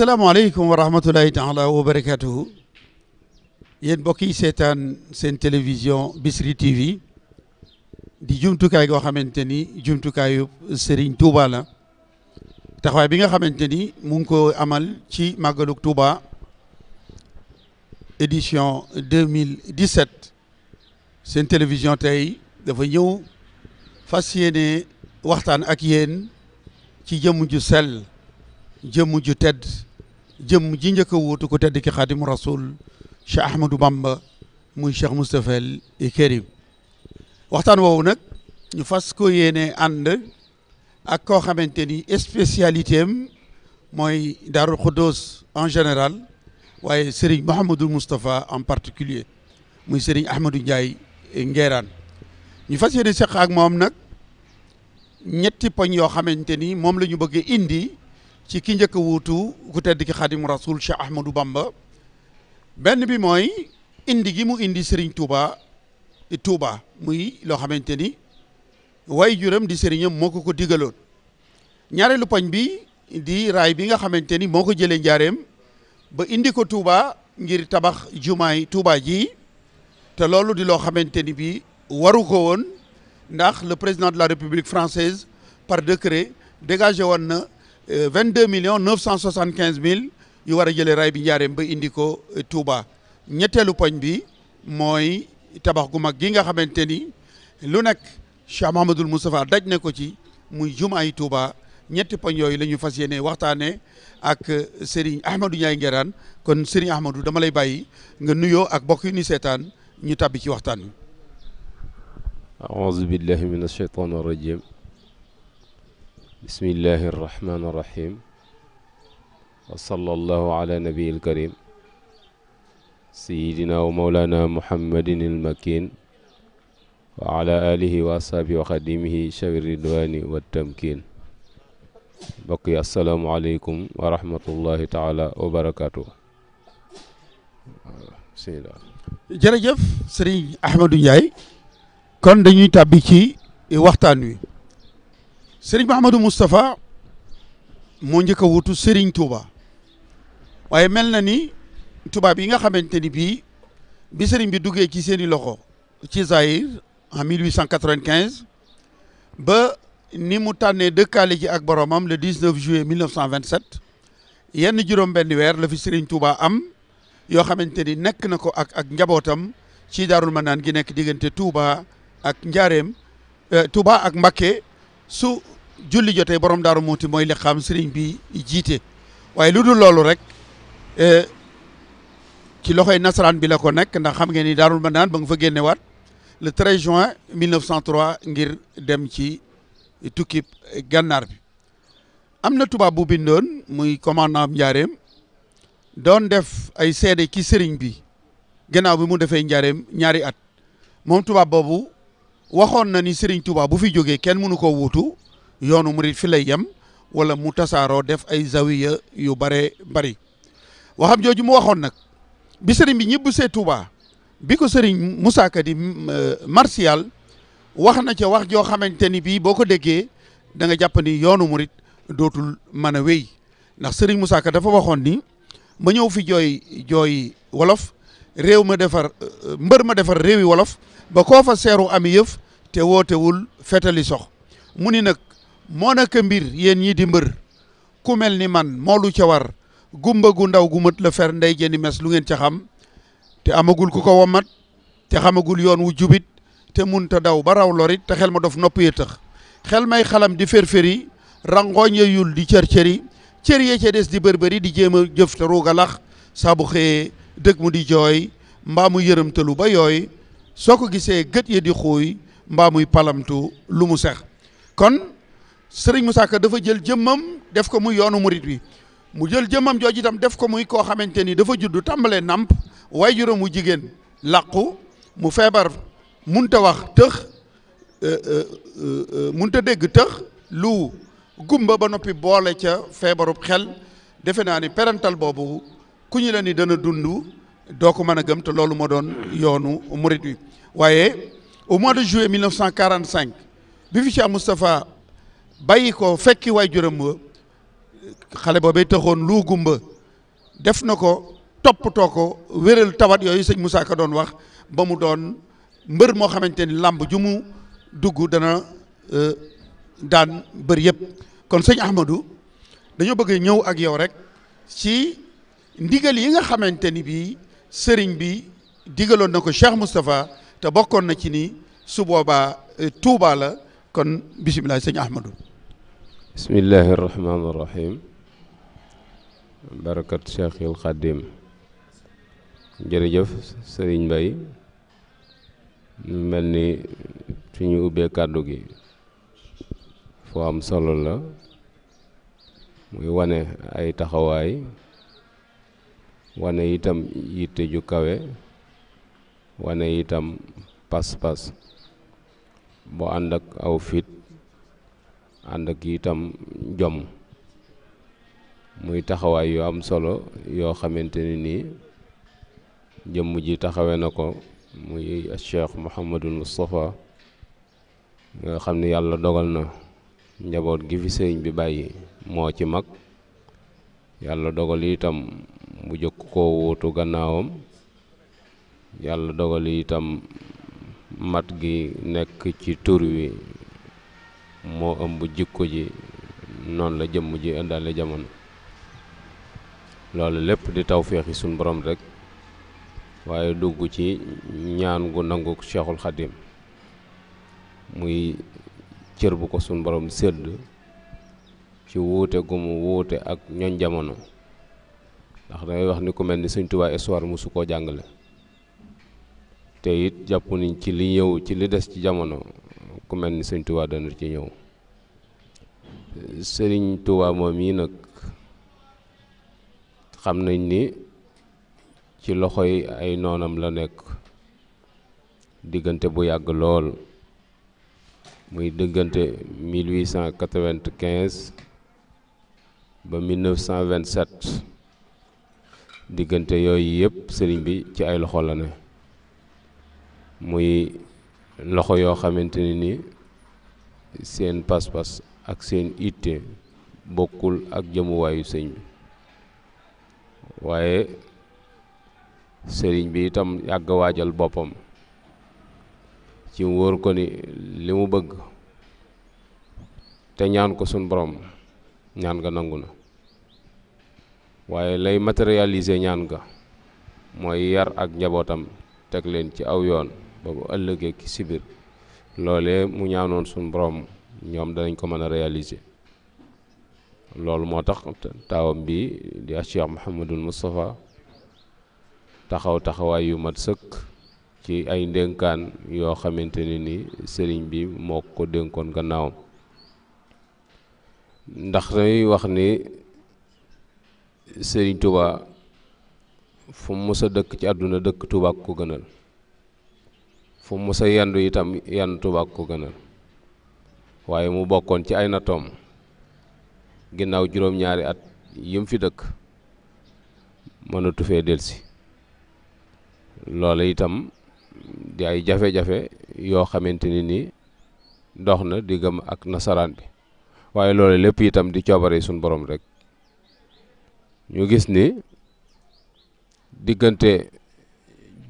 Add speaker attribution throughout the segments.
Speaker 1: asalaamaaleykum wa rahmatulahi taala wa barakatuhu yéen mbokk seetaan seen télévision Bichri TV di jumtukaay goo xamante ni jumtukaayu Serigne Touba la taxawaay bi nga xamante ni mu ngi ko amal ci màggaluk Touba édition 2017 seen télévision tey dafa ñëw fas yéene waxtaan ak yéen ci jëmm ju sell jëmm ju tedd jëm ji njëkk a wuutu ku tedd ki xaadimu rasul Cheikh Ahmadou Bamba muy Cheikh Moustapha El Karim waxtaan woowu nag ñu fas ko yéene ànd ak koo xamante ni spécialité am mooy Daarul Khoudoss en général waaye Serigne Mouhamadou Moustapha en particulier muy Serigne Ahmadou Ndiaye Nguerane ñu fas yéene seq ak moom nag ñetti poñ yoo xamante ni moom lañu ñu indi ci ki njëkk a wuutu ku tedd ki xaadimu rasul Cheikh Ahmadou Bamba benn bi mooy indi gi mu indi Serigne Touba Touba muy loo xamante ni way juram di sëriñam moo ko ko digaloon ñaareelu pañ bi di raay bi nga xamante ni moo ko jëlee njaareem ba indi ko Touba ngir tabax jumaay Touba ji te loolu di loo xamante ni bi waru ko woon ndax le président de la République française par décret dégagé woon na Euh, vingt deux millions neuf cent soixante quinze mille yu war a jëlee bi njaareem ba indi ko euh, Touba ñetteelu poñ bi mooy tabax gu mag gi nga xamante ni lu nekk Cheikh Mahamadul Moustapha daj na ko ci muy jumaa yi Touba ñetti poñ yooyu la fas yéene waxtaanee ak euh, Serigne Ahmadou Ndiaye Nguerane kon Serigne Ahmadou dama lay bàyyi nga nuyoo ak mbokk yu ni seetaan ñu tabbi ci waxtaan wi.
Speaker 2: aouzu billahi min acheytaan arrajim bismillahi irrahmani irrahim wa sallallahu ala nabiil karim sayidina wa maulana muhammadin il makin wa ala alihi wa ashaabi wa xadimihi chawi ridwani wa tamkin mbokk yi asalaamualeykum wa rahmatullahi taala wa barakatuh
Speaker 1: jërëjëf sëriñ Ahmadou Ndiaye kon dañuy tàbbi ci waxtaan wi seriñ Mouhamadou Moustapha moo njëkk a wutu sëriñ Touba waaye mel na ni tubaab yi nga xamante ni bii bi sëriñ bi duggee ci seeni loxo ci Zaïre en 1895 ba ni mu tànnee dëkkaale ji ak boromam le 19 juillet 1927 yenn juróom-benn weer la fi sëriñ Touba am yoo xamante ni nekk na ko ak ak njabootam ci Daarul Manaan gi nekk diggante Touba ak Njaareem euh, Touba ak mbake su julli jotee borom daaru muuti mooy liqaam sëriñ bi jiite waaye lu dul loolu rek e, ci loxoy nasaraan bi la ko nekk ndax xam ngeen ni daarul manaan ba nga fa génnewaat le 13 juin 1903 ngir dem ci tukki gànnaar bi am na tubaab bu bindoon muy commandant am njaareem doon def ay seede ki sëriñ bi gannaaw bi mu defee njaareem ñaari at moom tubaab boobu waxoon na ni Serigne Touba bu fi jógee kenn mënu koo wuutu yoonu murit fi lay yem wala mu tasaaroo def ay zawiya yu bare mbari waxam jooju mu waxoon nag bi Serigne bi ñibbu see Touba bi ko sëriñ Moussa Ka di euh, Martial wax na ca wax joo xamante ni bii boo ko déggee da nga jàpp ni yoonu murit dootul mën a wéy ndax Serigne Moussa dafa waxoon ni ma ñëw fi jooy jooy wolof réew ma defar euh, mbër ma defar réewi wolof ba koo fa seeru am yëf te wootewul fetali sox mu ni nag moo naka mbir yéen ñi di mbër ku mel ni man moo lu ca war gumba gu ndaw gu mët la fer ndey jëni mes lu ngeen ca xam te amagul ku ko wommat te xamagul yoon wu jubit te munta daw ba raw lorit te xel ma dof nopp yee tëx xel may xalam di férféri rangooñ ya yul di cër-cëri cër ya ca des di bër bërbëri di jéem a jëf te ruuga lax saa bu xëyee dëkk mu di jooy mbaamu mu yërëmtalu ba yooy soo ko gisee gët yi di xuuy mbaa muy palamtu lu mu sex kon sëriñ mu Ka dafa jël jëmmam def ko muy yoonu murit bi mu jël jëmmam jooju itam def ko muy koo xamante ni dafa juddu tàmbalee nàmp way juróom jigéen làqu mu feebar munta wax tëx euh, euh, euh, munta dégg tëx lu gumba ba noppi boole ca feebarub xel defe naa ni perantal boobu ku ñu la ni dana dund doo ko mën a gëm te loolu moo doon yoonu murit wi waaye au mois de juillet 1945 bi fi Cheikh Moustapha bàyyi ko fekki waajuram ba xale boobee taxoon lu gumba def na ko toppatoo ko wéral tawat yooyu sëñ Moussa Ka doon wax ba mu doon mbër moo xamante ni làmb ju mu dugg dana euh, daan bër yëpp kon sëñ Ahmadou dañoo bëgg ñëw ak yow rek si ndigal yi nga xamante ni bii sëriñ bi digaloon na ko Cheikh Moustapha te bokkoon na ci ni su boobaa euh, Touba la kon bisimilah sëñ Ahmadou.
Speaker 2: bismillahi rahmaani rahim. barakat Cheikhil Khadim. jërëjëf sëriñ bay ñu mel ni fi ñu ubbee kàddu gi foo am solo la muy wane ay taxawaay. wane itam yitte ju kawe wane itam pas-pas bu ànd ak aw fit ànd ak itam jom muy taxawaay yu am solo yoo xamante ne nii jëmm ji taxawe na ko muy Cheikh Mouhamadul Moustapha nga xam ne yàlla dogal na njaboot gi fi sëriñ bi bàyyi moo ci mag yàlla dogal itam mu jëkk koo wuutu gannaawam yàlla dogal itam mat gi nekk ci tur wi moo ëmb jikko ji noonu la jëmm ji indaale jamono loolu lépp di tawféexi suñ borom rekk waaye dugg ci ñaan gu nangu Cheikhul Xadim muy cër bu ko suñ borom sédd ci wuute gu mu wuute ak ñoñ jamono ndax damay wax ni ku mel ni sëñ Tuubaa histoire mosu koo jàngale te it jàpp niñ ci li ñëw ci li des ci jamono ku mel ni sëñ Tuubaa dana ci ñëw sëriñ Tuubaa moom yi nag xam nañ ni ci loxoy ay noonam la nekk diggante bu yàgg lool muy diggante 1895 ba 1927 diggante yooyu yëpp sëriñ bi ci ay loxo la ne muy loxo yoo xamante ne ni seen pas-pas ak seen itte bokkul ak jëmuwaayu sëñ bi waaye sëriñ bi itam yàgg waajal boppam ci wóor ko ni li mu bëgg te ñaan ko suñ boroom ñaan nga nangu na waaye lay matérialiser ñaan ga mooy yar ak njabootam teg leen ci aw yoon ba bu ëllëgee ki si biir loolee mu ñaanoon suñu borom ñoom danañ ko mën a réaliser loolu moo tax taawam bi di Cheikh Mouhamadul Moustapha taxaw taxawaay yu mat sëkk ci ay ndénkaan yoo xamante ne ni sëriñ bi moo ko dénkoon gannaawam ndax dañuy wax ni sëriñ tubaa fu mu mës dëkk ci àdduna dëkk tubaa ko gënal fu mu mës a yandu itam yandu tubaa ko gënal waaye mu bokkoon ci ay natoom ginnaaw juróom-ñaari at yim fi dëkk mënatu fee delsi loola itam di ay jafe-jafe yoo xamante ni ni dox na diggam ak nasaraan bi waaye loolu lépp itam di coobare suñ borom rekk ñu gis ni diggante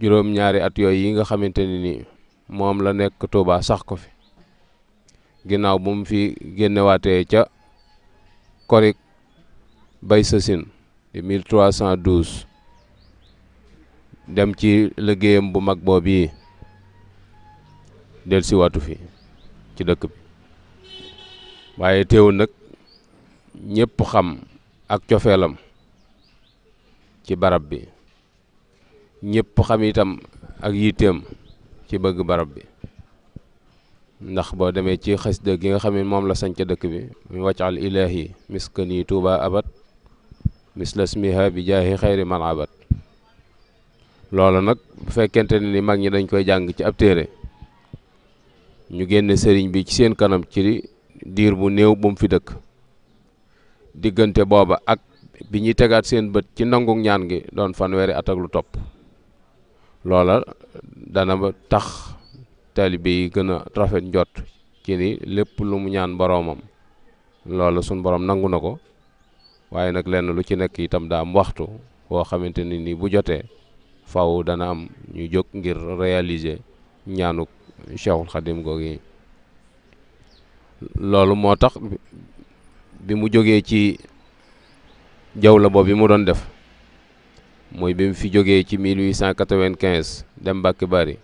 Speaker 2: juróom-ñaari at yooyu yi nga xamante ni moom la nekk Touba sax ko fi ginnaaw bu mu fi génnewaatee ca korik bay sasin di 1312 dem ci liggéeyam bu mag boob yi del siwaatu fi ci dëkk bi waaye teewul nag ñëpp xam ak cofeelam ci barab bi ñépp xam itam ak yitteem ci bëgg barab bi ndax boo demee ci xasida gi nga xam moom la sañ dëkk bi mu wàccal ilaahi miskani tuuba abat misla smiha bi jaahi xayri man abat loolu nag bu fekkente ne ni mag ñi dañ koy jàng ci ab téere ñu génne sëriñ bi ci seen kanam ci diir bu néew bu mu fi dëkk diggante booba ak bi ñuy tegaat seen bët ci nangu ñaan gi doon fanweeri at ak lu topp loola dana ba tax tali yi gën a rafet njot ci ni lépp lu mu ñaan boroomam loola suñ boroom nangu na ko waaye nag lenn lu ci nekk itam daa am waxtu woo xamante ne ni bu jotee faw dana am ñu jóg ngir réalisé ñaanuk Cheikhul Khadim googu loolu moo tax bi mu jógee ci jaw la boob bi mu doon def mooy bi mu fi jógee ci 1895 dem Mbàkke Bari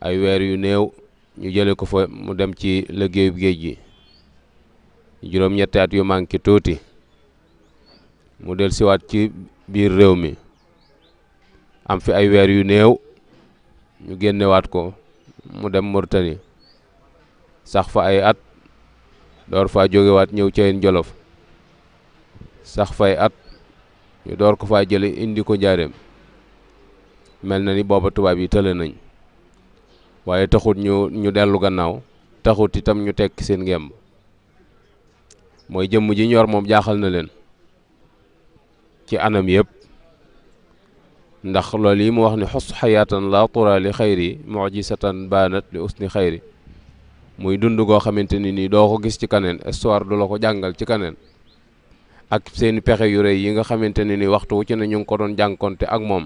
Speaker 2: ay weer yu néew ñu jële ko fa mu dem ci liggéeyub géej gi juróom-ñetti at yu manqué tuuti mu del siwaat ci biir réew mi am fi ay weer yu néew ñu génnewaat ko mu dem Mauritanie sax fa ay at door faa jógewaat ñëw cayin jolof sax fay at ñu door ko faa jële indi ko njaareem mel na ni booba tubaab yi tële nañ waaye taxut ñu ñu dellu gannaaw taxut itam ñu tekki seen ngemb mooy jëmm ji ñor moom jaaxal na leen ci anam yëpp ndax loolu yi mu wax ni xos xayaatan la tura li xayri mujisatan baanat li usni xayri muy dund goo xamante ni nii doo ko gis ci kaneen histoire du la ko jàngal ci kaneen ak seeni pexe yu rëy yi nga xamante ne ni waxtu wu ci ne ñu ngi ko doon jànkonte ak moom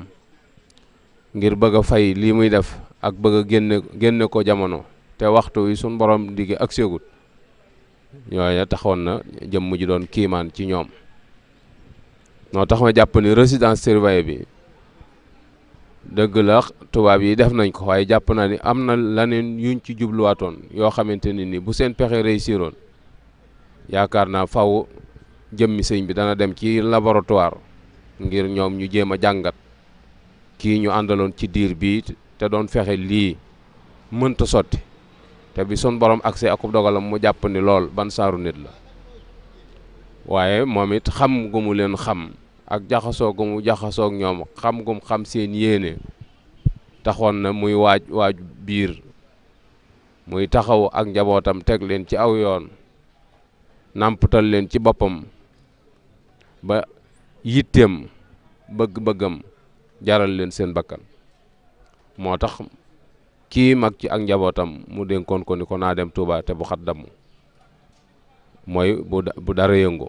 Speaker 2: ngir bëgg a fay lii muy def ak bëgg a génne génne ko jamono te waxtu wi suñ borom digg ak ségut ñooñu taxoon na jëmm ji doon kiimaan ci ñoom moo tax ma jàpp ni résidence surveillée bi dëgg la tubaab yi def nañ ko waaye jàpp naa ni am na leneen yuñ ci jubluwaatoon yoo xamante ne ni bu seen pexe réussiroon yaakaar naa faw jëmmi sëñ bi dana dem ci laboratoire ngir ñoom ñu jéem a jàngat kii ñu àndaloon ci diir bii te doon fexe lii mënta sotti te bi sun borom accès akub dogalam mu jàpp ni lool ban saaru nit la waaye moom it xam gu mu leen xam ak jaxasoo gu mu jaxasoo ñoom xam gum xam seen yéene taxoon na muy waaj waaj biir muy taxaw ak njabootam teg leen ci aw yoon nàmpatal leen ci boppam ba yitteem bëgg-bëggam jaral leen seen bakkan moo tax kii mag ci ak njabootam mu dénkoon ko ni ko naa dem Touba te bu xat damu mooy bu bu dara yëngu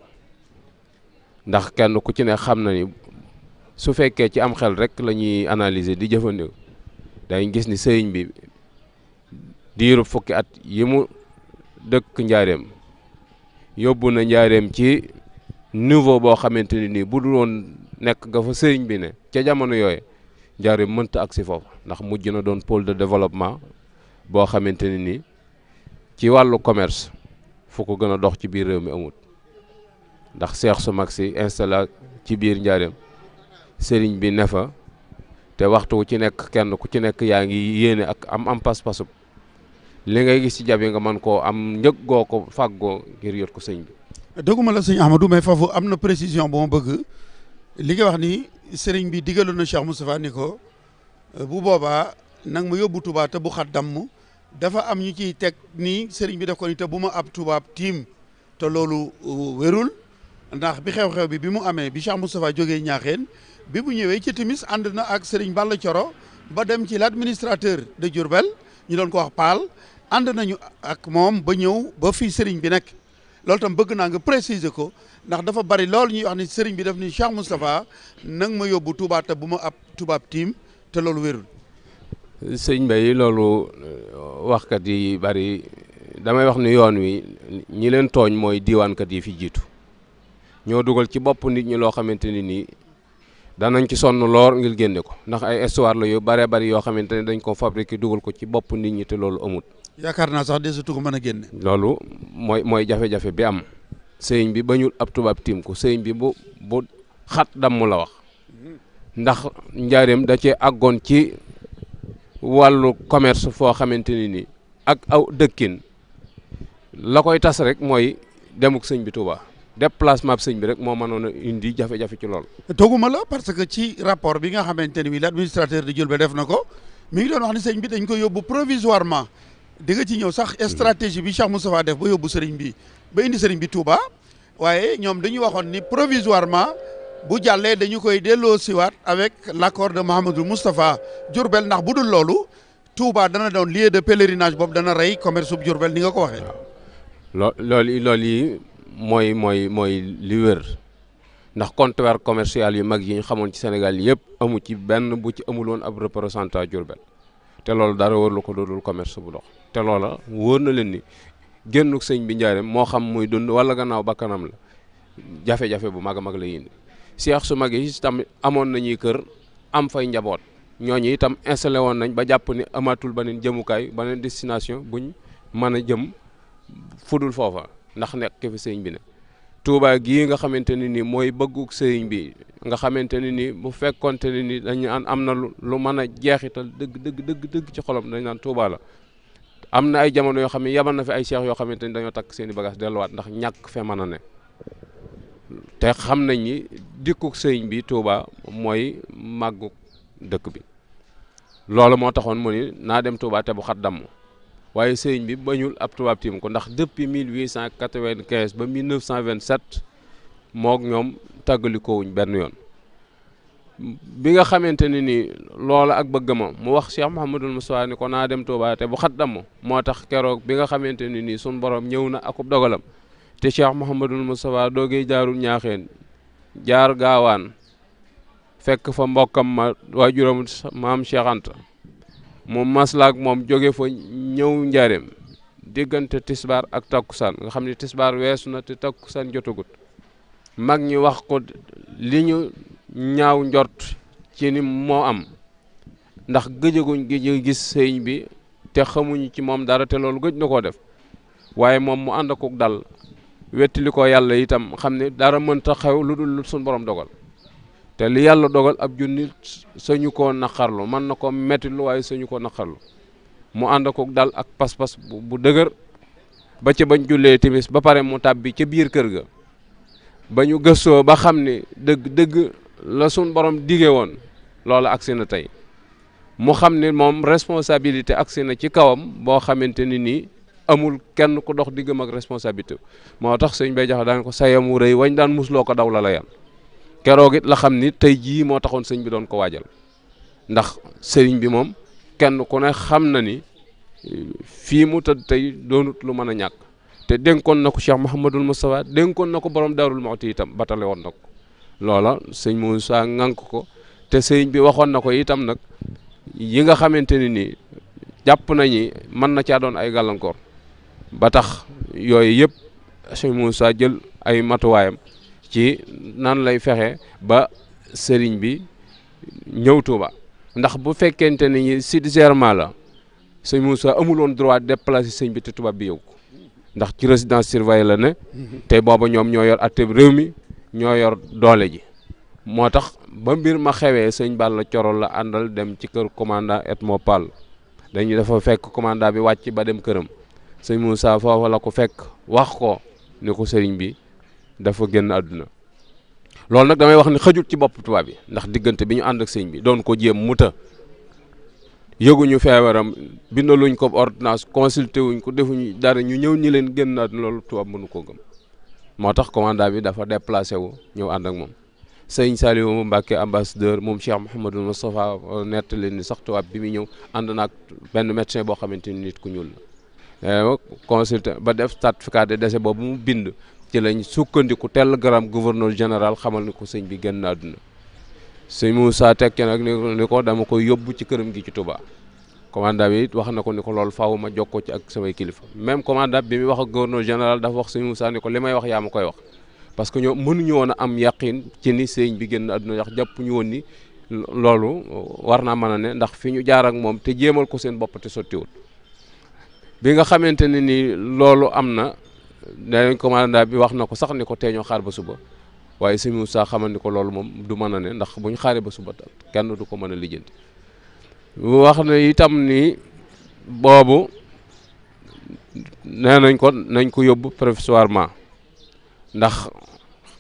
Speaker 2: ndax kenn ku ci ne xam na ni su fekkee ci am xel rekk lañuy ñuy di jëfandikoo day gis ni sëriñ bi diiru fukki at yi mu dëkk njaareem yóbbu na njaareem ci nouveau boo xamante ne nii bu dul woon nekk nga fa sëriñ bi ne ca jamono yooyu Njaaréem mënta agsi foofu ndax mujj na doon pôle de développement boo xamante ne nii ci wàllu commerce foo ko gën a dox ci biir réew mi amut ndax seex su mag si installé ci biir Njaaréem sëriñ bi ne fa te waxtu ci nekk kenn ku ci nekk yaa ngi yéene ak am am pas-pasub li ngay gis ci jabi nga mën koo am njëg goo ko fàggoo ngir yot ko sëñ bi
Speaker 1: dëgguma la sëñ Ahmadou mais foofu am na précision bu ma bëgg li nga wax ni sëriñ bi digaloon na Cheikh Moustapha ni ko euh, bu boobaa nag ma yóbbu Touba te bu xat damm dafa am ñu ciy teg ni sëriñ bi def ko ni te bu ma ab tubaab tiim te loolu euh, wérul ndax bi xew-xew bi bi mu amee bi Cheikh Moustapha jógee ñaaxeen bi mu ñëwee ci timis ànd na ak sëriñ Balla Coro ba dem ci l'administrateur de Diourbel ñu doon ko wax Paal ànd nañu ak moom ba ñëw ba fii sëriñ bi nekk loolu tam bëgg naa nga préciser ko ndax dafa bari loolu ñuy wax ni sëriñ bi daf ni Cheikh Moustapha nang ma yóbbu Touba te bu ma ab tubaab tiim te loolu wérul
Speaker 2: sëñ bay loolu euh, waxkat yi bari damay wax ni yoon wi ñi leen tooñ mooy diwaankat yi fi jiitu ñoo dugal ci bopp nit ñi loo xamante ni nii danañ ci sonn loor ngir génne ko ndax ay histoire la yu baree bari yoo xamante ne dañ ko fabriqué dugal ko ci bopp nit ñi te loolu amut
Speaker 1: yaakaar naa sax desutu ko mën a génne.
Speaker 2: loolu mooy mooy jafe-jafe bi am sëriñ bi ba bañul ab tubaab tiim ko sëriñ bi bu bu xat damm la wax ndax njaareem da cee àggoon ci wàllu commerce foo xamante ni nii ak aw dëkkin la koy tas rek mooy demuk sëñ bi Touba déplacement bi sëñ bi rek moo mënoon a
Speaker 1: indi jafe-jafe ci loolu. toguma la parce que ci rapport bi nga xamante ni bii l'administrateur de Diourbel def na ko mi ngi doon wax ni sëñ bi dañ ko yóbbu provisoirement. di ci ñëw sax stratégie bi Cheikh Moustapha def ba yóbbu sëriñ bi ba indi sëriñ bi Touba waaye ñoom dañu waxoon ni provisoirement bu jàllee dañu koy delloo siwaat avec l' accord de Mouhamadou Moustapha Diourbel ndax bu dul loolu Touba dana doon lieu de pèlerinage boobu dana rey commerce bu Diourbel ni nga ko waxee.
Speaker 2: lool loolu loolu yi mooy mooy mooy li wér ndax comptoir commercial yu mag yi ñu xamoon ci Sénégal yëpp amu ci benn bu ci amul woon ab représentant te loolu dara warul ko doodul commerce bu dox. loola wóor na leen ni génnuk sëñ bi njaareem moo xam muy dund wala gannaaw bakkanam la jafe-jafe bu mag mag la indi seex su mag yi itam amoon nañuy kër am fay njaboot ñooñu itam installé woon nañ ba jàpp ni amatul beneen jëmukaay beneen destination buñ mën a jëm fudul foofa ndax nekk fi sëñ bi ne tuubaa gii nga xamante ne ni mooy bëgguk sëriñ bi nga xamante ne ni bu fekkonte ne ni dañ dañu am na lu mën a jeexital dëgg dëgg ci xolam dañ naan Touba am na ay jamono yoo xam ne yabal na fi ay cheikh yoo xamante ni dañoo takk seen i bagage delluwaat ndax ñàkk fe mën a ne te xam nañ ni dikku sëriñ bi Touba mooy màggu dëkk bi loolu moo taxoon mu ni naa dem Touba te bu xat damm waaye sëriñ bi bañul ab tubaab tiim ko ndax mille cent depuis 1895 ba 1927 mook ñoom tàggalikoo wuñ benn yoon bi nga xamante ne nii loola ak bëgg ma mu wax Cheikh Mouhamadul Moustapha ni ko naa dem Touba te bu xat damm moo tax keroog bi nga xamante ne nii sunu boroom ñëw na akub dogalam te Cheikh Mouhamadul Moustapha doogee jaarul ñaaxeen jaar gaawaan fekk fa mbokkam ma waajuram maam Cheikh mu maslaak moom jóge fa ñëw njaareem diggante tisbaar ak takkusaan nga xam ne tisbaar weesu na te takkusaan jotagut mag ñi wax ko li ñu ñaaw njort ci ni moo am ndax gëjëguñ gëjë gis sëñ bi te xamuñu ci moom dara te loolu gëj na koo def waaye moom mu ànd akuk dal wettili ko yàlla itam xam ne dara mënta xew lu dul suñ borom dogal te li yàlla dogal ab junni sañu ko naqarlu mën na ko mettilu waaye sañu koo naqarlu mu ànd akuk dal ak pas-pas bu dëgër ba ca bañ jullee timis ba pare mu tàbbi ca biir kër ga ba ñu gëstoo ba xam ne dëgg dëgg la suñ borom digee woon loolu agsi na tey mu xam ne moom responsabilité agsi na ci kawam boo xamante ni nii amul kenn ku dox diggam ak responsabilité moo tax sëñ bay jax daan ko sayam wu rëy wañ daan musloo ko daw la la yan keroog it la xam ni tey jii moo taxoon sëñ bi doon ko waajal ndax sëriñ bi moom kenn ku ne xam na ni fii mu tëdd tey doonut lu mën a ñàkk te dénkoon na ko Cheikh Mouhamadul Moustapha dénkoon na ko borom Daarul Muxti itam batale woon na loola sëñ Moussa ŋànk ko te sëñ bi waxoon na ko itam nag yi nga xamante ne nii jàpp nañu mën na caa doon ay gàllankoor ba tax yooyu yëpp sëñ Moussa jël ay matuwaayam ci nan lay fexe ba sëriñ bi ñëw Tuuba ndax bu fekkente ni sincèrement la sëñ Moussa amuloon droit déplacer sëñ bi te tubaab bi yow ndax ci résidence surveillée la ne te booba ñoom ñoo yor àtte réew mi ñoo yor doole ji moo tax ba mbir ma xewee sëñ Balla Coro la àndal dem ci kër commandant Edmo Pall dañu dafa fekk commandant bi wàcc ba dem këram sëñ Moussa foofa la ko fekk wax ko ni ko sëriñ bi dafa génn àdduna loolu nag damay wax ni xëjul ci bopp tubaab bi ndax diggante bi ñu ànd ak sëñ bi doon ko jéem muta yëguñu feebaram bindaluñ ko ordinance consulté wuñ ko defuñu dara ñu ñëw ñi leen génn àdduna loolu tubaab mënu koo gëm moo tax commandant bi dafa déplacé wu ñëw ànd ak moom sëñ Saliou Mbacke ambassadeur moom Cheikh Mouhamadou Moustapha nettali ni sax tubaab bi muy ñëw ànd naag benn médecin boo xamante ni nit ku ñuul la eh, consulté ba def certificat de décès boobu mu bind ci lañ sukkandiku télégramme gouverneur général xamal ni ko sëñ bi génn àdduna sëñ Moussa tekki nag ni ko dama koy yóbbu ci këram gi ci Touba. commandant bi it wax na ko ni ko loolu faaw ma ko ci ak samay kilifa même commandant bi mi wax ak gouverneur général dafa wax sëñ Moussa ni ko li may wax yaa ma koy wax parce que ñoo mënuñu woon a am yàqin ci ni sëñ bi génn àdduna yax jàpp ñu woon ni loolu war naa mën a ne ndax fi ñu jaar ak moom te jéemal ko seen bopp te sottiwul bi nga xamante ne ni loolu am na danañ commandant bi wax na ko sax ni ko teeñoo xaar ba suba waaye sëñ Moussa xamal ni ko loolu moom du mën a ne ndax bu ñu xaaree ba suba kenn du ko mën a lijjanti wax na itam ni boobu nee nañ ko nañ ko yóbbu provisoirement ndax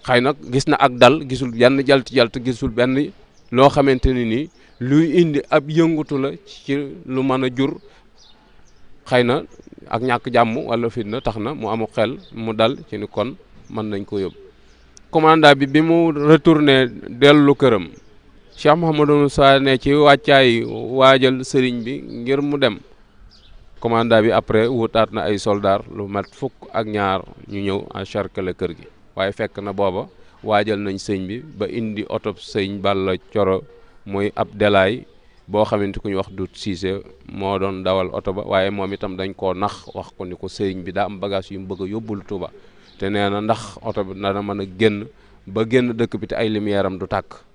Speaker 2: xëy nag gis na ak dal gisul yenn jalt jalt gisul benn loo xamante ni nii luy indi ab yëngutu la ci lu mën a jur xëy na ak ñàkk jàmm wala fitna tax na mu amu xel mu dal ci ni kon mën nañ ko yóbbu commandant bi bi mu retourné dellu këram Cheikh Mouhamadou Moussa ne ci wàccaay waajal sëriñ bi ngir mu dem commanda bi après wutaat na ay soldaar lu mat fukk ak ñaar ñu ñëw encharcler kër gi waaye fekk na booba waajal nañ sëñ bi ba indi otop sëñ Balla Coro muy ab delaay boo xamante ku ñu wax du Siise moo doon dawal oto ba waaye moom itam dañ koo nax wax ko ni ko sëriñ bi daa am bagage yu mu bëgg a yóbbul Tuuba te nee na ndax oto bi dana mën a génn ba génn dëkk bi te ay lumière am du tàkk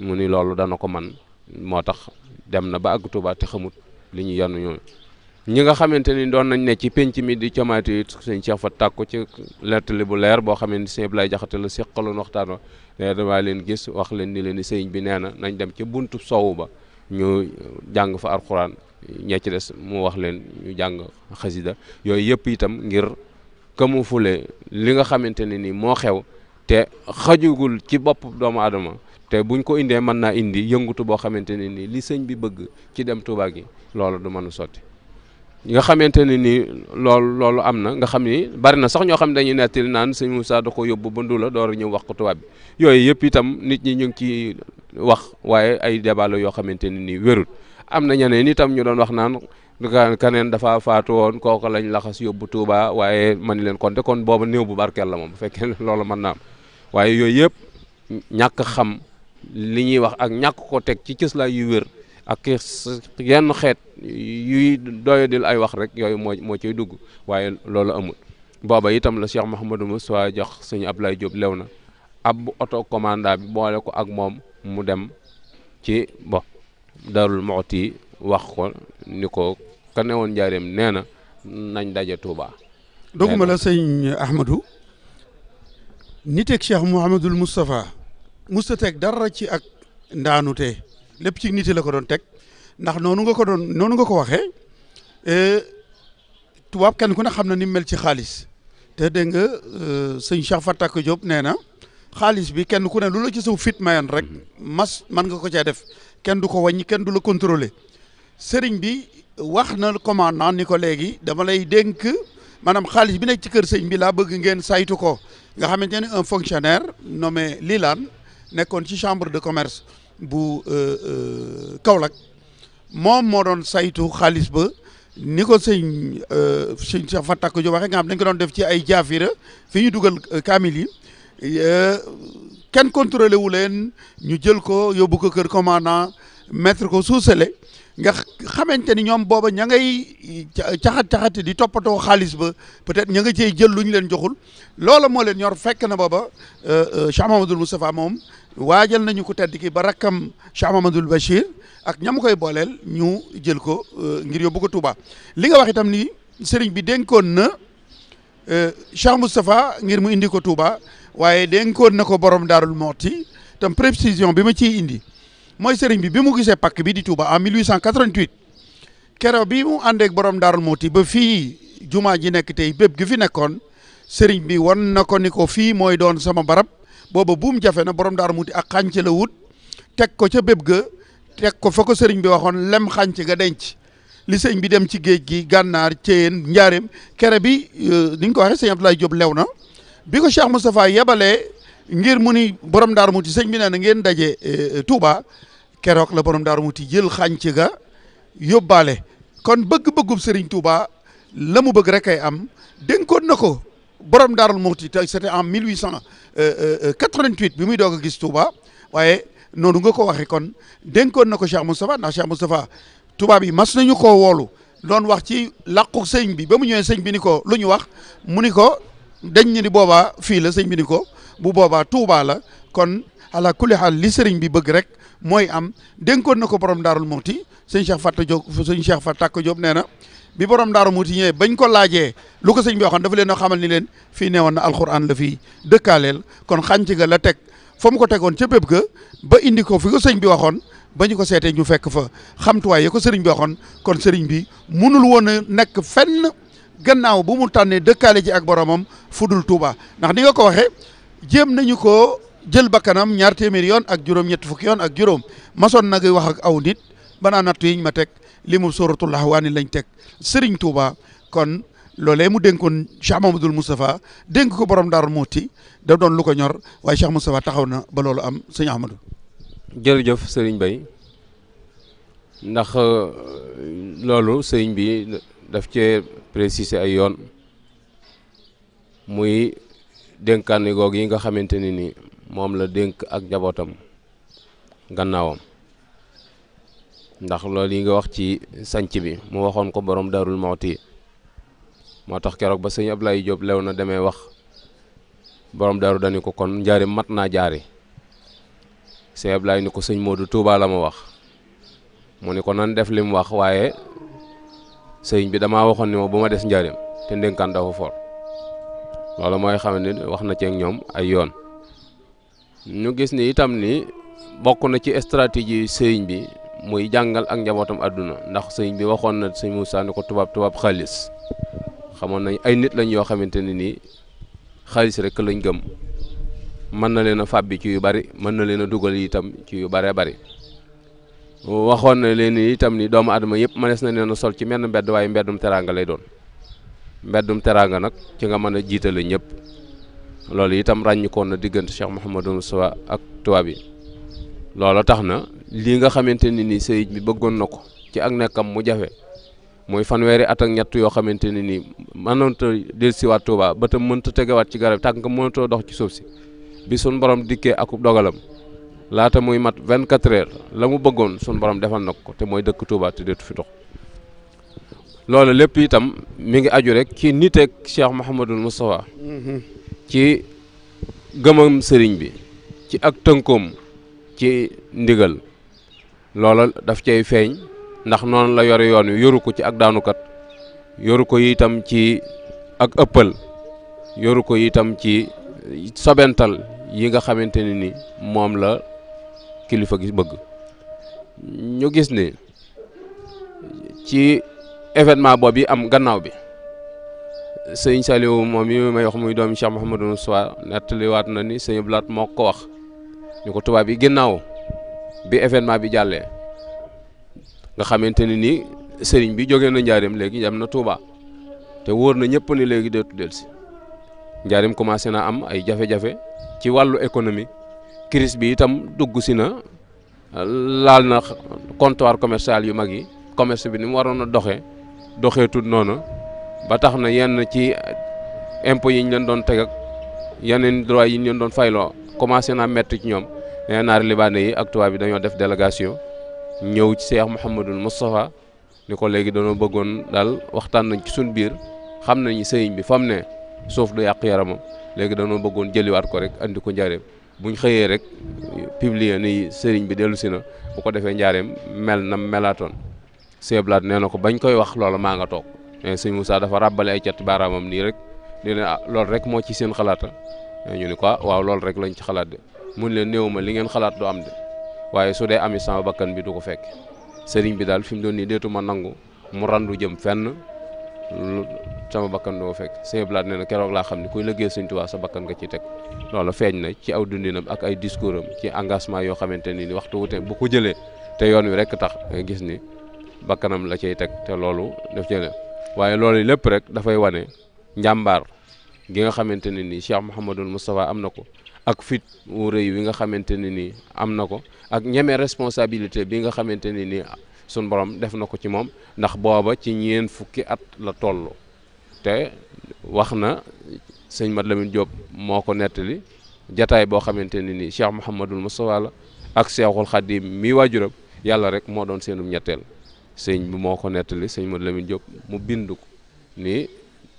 Speaker 2: mu ni loolu dana ko man moo tax dem na ba àgg Tuuba te xamut li ñu yanu ñooñu ñi nga xamante ni doon nañ ne ci penc mi di comaati it sëñ Cheikh fa tàkku ci lettali bu leer boo xam ne sëñ Ablaye la seqaloon waxtaan wa ne leen gis wax leen ni leen ni sëñ bi nee na nañ dem ca buntu sowu ba ñu jàng fa alxuraan ña ci des mu wax leen ñu jàng xasida yooyu yëpp itam ngir kamu fule li nga xamante ne ni moo xew te xajugul ci bopp doomu aadama te buñ ko indee mën naa indi yëngutu boo xamante ne nii li sëñ bi bëgg ci dem Touba gi loolu du mën a sotti nga xamante ne nii loolu loolu am na nga xam ni bari na sax ñoo xam ne dañuy nettali naan sëñ Moussa da ko yóbbu ba Ndula door ñëw wax ko tubaab bi yooyu yëpp itam nit ñi ñu ngi ci wax waaye ay débat yoo xamante ne nii wérul am na ñeneen itam ñu doon wax naan kaneen dafa faatu woon kooku lañ laxas yóbbu Touba waaye man leen kon konte kon booba néew bu barkeel la moom bu fekkee loolu mën naa am waaye yooyu yëpp li ñuy wax ak ñàkk ko teg ci cëslaay yu wér ak yenn xeet yuy doyadil ay wax rek yooyu moo moo cay dugg waaye loolu amul booba itam la Cheikh Mouhamadou Moussa jox sëñ Ablaye Diop lew na ab oto commanda bi boole ko ak moom mu dem ci bo Darou yi wax ko ni ko ka woon njaareem nee na nañ daje Touba. doguma
Speaker 1: la sëñ Ahmadou. niteeg Cheikh Mouhamadul Moustapha. musta teg dara ci ak ndaanute lépp ci nit la ko doon teg ndax noonu nga ko doon noonu nga ko waxe waxee eh, tubaab kenn ku ne xam na ni mel ci xaalis te dégg nga eh, sëñ Cheikh Fatak Diop nee na xaalis bi kenn ku ne lu la ci saw fit mayoon rek mhm. mas man nga ko cee def kenn du ko wàññi kenn du la contrôler sëriñ bi wax na commandant ni ko léegi dama lay dénk maanaam xaalis bi nekk ci kër sëñ bi laa bëgg ngeen saytu ko nga xamante ne un fonctionnaire nommé Lilane nekkoon ci chambre de commerce bu euh, euh, Kaolack moom moo doon saytu xaalis ba ni ko sëñ euh, sëñ Cheikh Fatak Diop waxee nga xam dañ ko doon def ci ay jaafira fi ñu dugal kaamil yi kenn contrôlé wu leen ñu jël ko yóbbu ko kër commandant mettre ko sous scellé nga xamante ni ñoom booba ña ngay caxat caxati di toppatoo xaalis ba peut-être ña nga cey jël lu ñu leen joxul loola moo leen ñor fekk na booba Cheikh Mamadou Moustapha moom waajal nañu ko tedd ki ba rakkam Cheikh Mamadul Bachir ak ñam koy booleel ñu jël ko euh, ngir yóbbu ko Touba li nga wax itam ni sëriñ bi dénkoon na euh, Cheikh Moustapha ngir mu indi ko Touba waaye dénkoon na ko borom daarul Mooti tam précision bi ma ciy indi mooy sëriñ bi bi mu gisee pakk bi di Touba en 1888 keroog bi mu àndeek borom daarul Mooti ba fii jumaa ji nekk tey bépp gi fi nekkoon sëriñ bi wan na ko ni ko fii mooy doon sama barab. booba buum jafe na borom dara muti ak xànc la wut teg ko ca béb ga teg ko fa ko sëriñ bi waxoon lem xànc ga denc li sëñ bi dem ci géej gi gànnaar ceyeen njaareem kere bi euh, ni nga ko waxee sëñ Abdoulaye Diop lew na bi ko Cheikh Moustapha yebalee ngir muni borom daaru muti sëñ bi nee na ngeen daje euh, Touba keroog la borom daaru muti jël xànc ga yóbbaale kon bëgg-bëggub sëriñ Touba la mu bëgg rek ay am dénkoon na ko borom daarul Muxti te c'était en 1888 euh, euh, euh, bi muy doog a gis Touba waaye noonu nga ko waxee kon dénkoon na ko Cheikh Moustapha ndax Cheikh Moustapha tubaab yi mas nañu koo woolu doon wax ci làqu sëñ bi ba mu ñëwee sëñ bi ni ko lu ñu wax mu ni ko dañ ni di boobaa fii la sëñ bi ni ko bu boobaa Touba la kon ala kulli xaal li sëriñ bi bëgg rek mooy am dénkoon na ko borom daarul Muxti sëñ Cheikh Fatta Diop sëñ Cheikh Fatta Diop nee na. bi borom daaru muuti ñëwee bañ ko laajee lu ko sëñ bi waxoon dafa leen a xamal ni leen fii newoon na alxuraan la fii dëkkaaleel kon xànc ga la teg fa mu ko tegoon ca bépp ga ba indi ko fi ko sëñ bi waxoon ba ko seetee ñu fekk fa xamtuwaay ya ko seriñ bi waxoon kon seriñ bi munul woon a nekk fenn gannaaw bu mu tànnee dëkkaale ji ak boromam fudul Touba ndax ni nga ko waxee jéem nañu ko jël bakkanam ñaar téeméeri yoon ak juróom ñett fukki yoon ak juróom masoon na wax ak aw nit banaa nattu yiñ ma teg li mu suratul ahwaani lañ teg Serigne Touba kon loolee mu dénkoon Cheikh mustafa Moustapha dénk ko borom Daaru Muuti da doon lu ko ñor waaye Cheikh Moustapha taxaw na ba loolu am sëñ Ahmadou
Speaker 2: jërëjëf Serigne Bay ndax euh, loolu sëriñ bi daf cee préciser ay yoon muy dénkaani goog yi nga xamante ne ni moom la dénk ak njabootam gannaawam ndax loolu yi nga wax ci sanc bi mu waxoon ko borom Darou Mouhty moo tax keroog ba sëñ Ablaye Diop lew na demee wax borom Darou dañu ko kon njaari mat naa jaari sëñ lay ni ko sëñ moo du tuubaa la ma wax mu ni ko nan def li wax waaye sëñ bi dama waxoon ni ma bu ma des njaareem te ndénkaan dafa for loolu mooy xam ne wax na ci ak ñoom ay yoon ñu gis ni itam ni bokk na ci stratégie sëñ bi. muy jàngal ak njabootam àdduna ndax sëñ bi waxoon na sëñ Moussa ni ko tubaab tubaab xaalis xamoon nañ ay nit lañ yoo xamante ne nii xaalis rek lañ gëm mën na leen a fàbbi ci yu bari mën na leen a dugal itam ci yu baree bari waxoon na leen itam ni doomu adama yëpp mënees na leen a sol ci menn mbedd waaye mbeddum teraanga lay doon mbeddum teraanga nag ci nga mën a jiitale ñëpp loolu itam ràññikoon na diggante Cheikh Mouhamadou Moustapha ak tubaab yi lii nga xamante ni nii sëriñ bi bëggoon na ko ci ak nekkam mu jafe mooy fanweeri atak ñett yoo xamante ne nii mënanta dellusiwaat Touba ba tam mënta tegewaat ci garab tànk mënatoo dox ci suuf si bi sun borom dikkee akub dogalam laata muy mat 24 heures la mu bëggoon sun borom defal nag ko te mooy dëkk Touba te deetu fi dox loolu lépp itam mi ngi aju rek ci niteeg Cheikh Mouhamadul Moustapha mhm. ci gëmam sëriñ bi ci ak tënkoom ci ndigal loola daf cay feeñ ndax noonu la yore yoon wi yoru ko ci ak daanukat yoru ko itam ci ak ëppal yoru ko itam ci sobental yi nga xamante ne ni moom la kilifa gi bëgg ñu gis ni ci événement boobu yi am gannaaw bi sëñ Saliou moom yi may wax muy doomi Cheikh Mouhamadou Moussa nettaliwaat na ni sëñ Blaat moo ko wax ñu ko tubaab yi ginnaaw bi événement bi jàllee nga xamante ne ni sëriñ bi jógee na njaareem léegi dem na Touba te wóor na ñëpp ni léegi dootu del si njaareem commencé na am ay jafe-jafe ci wàllu économie crise bi itam dugg si na laal na comptoir commercial yu mag yi commerce bi ni mu waroon a doxee doxeetul noonu ba tax na yenn ci impôts yi ñu leen doon teg ak yeneen droit yi ñu leen doon fayloo commencé naa metti ñoom nee naar libaane yi ak tubaab bi dañoo def délégation ñëw ci Cheikh Mouhamadul Moustapha ni ko léegi dañoo bëggoon daal waxtaan nañ ci suñ biir xam nañu sëriñ bi fa mu ne suuf du yàq yaramam léegi dañoo bëggoon jëliwaat ko rek indi ko njaareem buñ xëyee rek publier nii sëriñ bi dellu si na bu ko defee njaareem mel na melaatoon seeblaat nee na ko bañ koy wax loola maa nga toog mais sëñ Moussa dafa ràbbale ay cati baaraamam nii rek di ne ah loolu rek moo ci seen xalaata ñu ni quoi ah waaw loolu rek ci xalaat de mun leen néew ma li ngeen xalaat du am de waaye su dee ami sama bakkan bi du ko fekk sëriñ bi daal fi mu doon nii deetuma nangu mu randu jëm fenn sama bakkan du ko fekk sëñ Blaat nee na keroog laa xam ne kuy liggéey sëñ Tuubaa sa bakkan nga ci teg loolu feeñ na ci aw dundinam ak ay discours am ci engagement yoo xamante ni waxtu wute bu ko jëlee te yoon wi rek tax nga gis ni bakkanam la cay teg te loolu def jëlee waaye loolu lépp rek dafay wane njàmbaar gi nga xamante ne nii Cheikh Mouhamadul Moustapha am na ko ak fit wu rëy wi nga xamante ne nii am na ko ak ñeme responsabilité bi nga xamante ne nii suñ borom def na ko ci moom ndax booba ci ñeen fukki at la toll te wax na sëñ Mat Lamin Jóob moo ko nettali jataay boo xamante ne nii Cheikh Mouhamadul Moustapha la ak Seexul mi waajuram yàlla rek moo doon seenum ñetteel sëñ bi moo ko nettali sëñ Mat Lamin Jóob mu bind ko ni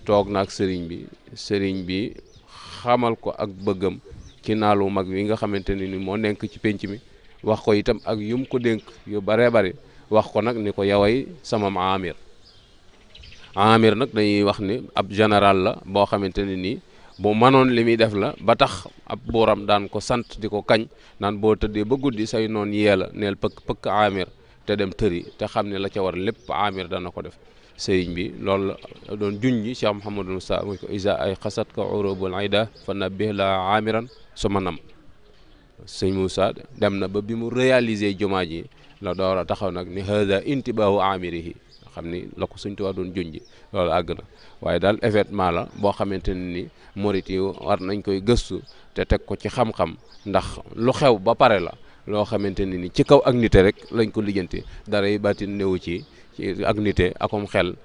Speaker 2: toog na ak sëriñ bi sëriñ bi xamal ko ak bëggam ci naalu mag wi nga xamante ne ni moo nenk ci pénc mi wax ko itam ak yum ko dénk yu baree bari wax ko nag ni ko yaway sama amir amir nag dañuy wax ni ab général la boo xamante ne nii bu manoon li muy def la ba tax ab buuram daan ko sant di ko kañ naan boo tëddee ba guddi say noon yee la neel pëkk pëkk amir te dem tëri te xam ne la ca war lépp amir dana ko def sëriñ bi loolu la doon juñ ji Cheikh Mouhamadou Moussa muy isa ay xasat ka urubul ayda fa nabbih la amiran su nam sëñ Moussa dem na ba bi mu réaliser jumaa ji la door a taxaw nag ni hada intibaahu amirihi xam ni la ko Sëñ Tuubaa doon juñ ji loolu àgg na waaye daal événement la boo xamante ne ni murit war nañ koy gëstu te teg ko ci xam-xam ndax lu xew ba pare la loo xamante ne ni ci kaw ak nite rek lañ ko lijjanti dara yi baatin newu ci ci ak nite akum xel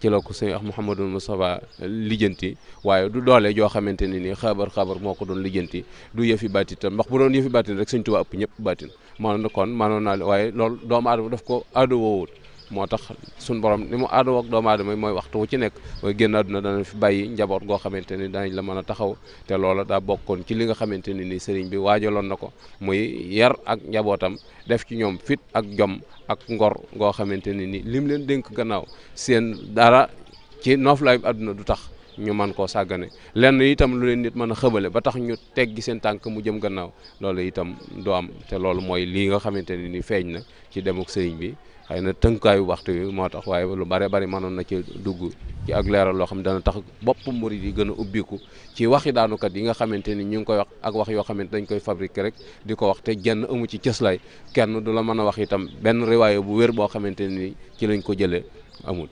Speaker 2: ci la ko sëñ Mouhamadou Moustapha lijjanti waaye du doole joo xamante ne nii xabar xabar moo ko doon lijjanti du yëfi baatin tam ndax bu doon yëfi baatin rek sëñ Tuubaa ëpp ñëpp baatin maanaam kon maanoon naa waaye loolu doom aadama daf ko aadowoo wut moo tax suñ borom li mu aadoo ak doomu aadama mooy waxtu wu ci nekk mooy génn àdduna dana fi bàyyi njaboot goo xamante ni danañ la mën a taxaw te loola daa bokkoon ci li nga xamante ni nii sëriñ bi waajaloon na ko muy yar ak njabootam def ci ñoom fit ak jom ak ngor goo xamante ni nii lim leen dénk gannaaw seen dara ci noof nooflaay àdduna du tax ñu mën koo sàggane lenn itam lu leen nit mën a xëbale ba tax ñu teggi seen tànk mu jëm gannaaw loolu itam du am te loolu mooy lii nga xamante ni ni feeñ na ci demuk sëriñ bi xëy na tënkaayu waxtu wi moo tax waaye lu bare bari mënoon na ci dugg ci ak leeral loo xam ne dana tax bopp murid yi gën a ubbiku ci waxi daanukat yi nga xamante ni ñu ngi koy wax ak wax yoo xamante dañ koy fabriquer rek di ko wax te jenn amu ci cëslaay kenn du la mën a wax itam benn riwaaye bu wér boo xamante ni ci lañ ko jëlee amul.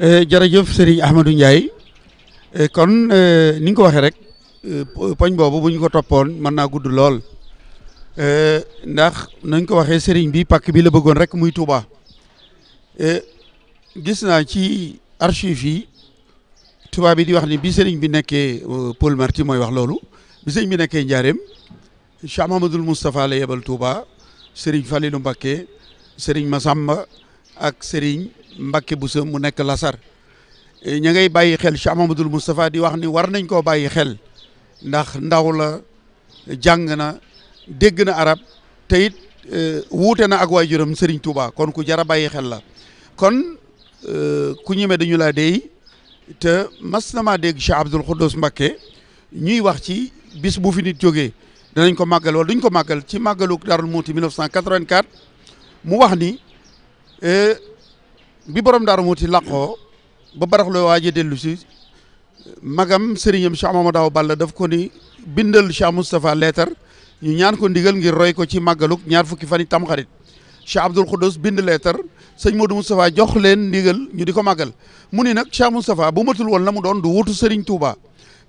Speaker 1: Eh, jërëjëf Serigne Ahmadou Ndiaye eh, kon eh, ni nga ko waxee rek poñ boobu bu ñu ko toppoon mën naa gudd lool. ndax nañ ko waxee sëriñ bi pàkk bi la bëggoon rek muy Touba Eh, gis naa ci archive yi tubaab yi di wax ni bi sëriñ bi nekkee euh, Paul Marty mooy wax loolu bi sëriñ bi nekkee Njaareem Cheikh Mahamadul Moustapha la yebal Touba sëriñ Falilou Mbakke sëriñ Massamba ak sëriñ Mbakke Boussa mu nekk Lasar eh, ña ngay bàyyi xel Cheikh Mahamadul Moustapha di wax ni war nañ koo bàyyi xel ndax ndaw la jàng na dégg na arab te it eh, wuute na ak waajuram sëriñ Touba kon ku jara bàyyi xel la kon euh, ku ñeme dañu laa dey te mas na maa dégg Cheikh Abdoul Khoudous Mbacké ñuy wax ci bis bu fi nit jógee danañ ko màggal wala duñ ko màggal ci màggalu Darou Mouhty 1984 mu wax ni euh, bi borom Darou Mouhty laqoo ba barax loo waaje dellu si magam sëriñam Cheikh Mamadou Awa Balla daf ko ni bindal Cheikh Moustapha leetar ñu ñaan ko ndigal ngir roy ko ci màggaluk ñaar fukki fan yi tamxarit Cheikh Abdoul Khoudous bind leetar sëñ Modou Moustapha jox leen ndigal ñu di ko màggal mu ni nag Cheikh Moustapha bu matul woon na mu doon du wutu seriñ Touba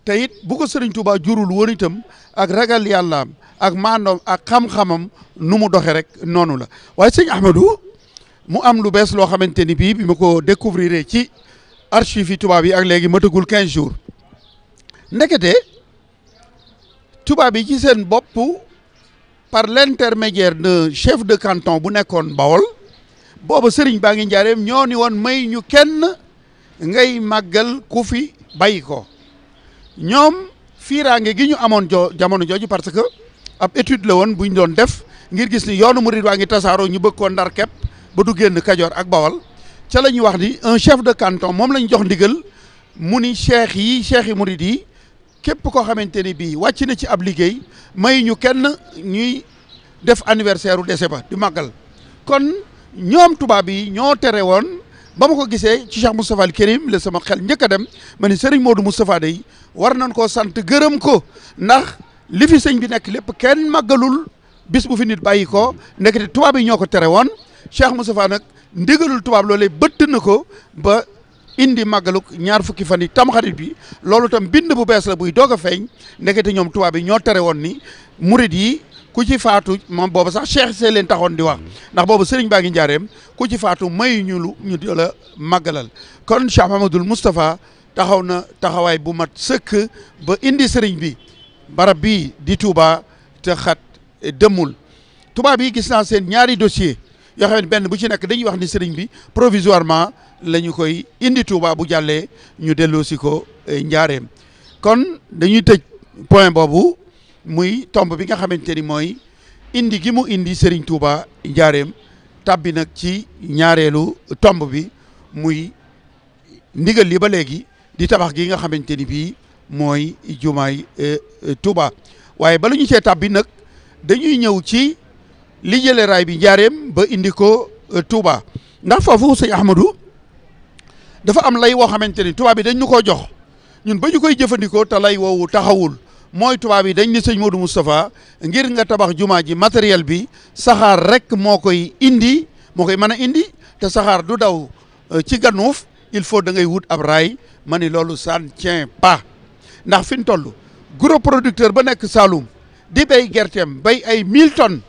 Speaker 1: teyit it bu ko Serigne Touba jurul woon itam ak ragal yàllaam ak maandoom ak xam-xamam nu mu doxee rek noonu la waaye sëñ Ahmadou mu am lu bees loo xamante ni bii bi ma ko découvrir ci archive yi tubaab yi ak léegi matagul quinze jours ndekete tubaab yi ci seen bopp par l'intermédiaire de chef de canton bu nekkoon Bawol booba sëriñ baa ngi njaareem ñoo ni woon may ñu kenn ngay màggal ku fi bàyyi ko ñoom fiiraange gi ñu amoon jo jamono jooju parce que ab étude la woon bu ñu doon def ngir gis ni yoonu murid waa ngi tasaaroo ñu bëgg koo ndar kepp ba du génn Kajoor ak Bawal ca la ñuy wax ni un chef de canton moom la ñu jox ndigal mu ni cheikh yi cheikh yi murid yi képp koo xamante ni bii wàcc na ci ab liggéey may ñu kenn ñuy def anniversaire u dese ba di màggal ñoom tubaab yi ñoo tere woon ba ma ko gisee ci Cheikh Moustapha al Karim la sama xel njëkk a dem ma ni Serigne Modou Moustapha day war nañ koo sant gërëm ko ndax li fi sëñ bi nekk lépp kenn màggalul bis bu fi nit bàyyi ko ndekete tubaab yi ñoo ko tere woon Cheikh Moustapha nag ndigalul tubaab loole bëtt na ko ba indi màggaluk ñaar fukki fan yi tamxarit bi loolu tam bind bu bees la buy doog a feeñ ndekete ñoom tubaab yi ñoo tere woon ni murid yi ku ci faatu moom boobu sax cheikh see leen taxoon di wax mm-hmm. ndax boobu sëriñ baa ngi njaareem ku ci faatu may ñu lu ñu di la màggalal kon Cheikh Mahamadul Moustapha taxaw na taxawaay bu mat sëkk ba indi sëriñ bi barab bii di Touba te xat dëmmul Touba bi gis naa seen ñaari dossier yoo xam benn bu ci nekk dañuy wax ni sëriñ bi provisoirement lañu koy indi Touba bu jàllee ñu delloosi ko eh, njaareem kon dañuy tëj point boobu muy tomb bi nga xamante ni mooy indi gi mu indi Serigne Touba njaareem tàbbi nag ci ñaareelu tomb bi muy ndiggal li ba léegi di tabax gi nga xamante ni bii mooy jumaay eh, Touba waaye ba bala ñu cee tàbbi nag dañuy ñëw ci li jële raay bi njaareem ba indi ko eh, Touba ndax foofu sëñ Ahmadou dafa am lay woo xamante ni Touba bi dañ ñu koo jox ñun ba ñu koy jëfandikoo te lay woowu taxawul mooy tubaab yi dañ ni sëñ Modou Moustapha ngir nga tabax jumaa ji matériel bi saxaar rek moo koy indi moo koy mën a indi te saxaar du daw euh, ci ganuuf il faut da ngay wut ab raay ma ni loolu ça ne tient ndax fi ñu toll gros producteur ba nekk Saloum di béy gertem bay ay 1000 tonnes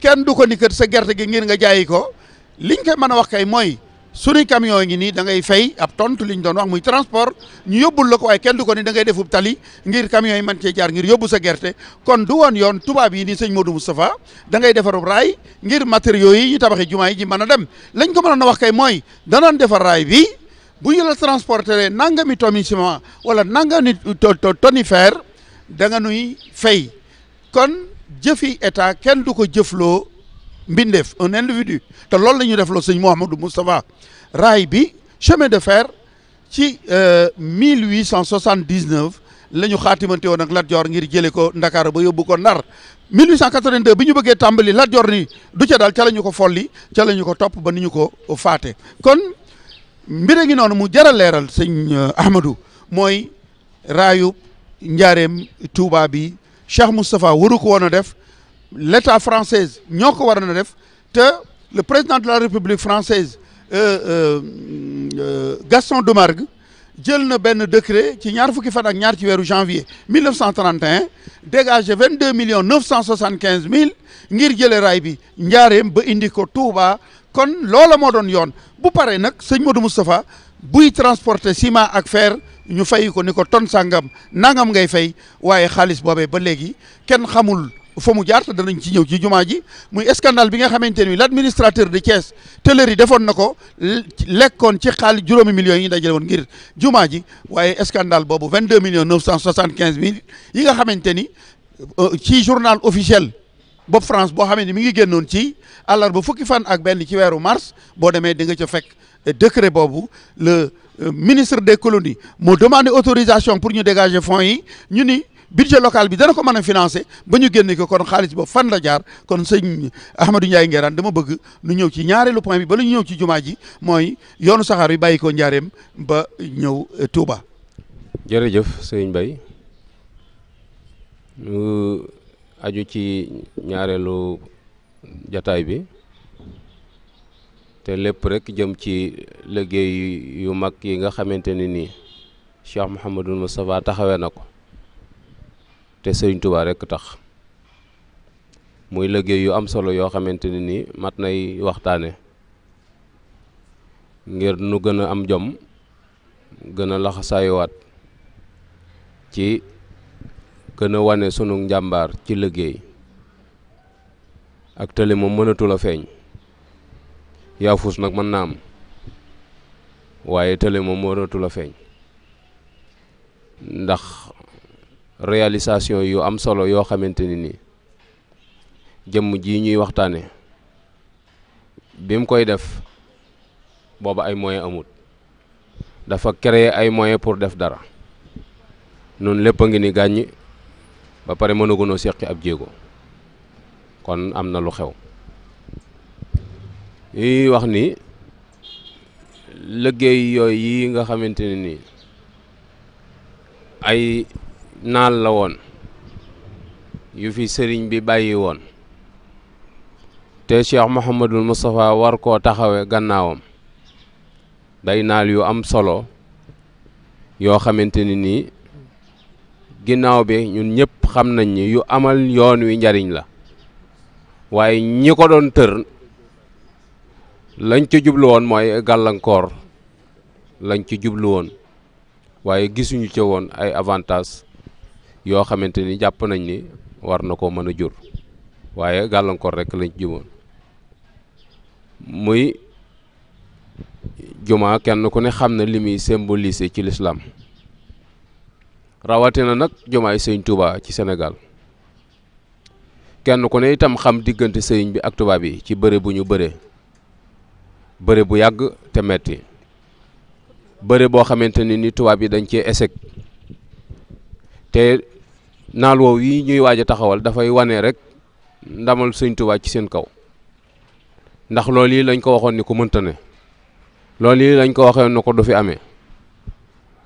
Speaker 1: kenn du ko ni kër sa gerte gi ngir nga jaayi ko liñ koy mën a wax kay mooy suñuy camion ngi nii dangay fey fay ab tontu liñ doon wax muy transport ñu yóbbul la ko waaye kenn du ko ni dangay ngay defub tali ngir camion yi mën cee jaar ngir yóbbu sa gerte kon du woon yoon tubaab yi nii sëñ Modou sa da dangay defarub raay ngir matériaux yi ñu tabaxee jumaa yi ji mën a dem lañ ko mënoon a wax kay mooy danoon defar raay bi bu ñu la transporter nangami tonni ciment wala nangami tonifère da nga nuy fay kon jëfi état kenn du ko jëfloo mbindeef un individu te loolu la ñuy def loo sëñ Mouhamadou Moustapha raay bi chemin de fer ci 1879 euh, la ñu xaatimante woon ak Lat Joor ngir jëlee ko Ndakaaru ba yóbbu ko Ndar 1882 bi ñu bëggee tàmbali Lat Joor ni du ca daal ca la ñu ko folli ca la ko topp ba ni ñu ko faate kon mbir ngi noonu mu jar a leeral sëñ euh, Ahmadou mooy raayu njaareem Touba bi Cheikh Moustapha waru ko woon a def l' état française ñoo ko war na def te le président de la république française euh, euh, euh, Gaston Doumergue jël na benn décret ci ñaar fukki fan ak ñaar ci weeru janvier 1931 dégagé 22 millions 975 mille ngir jëlee raay bi njaareem ba indi ko Touba kon loola moo doon yoon bu paree nag sëñ Modou Moustapha buy transporter ciment ak fer ñu fay ko ni ko ton sangam nangam ngay fay waaye xaalis boobe ba léegi kenn xamul fa mu jaar te danañ ci ñëw ci jumaa ji muy scandale bi nga xamante ni l'administrateur de Thiès tëlër yi defoon na ko lekkoon ci xaalis juróomi millions yi ñu dajale woon jumaa ji waaye scandale boobu vingt deux millions neuf cent soixante quinze mille yi nga xamante ni euh, ci journal officiel bopp France boo xamante ni mi ngi génnoon ci ba fukki fan ak benn ci weeru mars boo demee di nga ca fekk décret boobu le euh, ministre des colonies moo demandé autorisation pour ñu dégager fonds yi ñu ni but budget local bi dana ko mën a financer ba ñu génne ko kon xaalis boobu fan la jaar kon sëñ Ahmadou Ndiaye Nguerane dama bëgg nu ñëw ci ñaareelu point bi bala ñëw ci jumaa ji mooy yoonu saxaar bi bàyyi ko njaareem ba ñëw eh, Touba.
Speaker 2: jërëjëf sëñ Bay aju ci ñaareelu jataay bi te lépp rek jëm ci liggéey yu mag yi nga xamante ne nii Cheikh Mouhamadul Moustapha taxawee na ko te sëriñ Tuubaa rekk tax muy liggéey yu am solo yoo xamante ne ni mat nay waxtaane ngir nu gën a am jom gën a laxasaayuwaat ci gën a wane sunu njàmbaar ci liggéey ak tële moom mënatul a feeñ yaafus nag mën na am waaye tële mënatul a feeñ ndax réalisation yu am solo yoo xamante ni nii jëmm ji ñuy waxtaane bi mu koy def booba ay moyens amut dafa créer ay moyens pour def dara noonu lépp a ngi ni gàññi ba pare mënagunoo seqi ab jéego kon am na lu xew yi wax ni liggéey yooyu yi nga xamante ne nii ay naal la woon yu fi sëriñ bi bàyyi woon te Cheikh Mouhamadul Moustapha war koo taxawe gannaawam day naal yu am solo yoo xamante ni nii ginnaaw bi ñun ñëpp xam nañ ni yu amal yoon wi njariñ la waaye ñi ko doon tër lañ ci jublu woon mooy gàllankoor lañ ci jublu woon waaye gisuñu ca woon ay avantages yoo xamante ni jàpp nañ ni war na ko mën a jur waaye gàllankoor rek lañ jumoon muy juma kenn ku ne xam na li muy symboliser ci lislaam rawatina nag jumaay sëñ Touba ci senegal kenn ku ne itam xam diggante sëñ bi ak tubaab yi ci bëre bu ñu bëre bëre bu yàgg te metti bëre boo xamante ni ni tubaab yi dañ cee échec te naal woow yi ñuy waaj a taxawal dafay wane rek ndamal sëñ Tuubaa ci seen kaw ndax lool yi lañ ko waxoon ni ko mënta ne lool yi lañ ko waxee na ko du fi amee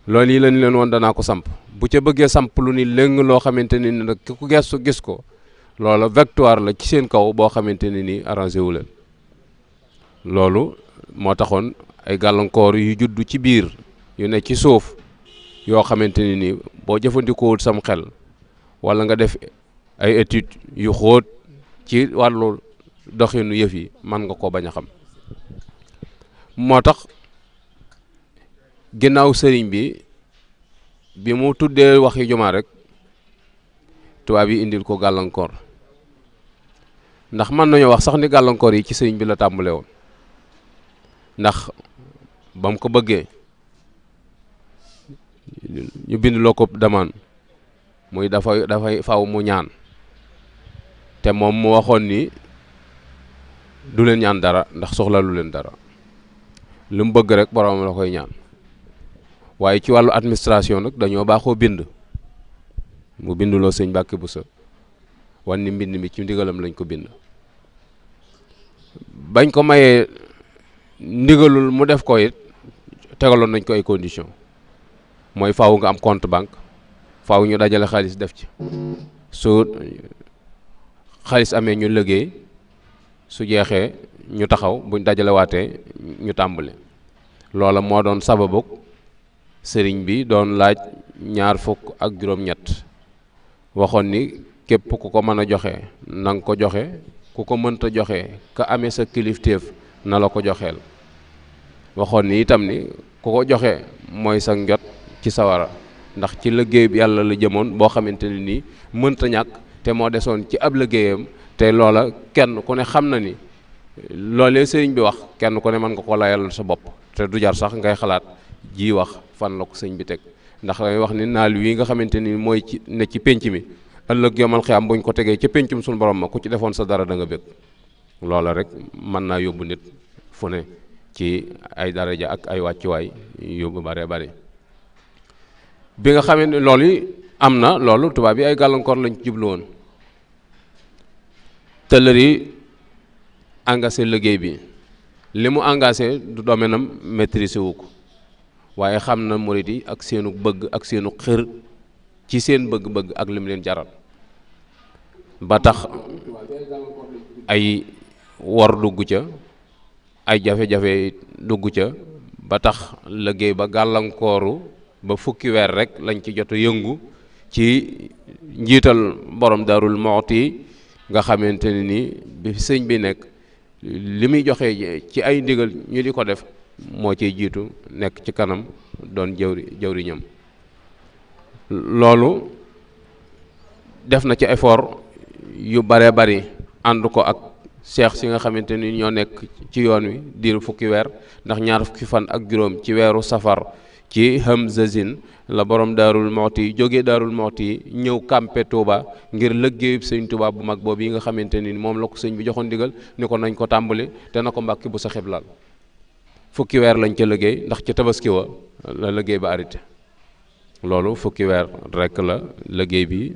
Speaker 2: lool yi lañ leen woon danaa ko samp bu ca bëggee samp lu ni lëng loo xamante ne ni nag ki ku gestu gis ko loola victoire la ci seen kaw boo xamante ne ni arrangé wu leen loolu moo taxoon ay gàllankoor yu judd ci biir yu ne ci suuf yoo xamante ne nii boo jëfandikoowut sam xel walla nga def ay étude yu xóot ci wàllu doxinu yëf yi mën nga ko bañ a xam moo tax ginnaaw sëriñ bi bi mu tuddee wax waxi jumaa rek tubaab yi indil ko gàllankoor ndax mën nañu wax sax ni gàllankoor yi ci sëriñ bi la tàmbale woon ndax ba mu ko bëggee ñu bind loo ko demande muy dafay dafay faw mu ñaan te moom mu waxoon ni du leen ñaan dara ndax soxla lu leen dara lu mu bëgg rek borom la koy ñaan waaye ci wàllu administration nag dañoo baaxoo bind mu binduloo loo sëñ bu Buso wan ni mbind mi ci ndigalam lañ ko bind bañ ko mayee ndigalul mu def ko it tegaloon nañ koy condition mooy faaw nga am compte banque faaw ñu dajale xaalis def ci su xaalis amee ñu liggéey su jeexee ñu taxaw buñ dajalewaatee ñu tàmbale loola moo doon sababug sëriñ bi doon laaj ñaar fukk ak juróom-ñett waxoon ni képp ku ko mën a joxe na ko joxe ku ko mënta joxe ka amee sa kilifteef na la ko joxeel waxoon ni itam ni ku ko joxe mooy sa njot ci sawara ndax ci liggéey bi yàlla la jëmoon boo xamante ne nii mënta ñàkk te moo desoon ci ab liggéeyam tey loola kenn ku ne xam na ni loolee sëriñ bi wax kenn ku ne mën nga ko layal sa bopp te du jar sax ngay xalaat ji wax fan la ko sëñ bi teg ndax dangay wax ni naal wi nga xamante ni mooy ci ne ci pénc mi ëllëg yomal xiyaam buñ ko tegee ca péncum suñu borom ma ku ci defoon sa dara da nga bëgg loola rek mën naa yóbbu nit fu ne ci ay daraja ak ay wàccuwaay yóbbu bare bare bi nga xamee ne loolu yi am na loolu tubaab yi ay gàllankoor lañ jublu woon tëllër yi liggéey bi li mu engagé du domaine am wu ko waaye xam na murit ak seenu bëgg ak seenu xër ci seen bëgg-bëgg ak li mu leen jaral ba tax ay war dugg ca ay jafe-jafe dugg ca ba tax liggéey ba gàllankooru ba fukki weer rek lañ ci jot yëngu ci njiital borom darul mooti nga xamante ne ni bi sëñ bi nekk li muy joxe ci ay ndigal ñu di ko def moo ciy jiitu nekk ci kanam doon jëwri jëwriñam loolu def na ci effort yu bare bari ànd ko ak seex si nga xamante ni ñoo nekk ci yoon wi diiru fukki weer ndax ñaar fukki fan ak juróom ci weeru safar ci Hamzazine la borom daarul moxti yi jógee daarul moxti yi ñëw campé Touba ngir lëggéeyub sëñ tubaab bu mag boobu yi nga xamante ni moom la ko sëñ bi joxoon digal ni ko nañ ko tàmbali te na ko mbàkki bu sa xeblal fukki weer lañ ca liggéey ndax ca tabaski wa la liggéey ba loolu fukki weer la liggéey bi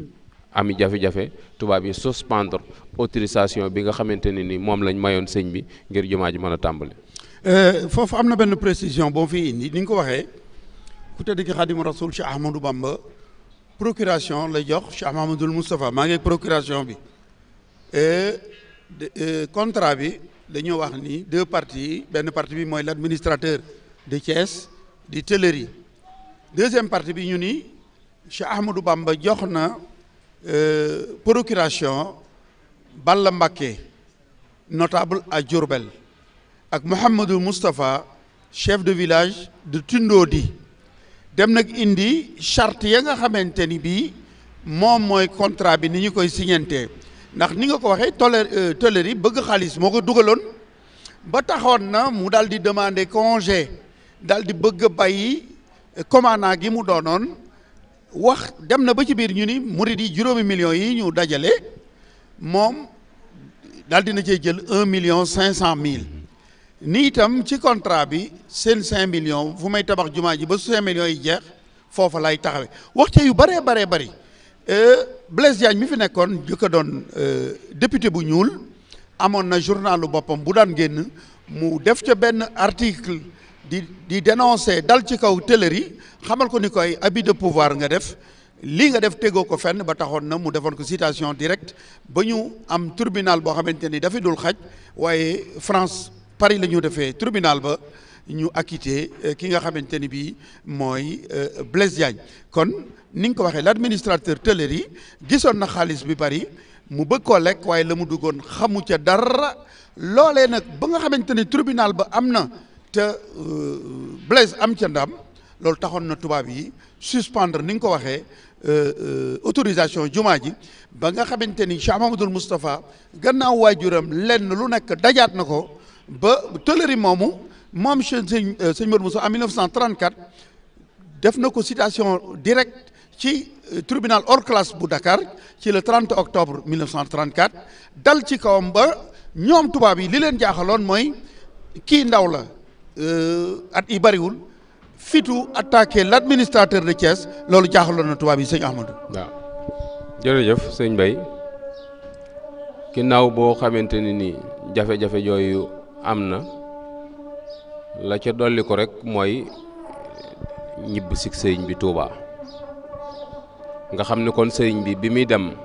Speaker 2: ami jafe tubaab yi suspendre autorisation bi nga xamante ne ni moom lañ mayoon sëñ bi ngir jumaa ji mën a tàmbali.
Speaker 1: Euh, foofu am na benn précision boo fi indi ni ko waxee ku tedd ki xaadimu rasul Cheikh Ahmadou Bamba procuration lay jox Cheikh Mahamadul Moustapha maa ngi procuration bi euh, contrat bi dañoo wax ni deux parties benn partie bi mooy l' administrateur de Thiès di Tellerie deuxième partie bi ñu ni Cheikh Ahmadou Bamba jox na euh, procuration Balla Mbacké notable à Diourbel ak Mouhamadou Moustapha chef de village de di dem nag indi charte ya nga xamante ni bii moom mooy contrat bi ni ñu koy signantee ndax ni nga ko waxee toller euh, toller yi bëgg xaalis moo ko dugaloon ba taxoon na mu daal di demander congé daal di bëgg a bàyyi euh, commandant gi mu doonoon wax dem na ba ci biir ñu ni mu di juróomi millions yi ñu dajale moom daal na cey jël un million cinq cent mille ni itam ci contrat bi seen cinq millions fu may tabax jumaa ji ba su millions yi jeex foofa lay taxawe wax ci yu baree baree bëri euh, Blaise Diagne mi fi nekkoon jëkka doon euh, député bu ñuul amoon na journalu boppam bu daan génn mu def ca benn article di di dénoncer dal ci kaw télé yi xamal ko ni koy abus de pouvoir nga def lii nga def tegoo ko fenn ba taxoon na mu defoon ko citation directe ba ñu am tribunal boo xamante ni dafa dul xaj waaye France Paris la ñu defee tribinal ba ñu acquitté euh, ki nga xamante ni bii mooy euh, Blaise Diagne kon ni nga ko waxee l' administrateur Teleri gisoon na xaalis bi bari mu bëgg koo lekk waaye la mu duggoon xamu ca dara loolee nag ba nga xamante ni tribunal ba am na te euh, Blaise am ca ndam loolu taxoon na tubaab yi suspendre ni nga ko waxee autorisation jumaa ji ba nga xamante ni Cheikh Mamadou Moustapha gannaaw waajuram lenn lu nekk dajaat na ko ba tëlëri moomu moom sëñ euh, sëñ Modou Moussa en 1934 def na ko citation directe ci euh, tribunal hors classe bu Dakar ci le 30 octobre 1934 dal ci kawam ba ñoom tubaab yi li leen jaaxaloon mooy kii ndaw la euh, at yi bariwul fitu attaquer l' administrateur de Thiès loolu jaaxaloon na tubaab yi sëñ Ahmadou.
Speaker 2: waaw jërëjëf sëñ Mbaye ginnaaw boo xamante ne nii jafe-jafe yooyu. am na la ca dolli ko rek mooy ñibb si sëriñ bi Touba nga xam ne kon sëriñ bi bi muy dem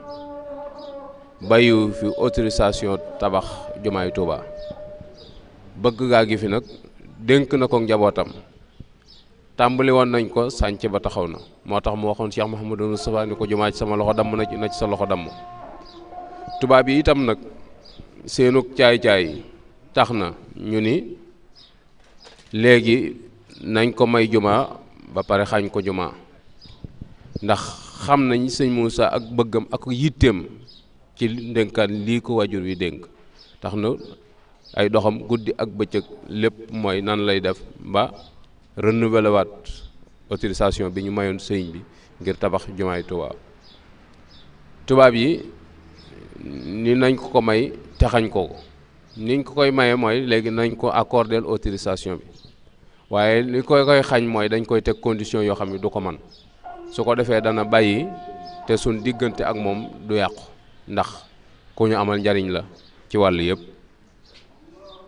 Speaker 2: bàyyiwu fi autorisation tabax jumaay Touba bëgg gaa gi fi nag dénk na ko njabootam tàmbali woon nañ ko sànc ba taxaw na moo tax mu waxoon Cheikh Mouhamadou Moustapha ni ko jumaa ci sama loxo damm na ci sa loxo damm tubaab yi itam nag seenug caay-caay tax na ñu ni léegi nañ ko may jumaa ba pare xañ ko jumaa ndax xam nañ sëñ Moussa ak bëggam ak yitteem ci ndénkaan lii ko waajur wi dénk tax na ay doxam guddi ak bëccëg lépp mooy nan lay def ba renouveler waat autorisation bi ñu mayoon sëñ bi ngir tabax jumaay Tuubaa tubaab yi ni nañ ko ko may te xañ ko niñ ko koy maye mooy léegi nañ ko accordé autorisation bi waaye li ko koy xañ mooy dañ koy teg condition yoo xam ne du ko man su ko defee dana bàyyi te suñ diggante ak moom du yàqu ndax ku ñu amal njariñ la ci wàll yëpp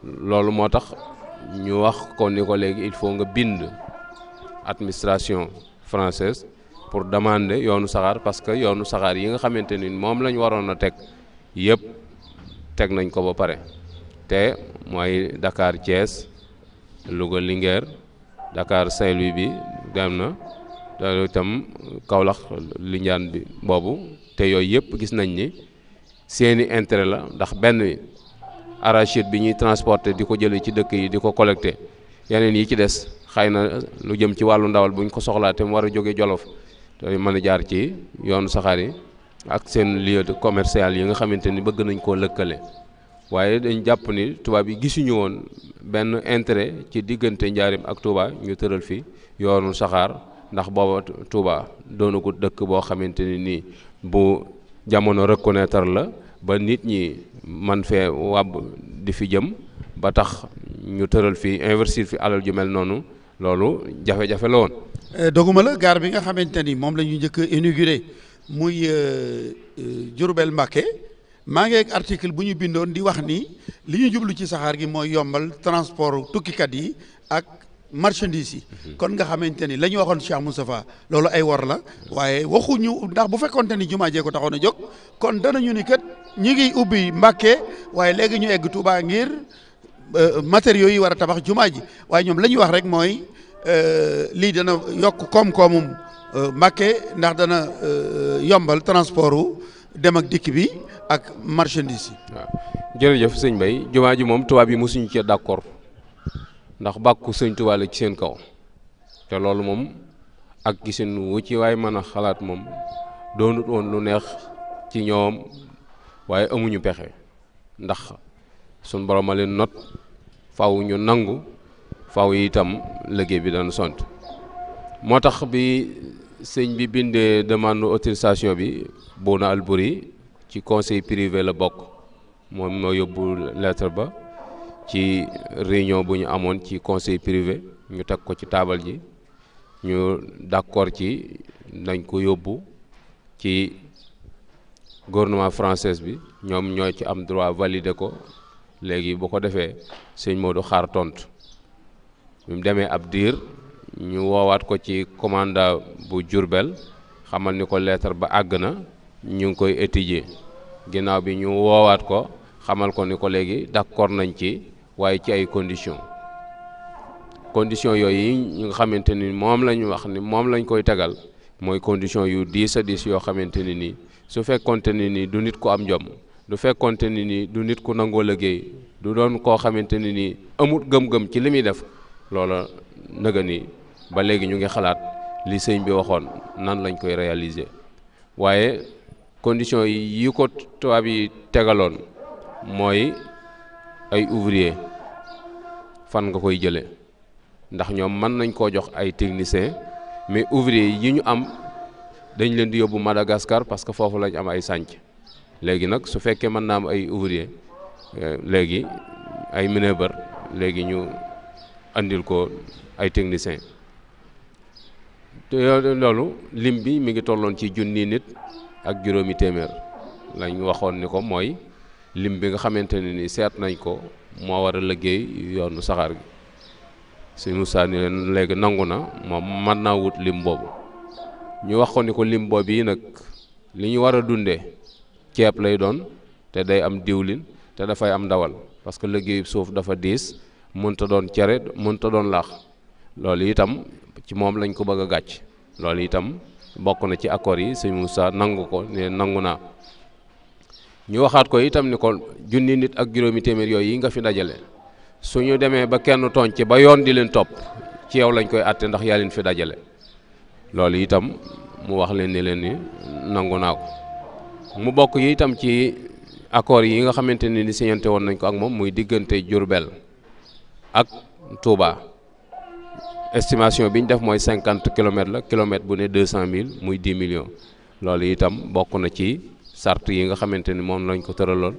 Speaker 2: loolu moo tax ñu wax ko ni ko léegi il faut nga bind administration française pour demande yoonu saxaar parce que yoonu saxaar yi nga xamante ni moom lañu waroon a teg yëpp teg nañ ko ba pare te mooy Dakar Thiès Louga Linguère Dakar saint bi dem na loolu itam Kaolack Lindiane bi boobu te yooyu yëpp gis nañ ni seeni intérêt la ndax benn bi arachide bi ñuy transporter di ko jëlee ci dëkk yi di ko collecter yeneen yi ci des xëy na lu jëm ci wàllu ndawal buñ ko soxlaa te mu war a jóge Jolof te mën a jaar ci yoon saxaar yi ak seen lieu de commercial yi nga xamante ni bëgg nañ koo lëkkale waaye dañ jàpp ni tubaab yi gisuñu woon benn intérêt ci diggante njaarim ak Touba ñu tëral fi yoonu saxaar ndax booba Touba ko dëkk boo xamante ni nii bu jamono reconnaître la ba nit ñi man fee wàbb di fi jëm ba tax ñu tëral fi investir fi alal ju mel noonu loolu jafe-jafe la woon.
Speaker 1: Euh, doguma la gaar bi nga xamante ni moom lañu njëkk a inauguré muy euh, euh, Diourbel Mbacké maa ngi ak bu ñu bindoon di wax nii li ñu jublu ci saxaar gi mooy yombal transport tukkikat yi ak marchandise yi mhm. kon nga xamante ni la ñu waxoon Cheikh Moustapha loolu ay war la waaye waxu ñu ndax bu fekkonte ni jumaa jee ko taxoon a jóg kon danañu ni kat ñi ngi ubbi Mbàkke waaye léegi ñu egg Touba ngir euh, matériaux yi war a tabax jumaa ji waaye ñoom la ñuy wax rek mooy euh, lii dana yokk koom-koomum euh, Mbàkke ndax dana yombal transportu dem ak dikk bi ak marchandise yi.
Speaker 2: jërëjëf sëñ Bay jumaa ji moom tubaab yi mosuñu cee d'accord ndax bàkku sëñ Tuubaa la ci seen kaw te loolu moom ak gisin wu ci waaye mën a xalaat moom doonut woon lu neex ci ñoom waaye amuñu pexe ndax suñ borom a leen not faw nangu faw itam liggéey bi daan sont moo tax bi sëñ bi bindee demande autorisation bi Bouna Albouri ci conseil privé la bokk moom moo yóbbu lettre ba ci réunion bu ñu amoon ci conseil privé ñu teg ko ci taabal ji ñu d'accord ci nañ ko yóbbu ci gouvernement français bi ñoom ñoo ci am droit valider ko léegi bu ko defee sëñ Modou xaar tontu ñu demee ab diir ñu woowaat ko ci commanda bu Diourbel xamal ni ko lettre ba àgg na ñu ngi koy étudier ginnaaw bi ñu woowaat ko xamal ko ni ko léegi d'accord nañ ci waaye ci ay conditions conditions yooyu ñu nga xamante ni moom lañu wax ni moom lañ koy tegal mooy conditions yu diis a diis yoo xamante ni nii su fekkonte ni nii du nit ku am jom du fekkonte ni nii du nit ku nangoo léggéey du doon koo xamante ni nii amut gëm-gëm ci li muy def loola nëga ni ba léegi ñu ngi xalaat li sëñ bi waxoon nan lañ koy réaliser waaye condition yi ko tubaab yi tegaloon mooy ay ouvrier fan nga koy jële ndax ñoom mën nañ koo jox ay technicien mais ouvrier yi ñu am dañ leen di yóbbu Madagascar parce que foofu lañ am ay sànc léegi nag su fekkee mën naa am ay ouvrier euh, léegi ay mineur léegi ñu indil ko ay technicien te loolu lim bi mi ngi tolloon ci junni nit ak juróomi téeméer lañ waxoon ni ko mooy lim bi nga xamante ne ni seet nañ ko moo war a liggéey yoonu saxaar gi suñu Moussa ni leen léegi nangu na moom mën naa wut lim boobu ñu waxoon ni ko lim boobu yi nag li ñu war a dundee ceeb lay doon te day am diwlin te dafay am ndawal parce que liggéeyu suuf dafa diis mënta doon cere mënta doon laax loolu itam ci moom lañ ko bëgg a gàcc loolu itam bokk na ci accords yi sëñ Moussa nangu ko ne nangu naa ñu waxaat ko itam ni ko junni nit ak juróomi téeméer yooyu yi nga fi dajale su ñu demee ba kenn tooñ ci ba yoon di leen topp ci yow lañ koy àtte ndax yaa leen fi dajale loolu itam mu wax leen ni leen ni nangu naa ko mu bokk yi itam ci accords yi nga xamante ne ni signante woon nañ ko ak moom muy diggante Jurbel ak tuuba estimation bi ñu def mooy cinquante kilomètres la kilomètre bu ne deux cent mille muy dix millions loolu itam bokk na ci sart yi nga xamante ni moom lañ ko tëraloon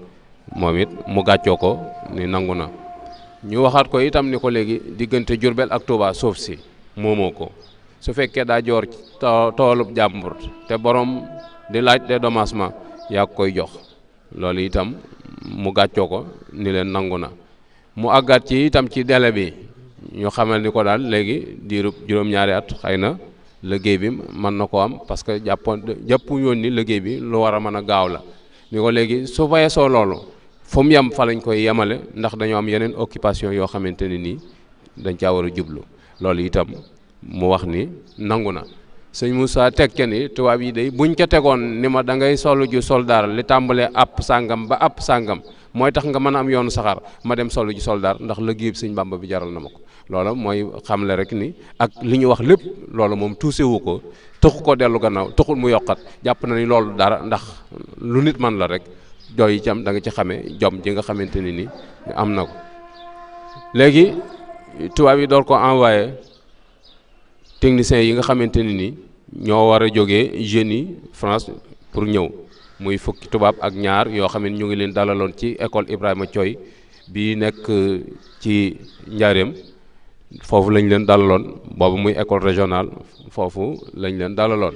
Speaker 2: moom it mu gàccoo ko ni nangu na ñu waxaat ko itam ni ko léegi diggante Jurbel ak Touba suuf si moomoo ko su fekkee daa joor toolub jàmbur te borom di laaj des dédommagements yaa koy jox loolu itam mu gàccoo ko ni leen nangu na mu àggaat ci itam ci délai bi. ñoo xamal ni ko daal léegi diiru juróom-ñaari at xëy na liggéey bi mën na ko am parce que jàppoon jàppu yoon ni liggéey bi lu war a mën a gaaw la ni ko léegi su weesoo loolu fu yam yem fa lañ koy yemale ndax dañoo am yeneen occupation yoo xamante ne nii dañ caa war a jublu loolu itam mu wax ni nangu na sëñ Moussa teg ca ni tubaab yi day buñ ca tegoon ni ma da ngay sol ju soldaar li tàmbalee app sàngam ba app sàngam mooy tax nga mën a am yoon saxaar ma dem sol ju soldaar ndax la liggéeyub sëñ Bàmba bi jaral na ma ko loola mooy xam xamle rek ni ak li ñu wax lépp loolu moom tuusewu ko taxu ko dellu gannaaw taxul mu yokkat jàpp na ni loolu dara ndax lu nit man la rek jooy itam da danga ci xame jom ji nga xamante ni ni am na ko léegi tubaab yi door ko envoyé techniciens yi nga xamante ni nii ñoo war a jógee jeunes yi France pour ñëw muy fukki tubaab ak ñaar yoo xam ne ñu ngi leen dalaloon ci école Ibrahima Thioy bi nekk euh, ci Njaareem foofu lañ leen dalaloon boobu muy école régionale foofu lañ leen dalaloon.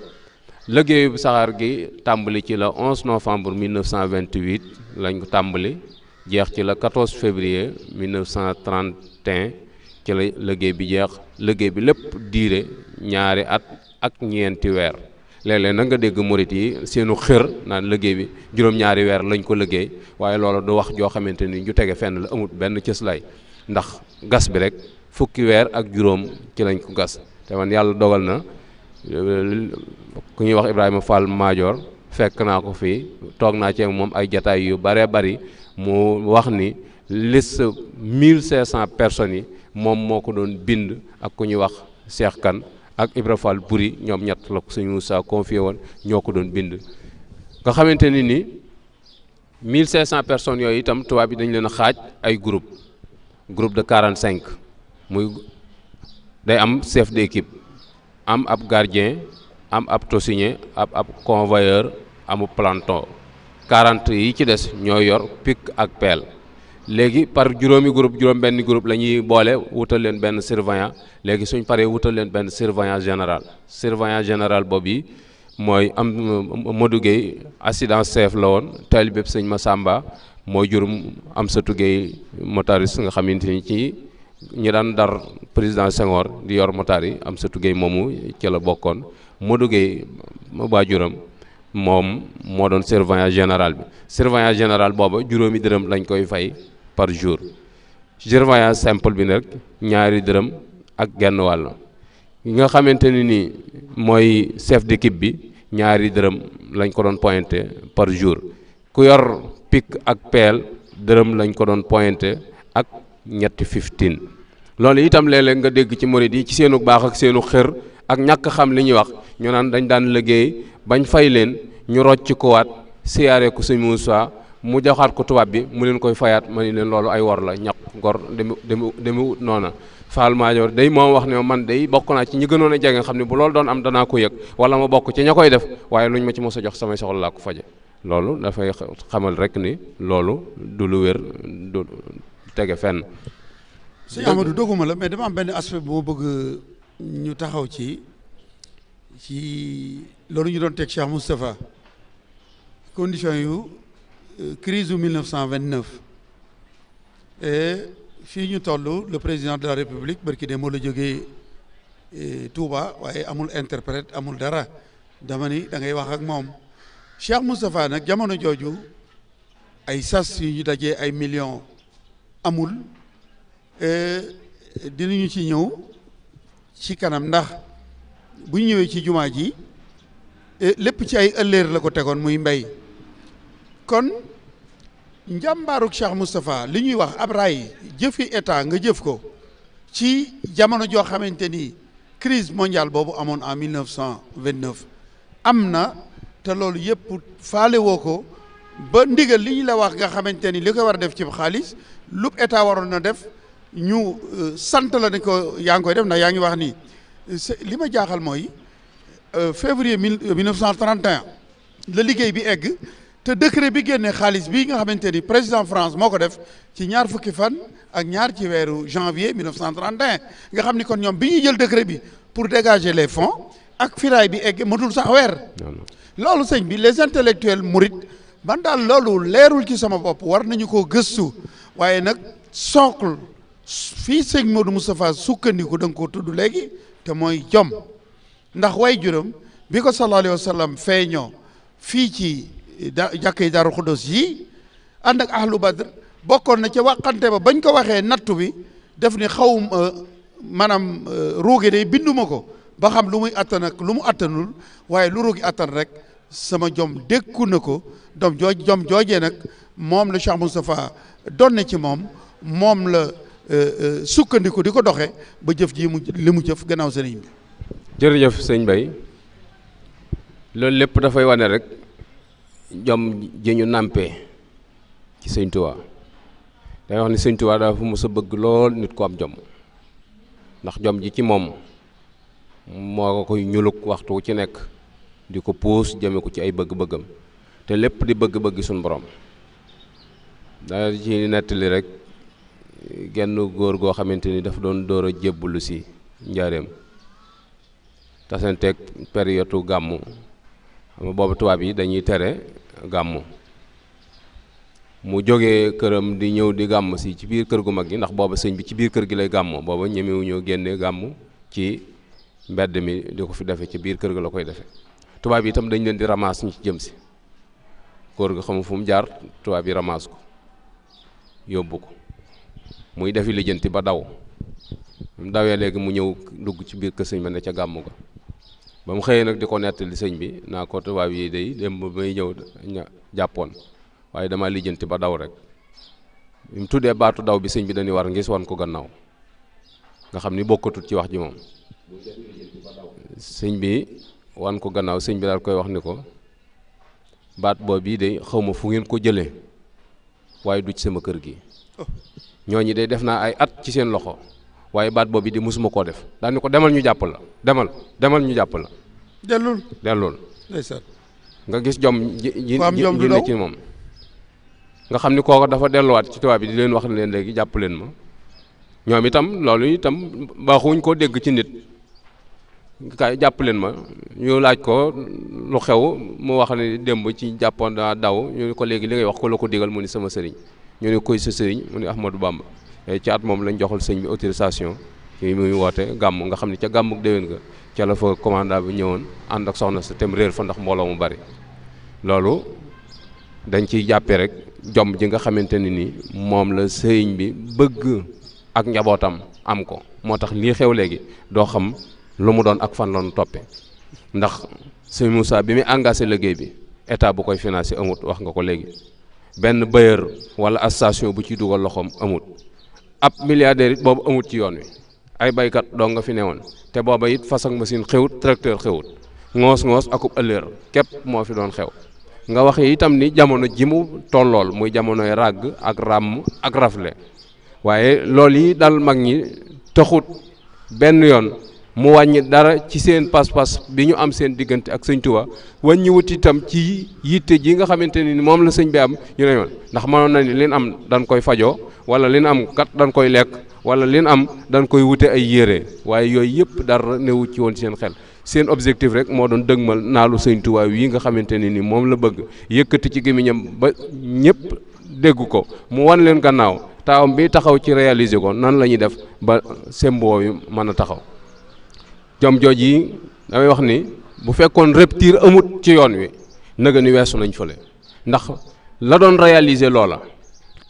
Speaker 2: bi saxaar gi tàmbali ci la 11 novembre 1928 lañ ko tàmbali jeex ci la 14 février 1931 ci la liggéey bi jeex liggéey bi lépp diire ñaari at. ak ñeenti weer léeg-léeg nag nga dégg murit yi seenu xër naan liggéey bi juróom-ñaari weer lañ ko liggéey waaye loolu du wax joo xamante ni ju tege fenn la amut benn cëslaay ndax gas bi rek fukki weer ak juróom ci lañ ko gas te man yàlla dogal na ku ñuy wax Ibrahima Fall Maajoor fekk naa ko fii toog naa ci moom ay jataay yu bare bari mu wax ni liste mille cinq cent personnes yi moom moo ko doon bind ak ku ñuy wax Seex Kan ak Ibra Fall Buri ñoom ñett la ko sëñ Moussa confié woon ñoo ko doon bind nga xamante ni ni 1500 personnes yooyu itam tubaab yi dañu leen a xaaj ay groupe groupe de 45 muy day am de d'équipe am ab gardien am ab tosigné ab ab convoyeur amu planton quarante yi ci des ñoo yor pik ak pelle léegi par juróomi groupe juróom benn groupe la ñuy boole wutal leen benn surveillant léegi suñ paree wutal leen benn surveillant général surveillant général boobu yi mooy am euh, Modou Gueye chef la woon taalibe sëñ Massamba mooy jurum am satu Gueye motariste nga xamante ni ci ñi daan dar président Senghor di yor motar yi am satu Gueye moomu ci la bokkoon Modou Gueye baa moom moo doon surveillant général bi surveillant général booba juróomi dërëm lañ koy fay par jour surveillance simple bi nag ñaari dërëm ak genn wàll yi nga xamante ne nii mooy chef d'équipe bi ñaari dërëm lañ ko doon pointé par jour ku yor pik ak peel dërëm lañ ko doon pointé ak ñetti fifteen loolu itam léeg nga dégg ci murid yi ci seenu baax ak seenu xër ak ñakk xam li wax ñu naan dañ daan liggéey bañ fay leen ñu rocc ko waat siyaare ko Sëñ mu joxaat ko tubaab bi mu leen koy fayaat ma ni leen loolu ay wor la ñaq gor demu demu demu ut noona Fall Madior day moom wax ne man day bokk naa ci ñi gënoon a jege nga xam ne bu loolu doon am danaa ko yëg wala ma bokk ci ña koy def waaye luñ ma ci mos a jox samay soxla laa ko faje loolu dafay xamal rek ni loolu du lu wér du tege fenn.
Speaker 1: sëñ Amadou doguma la mais dama am benn aspect boo bëgg ñu taxaw ci ci loolu ñu doon teg Cheikh Moustapha condition yu. Euh, crise u 1929 et fii ñu toll le président de la république barki de moo la jógee euh, Touba waaye amul interprète amul dara dama ni da ngay wax ak moom Cheikh Moustapha nag jamono jooju ay sas yu ñu dajee ay millions amul dinañu ci ñëw ci kanam ndax bu ñu ñëwee ci jumaa ji lépp ci ay ëllëer la ko tegoon muy mbay kon njàmbaarug Cheikh Moustapha li ñuy wax ab raay jëfi état nga jëf ko ci jamono joo xamante ni crise mondiale boobu amoon en 1929 am na te loolu yëpp faale woo ko ba ndigal li ñu la wax nga xamante ni li koy war a def ci xaalis lu état waroon na def ñu euh, sant la ne ko yaa ngi koy def ndax yaa ngi wax nii li ma jaaxal mooy euh, février mille 1931 euh, la liggéey bi egg. te décret bi génnee xaalis bii nga xamante ni président France moo ko def ci ñaar fukki fan ak ñaar ci weeru janvier 1931 nga xam ni kon ñoom bi ñuy jël décret bi pour dégager les fond ak firaay bi egg mënul sax weer loolu sëñ bi les intellectuels murit man daal loolu leerul ci sama bopp war nañu koo gëstu waaye nag socle fii sëñ Modou Moustapha sukkandiku da nga koo tudd léegi te mooy jom ndax way juróom bi ko sallallahu alayhi wa sallam feeñoo fii ci da jàkkee daaru xuddos yii ànd ak ahlu badr bokkoon na ca waxante ba bañ ko waxee nattu bi def ni xaw euh, maanaam euh, ruugi day binduma ko ba xam lu muy attan lu mu àttanul waaye lu ruugi àttan rek sama jom dékku na ko dox jooj jom joojee nag moom la Cheikh Moustapha donne ci moom moom la euh, sukkandiku di ko doxe ba jëf ji mu li mu jëf gannaaw sëriñ bi
Speaker 2: jërëjëf sëñ Bay loolu lépp dafay wane rek jom ji ñu nàmpee ci sëñ Tuubaa day wax ni sëñ dafa mës bëgg lool nit ko am jom ndax jom ji ci moom moo ko koy ñuluk waxtu ci nekk di ko puus jëme ko ci ay bëgg-bëggam te lépp di bëgg-bëgg suñu borom da ci nettali rek genn góor goo xamante ni dafa doon dóora a jébbalu si njaareem tasanteeg période gàmm boobu tubaab yi dañuy tere gàmmu mu jógee këram di ñëw di gàmm si ci biir kër gu mag gi ndax booba sëñ bi ci biir kër gi lay gàmmoo booba ñemewuñoo génne gàmm ci mbedd mi di ko fi defe ci biir kër gi la koy defe tubaab yi itam dañ leen di ramaas ñu ci jëm si kóor gi xamu fu mu jaar tubaab yi ramaas ko yóbbu ko muy defi lijjanti ba daw mu dawee léegi mu ñëw dugg ci biir kër sëñ ba ne ca gàmm ga ba mu xëyee nag di ko nettali sëñ bi naa ko tubaab yi day dem ba may ñëw jàppoon waaye damaa lijjanti ba daw rek bi mu tuddee baatu daw bi sëñ bi dañuy war ngis wan ko gannaaw nga xam ni bokkatut ci wax ji moom sëñ bi wan ko gannaaw sëñ bi daal koy wax ni ko baat boobu bii day xaw ma fu ngeen ko jële waaye du ci sama kër gi ñoo ñooñu day def naa ay at ci seen loxo waaye baat boobu di musuma koo def daal ni ko demal ñu jàpp la demal demal ñu jàpp la dellul dellul. ndeysaan nga gis jom ji ji ji ne ci moom. nga xam ni kooku dafa delluwaat ci tubaab bi di leen wax ne leen léegi jàpp leen ma ñoom itam loolu itam baaxuñ koo dégg ci nit kay jàpp leen ma ñu laaj ko lu xew mu wax ne démb ci jàppoon daa daw ñu ne ko léegi li ngay wax ko la ko digal mu ni sama sëriñ ñu ne koy sa sëriñ mu ni Ahmadou Bamba ci at moom lañ joxul sëñ bi autorisation yi muy woote gàmm nga xam ne ca gàmmuk déwén nga ca fa commandant bi ñëwoon ànd ak soxna sa tem réer fa ndax mbooloo mu bari loolu dañ ciy jàppe rek jom ji nga xamante ne ni moom la sëriñ bi bëgg ak njabootam am ko moo tax lii xew léegi doo xam lu mu doon ak fan loon toppe ndax sëriñ Moussa bi muy engagé liggéey bi état bu koy financé amut wax nga ko léegi benn bailleur wala association bu ciy dugal loxoom amut ab milliardaire it boobu amut ci yoon wi ay baykat dong nga fi woon te booba it fas ak machine xewut tracteur xewut ngoos-ngoos akub ëllëer képp moo fi doon xew nga wax itam ni jamono ji mu tollool muy jamonoy ràgg ak ràmm ak rafle waaye loolu yi dal mag ñi taxut benn yoon mu wàññi dara ci seen pas-pas bi ñu am seen diggante ak sëñ Tuubaa wàññi itam ci yitte ji nga xamante ni moom la sëñ bi am ñu ne yoon ndax mënoon na ni leen am dañ koy fajoo wala leen am kat dañ koy lekk wala leen am dañ koy wute ay yére waaye yooyu yëpp dara newu ci woon seen xel seen objectif rek moo doon dëgmal naalu sëñ Tuubaa yi nga xamante ne ni moom la bëgg yëkkati ci gémmiñam ba ñëpp dégg ko mu wan leen gannaaw taawam bi taxaw ci réaliser ko nan la ñuy def ba semboo yi mën a taxaw jom jooj yi damay wax ni bu fekkoon rupture amut ci yoon wi nëga weesu nañ fole ndax la doon réaliser loola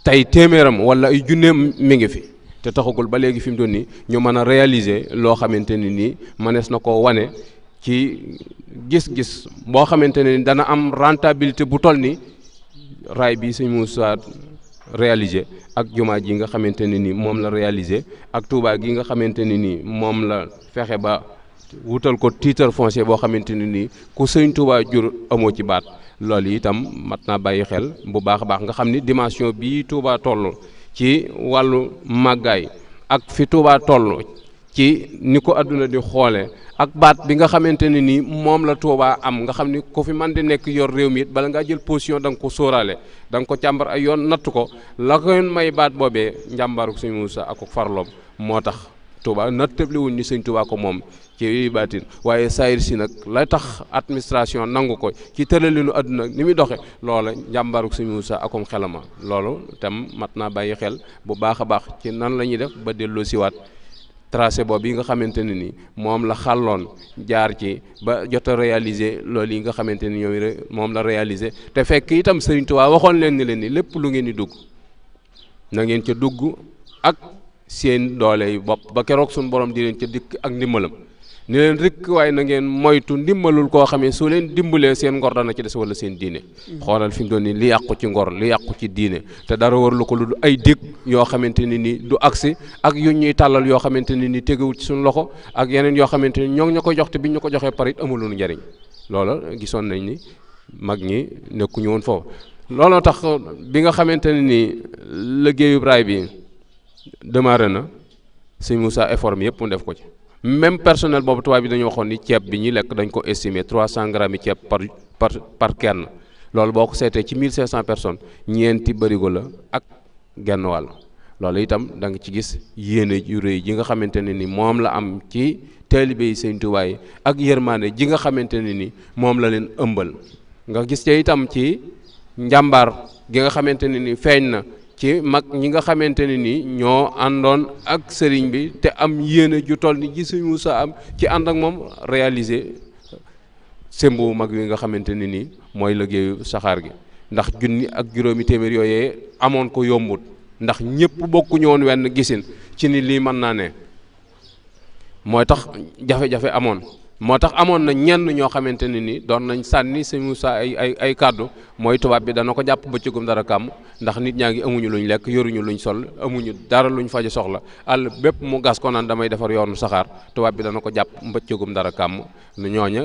Speaker 2: tey téeméeram wala ay junneem mi ngi fi te taxagul ba léegi fi mu doon nii ñu mën a réaliser loo xamante ni nii mënees na koo wane ci gis-gis boo xamante ne dana am rentabilité bu toll nii raay bi sëñ Moussa réaliser ak jumaa ji nga xamante ne ni moom la réaliser ak Touba gi nga xamante ne ni moom la fexe ba wutal ko titre foncier boo xamante ne nii ku sëñ Touba jur amoo ci baat loolu itam mat naa bàyyi xel bu baax a baax nga xam ni dimension bii Touba toll. ci wàllu màggaay ak fi Touba toll ci ni ko àdduna di xoole ak baat bi nga xamante ne nii moom la Touba am nga xam ni ku fi man di nekk yor réew mi it bala ngaa jël position da nga ko sóoraale danga ko càmbar ak yoon natt ko la koy may baat boobee njàmbaaru Sëñ Muusa ak farloom moo tax Touba natt tëbliwuñ ni Sëñ Touba ko moom ci baatin waaye saayir si nag la tax administration nangu ko ci tëralinu àdduna ni muy doxe loola njàmbaaruk suñu Moussa akum xelama loolu tam mat naa bàyyi xel bu baax a baax ci nan la ñuy def ba delloo siwaat tracé boobu yi nga xamante ne ni moom la xàlloon jaar ci ba jot a réaliser loolu yi nga xamante ni ñoom moom la réaliser te fekk itam Serigne Touba waxoon leen ni leen nii lépp lu ngeen di dugg na ngeen ca dugg ak seen doole yi bopp ba keroog suñu borom di leen ca dikk ak ndimbalam ne leen rek waaye na ngeen moytu ndimbalul koo xam ne soo leen dimbalee seen ngor dana ci des wala seen diine xoolal fi mu ni nii li yàqu ci ngor li yàqu ci diine te dara warlu ko lu du ay dég yoo xamante ne ni du agsi ak yu ñuy tàllal yoo xamante ne ni tegewul ci suñu loxo ak yeneen yoo xamante ni ñoo ngi ñu ko jox te bi ñu ko joxee parit amulunu njariñ loola gisoon nañ ni mag ñi nekkuñu woon foofu looloo tax bi nga xamante ne ni liggéeyu raay bi démarré na sëñ Moussa effort mi yëpp mu def ko ci même personnel boobu tubaab bi dañu waxoon ni ceeb bi ñuy lekk dañ ko estimer 300 grammes yi ceeb par par par kenn loolu boo ko seetee ci 1500 personnes ñeenti bërigo la ak genn wàll loolu itam da nga ci gis yéene yu rëy ji nga xamante ne ni moom la am ci taalibe yi Sëñ Tuubaa ak yërmaande ji nga xamante ne ni moom la leen ëmbal nga gis te itam ci njàmbaar gi nga xamante ne ni feeñ na ci mag ñi nga xamante ne nii ñoo àndoon ak sëriñ bi te am yéene ju toll ni gisuñu sa am ci ànd ak moom réaliser sembu mag yi nga xamante ne nii mooy liggéeyu saxaar gi ndax junni ak juróomi téeméer yooyee amoon ko yombut ndax ñëpp bokkuñu woon wenn gisin ci ni lii mën naa ne mooy tax jafe-jafe amoon moo tax amoon na ñenn ñoo xamante ne nii doon nañ sànni sëñ Moussa ay ay kàddu mooy tubaab bi dana ko jàpp bëccëgum dara kàmm ndax nit ñaa ngi amuñu luñ lekk yoruñu luñ sol amuñu dara luñ faji soxla àll bépp mu gas ko naan damay defar yoonu saxaar tubaab bi dana ko jàpp bëccëgum dara kàmm nu ñooña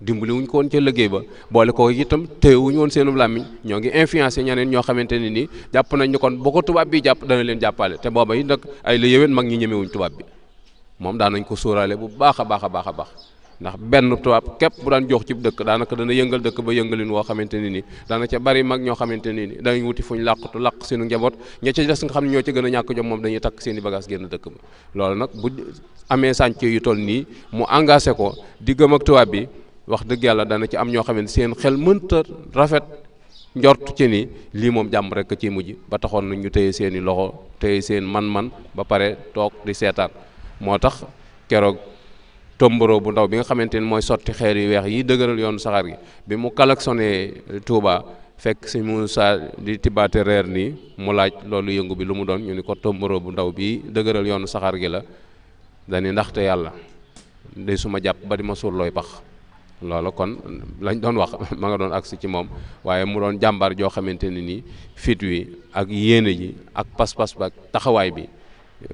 Speaker 2: dimbali wuñ ko woon ca liggéey ba boole ko itam téyewuñ woon seenu làmmiñ ñoo ngi influencé ñeneen ñoo xamante ne nii jàpp nañ ñu kon boo ko tubaab bi jàpp dana leen jàppale te booba yi nag ay la yéwén mag ñi ñemewuñ tubaab bi moom daan nañ ko sóoraale bu baax a baax a baax a baax ndax benn tubaab képp bu daan jox ci dëkk daanaka dana yëngal dëkk ba yëngalin woo xamante ni ni daana ca bari mag ñoo xamante ni ni dañuy wuti fuñ làqatu làq njaboot ña ca des nga xam ne ñoo ci gën a ñàkk jom moom dañuy takk seen i bagage génn dëkk ba bu amee sànce yu toll nii mu engagé ko di gëm ak tubaab bi wax dëgg yàlla dana ci am ñoo xamante seen xel mënta rafet njort ci ni lii moom jàmm rek ci mujj ba taxoon na ñu téye seen i loxo téye seen man-man ba pare toog di seetaan moo tax keroog tomboro bu ndaw bi nga xamante ni mooy sotti xeer yu weex yi dëgëral yoonu saxaar gi bi mu kalaksone Touba fekk si mu Moussa di tibaate reer ni mu laaj loolu yëngu bi lu mu doon ñu ni ko tomboro bu ndaw bi dëgëral yoonu saxaar gi la dañuy ndaxte yàlla de su ma jàpp ba di ma suul looy pax loola kon lañ doon wax ma nga doon agsi ci moom waaye mu doon jàmbaar joo xamante ne nii fit wi ak yéene ji ak pas-pas ba ak taxawaay bi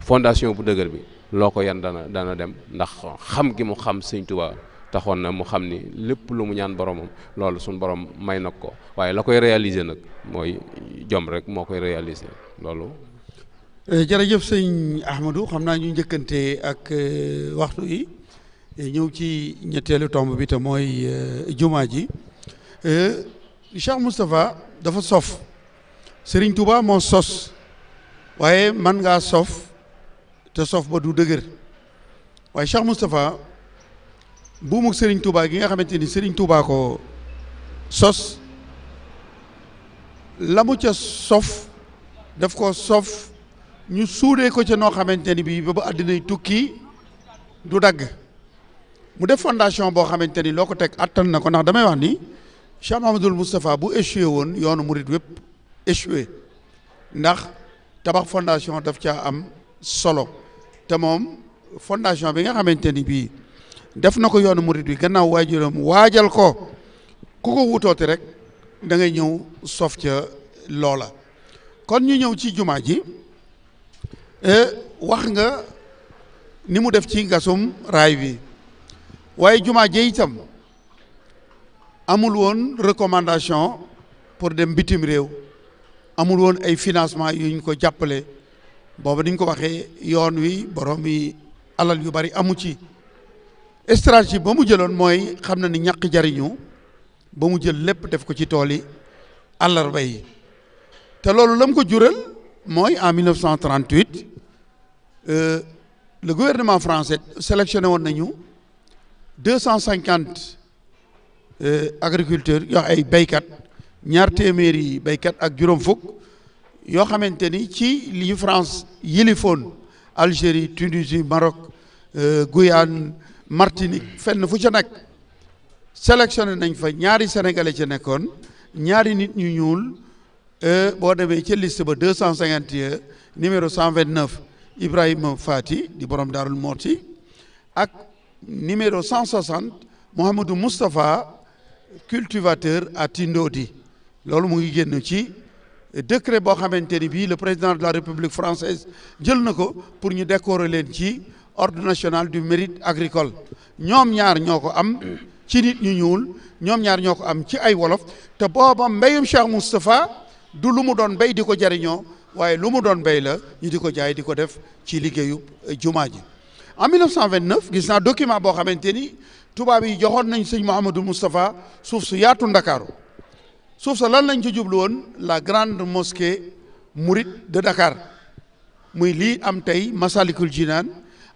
Speaker 2: fondation bu dëgër bi loo ko yan dana dana dem ndax xam gi mu xam sëñ Tuubaa taxoon na mu xam ni lépp lu mu ñaan boromam loolu suñ borom may nag ko waaye la koy réaliser nag mooy jom rek moo koy réaliser loolu
Speaker 1: eh, jërëjëf sëñ Ahmadou xam naa ñu njëkkante ak eh, waxtu yi eh, ñëw ci ñetteelu tomb bi te mooy jumaa ji Cheikh Moustapha dafa sof sëriñ Touba moo sos waaye man ngaa sof te sof ba du dëgër waaye Cheikh Moustapha buumu Serigne Touba gi nga xamante ni Serigne Touba ko sos la mu ca sof daf ko sof ñu suudee ko ca noo xamante ni bii ba ba àddinay tukki du dagg mu def fondation boo xamante ni loo ko teg attan na ko ndax damay wax ni Cheikh Mahamadul Moustapha bu échoué woon yoonu murit wépp échoué ndax tabax fondation daf caa am solo te moom fondation bi nga xamante ni bii def na ko yoonu murit bi gannaaw waajuram waajal ko ku ko wutooti rek da ngay ñëw sof ca loola kon ñu ñëw ci jumaa ji e, wax nga ni mu def ci ngasum raay bi waaye jumaa ji itam amul woon recommandation pour dem bitim réew amul woon ay financement yuñ ko jàppale booba ni ñu ko waxee yoon wi borom yi alal yu bari amu ci stratégie ba mu jëloon mooy xam na ni ñàkk jariñu ba mu jël lépp def ko ci tool yi àllarba yi te loolu la ko jural mooy en 1938 euh, le gouvernement français sélectionné woon nañu deux cent cinquante euh, agriculteurs yoo ay béykat ñaar téeméeri béykat ak juróom fukk yoo xamante ni ci li France yilifoon Algérie Tunisie Maroc euh, Guyane Martinique fenn fu ca nekk sélectionné nañ fa ñaari sénégalais ci nekkoon ñaari nit ñu ñuul euh, boo demee ci liste ba deux cent cinquante numéro cent vingt neuf Ibrahima Fati di borom Daarul Mooti ak numéro cent soixante Mouhamadou Moustapha cultivateur à Tindodi loolu mu ngi génn ci décret boo xamante ni bii le président de la république française jël na ko pour ñu décorer leen ci ordre national du mérite agricole ñoom ñaar ñoo ko am ci nit ñu ñuul ñoom ñaar ñoo ko am ci ay wolof te booba mbéyum Cheikh Moustapha du lu mu doon béy di ko jariñoo waaye lu mu doon béy la ñu di ko jaay di ko def ci liggéeyu eh, jumaa ji en 1929 gis naa document boo xamante ni tubaab yi joxoon nañ sëñ Mouhamadou Moustapha suuf su yaatu Ndakaaru suuf sa lan lañ ci jublu woon la grande mosquée mouride de Dakar muy lii am tey Masalikul Jinaan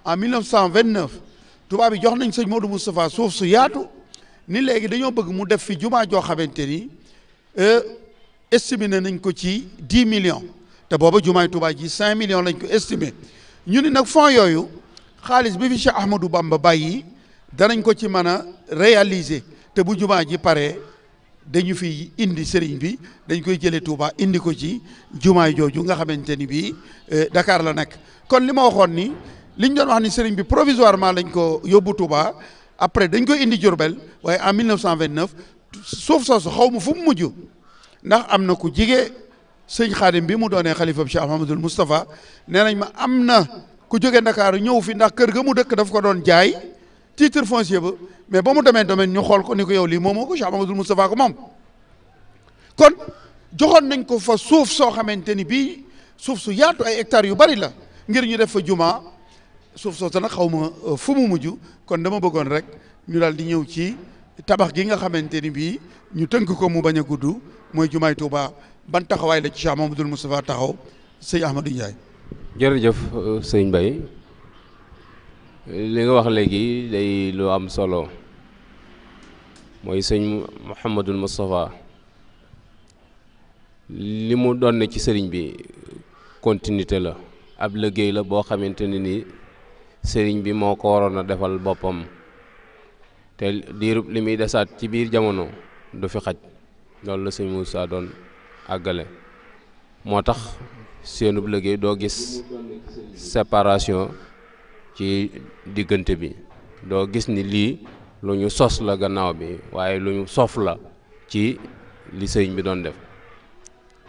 Speaker 1: en 1929 tubaab yi jox nañ sëñ Modou Moustapha suuf su yaatu ni léegi dañoo bëgg mu def fi jumaa joo xamante ni euh, estimé nañ ko ci dix millions te booba jumaay Tuubaa ji cinq millions lañ ko estimé ñu ni nag fonds yooyu xaalis bi fi Cheikh Ahmadou Bamba bàyyi danañ ko ci mën a réaliser te bu jumaa ji paree dañu fi indi sëriñ bi dañ koy jëlee Touba indi ko ci jumaay jooju nga xamante ni bii euh, Dakar la nekk kon li ma waxoon ni liñ doon wax ni sëriñ bi provisoirement lañ ko yóbbu Touba après dañ koy indi Diourbel waaye en 1929 suuf soosu xaw ma fu mu mujj ndax am na ku jige sëñ Xaadim bi mu doonee xalifab Cheikh Ahmadul Moustapha nee nañ ma am na ku jóge Dakar ñëw fi ndax kër ga mu dëkk daf ko doon jaay. titre foncier ba mais ba mu demee domaine ñu xool ko ni ko yow lii moomoo ko Cheikh Amadou Moustapha ko moom kon joxoon nañ ko fa suuf soo xamante ni bii suuf su yaatu ay hectares yu bari la ngir ñu def fa juma suuf soo sa nag xaw ma euh, fu mu mujj kon dama bëggoon rek ñu daal di ñëw ci tabax gi nga xamante ni bii ñu tënk ko mu bañ a gudd mooy jumaay Touba ban taxawaay la ci Cheikh Mamadou Moustapha taxaw sëñ Ahmadou Ndiaye.
Speaker 2: jërëjëf euh, sëñ Mbaye li nga wax léegi day lu am solo mooy sëñ Mouhamadul Moustapha li mu doon ci sëriñ bi continuté la ab liggéey la boo xamante ne ni sëriñ bi moo ko waroon a defal boppam te diirub li muy desaat ci biir jamono du fi xaj loolu la sëñ Moussa doon àggale moo tax seenub liggéey doo gis séparation ci diggante bi doo gis ni lii lu ñu sos la gannaaw bi waaye lu ñu sof la ci li sëñ bi doon def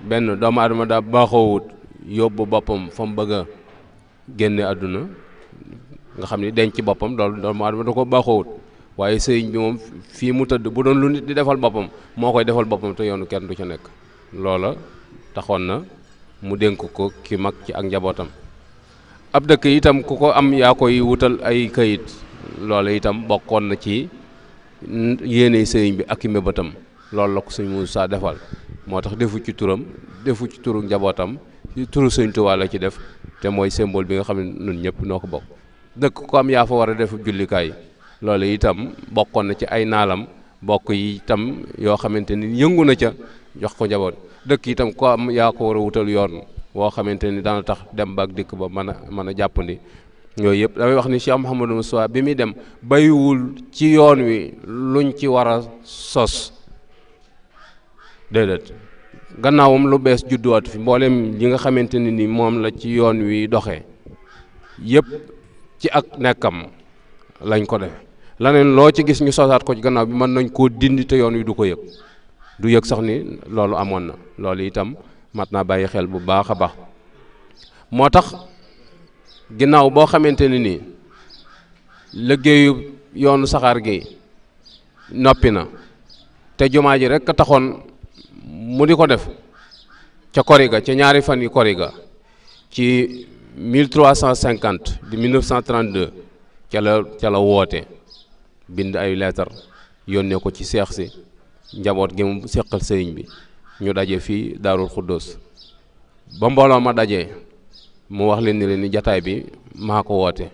Speaker 2: benn doomu da baaxoo wut yóbbu boppam fa mu bëgg a génne àdduna nga xam ni ci boppam loolu doomu adama da ko baaxoo baaxoowut waaye sëñ bi moom fii mu tëdd bu doon lu nit di defal boppam moo koy defal boppam te yoonu kenn du ca nekk loola taxoon na mu dénk ko ki mag ci ak njabootam ab dëkk itam ku ko am yaa koy wutal ay kayit loolu itam bokkoon na ci yéene sëriñ bi ak i mébétam loolu la ko sëñ saa defal moo tax defu ci turam defu ci turu njabootam turu sëñ Tuubaa la ci def te mooy symbole bi nga xam ne ñun ñëpp noo ko bokk dëkk ko am yaa fa war a def jullikaay loolu itam bokkoon na ci ay naalam bokk yi itam yoo xamante ni yëngu na ca jox ko njaboot dëkk itam ko am yaa ko war a wutal yoon woo xamante ni dana tax dem baak dikk ba mën a mën a jàppandi yooyu yëpp damay wax ni Cheikh Mouhamadou Moussa bi muy dem bayiwul ci yoon wi luñ ci war a sos déedéet gannaawam lu bees judduwaat fi mbooleem yi nga xamante ne ni moom la ci yoon wi doxe yépp ci ak nekkam lañ ko defe laneen loo ci gis ñu sosaat ko ci gannaaw bi mën nañ koo dindi te yoon wi du ko yëg du yëg sax ni loolu amoon na loolu itam mat na bàyyi xel bu baax a baax moo tax ginnaaw boo xamante ne nii liggéeyu yoonu saxaar gi noppi na te jumaa ji rek taxoon mu di ko def ca koriga ca ñaari fan yi koriga ci 1350 di 1932 ca la ca la woote bind ay leetar yónnee ko ci seex si njaboot gi mu seqal sëriñ bi ñu daje fii daarul xuddoos ba mbooloo ma dajee mu wax leen ni leen ni jataay bi maa ko woote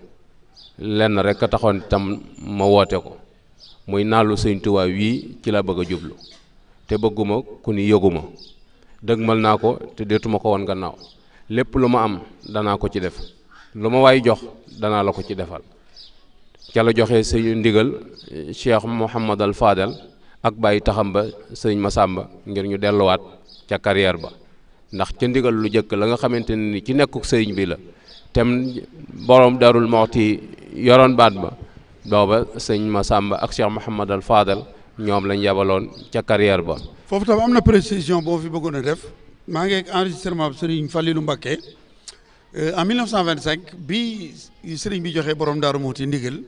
Speaker 2: lenn rek a taxoon tam ma woote ko muy naalu sëñ Tuubaa wii ci la bëgg a jublu te bëgguma ku ni yëguma dëgmal naa ko te deetuma ko woon gannaaw lépp lu ma am danaa ko ci def lu ma waay jox danaa la ko ci defal ca la joxe sëñ ndigal Cheikh Mouhamad al Fadel ak bàyyi taxam ba sëñ sàmba ngir ñu delluwaat ca carrière ba ndax ca ndigal lu jëkk la nga xamante ne ni ci nekkuk sëriñ bi la tem borom darul moxti yoroon baat ba booba ma Masamba ak Cheikh Mouhamad al Fadal ñoom lañ yabaloon ca carrière ba.
Speaker 1: foofu tam am na précision boo fi bëggoon a def maa ngi ak enregistrement sëriñ Falilou Mbacké euh, en 1925 bi sëriñ bi joxe borom daaru moxti ndigal.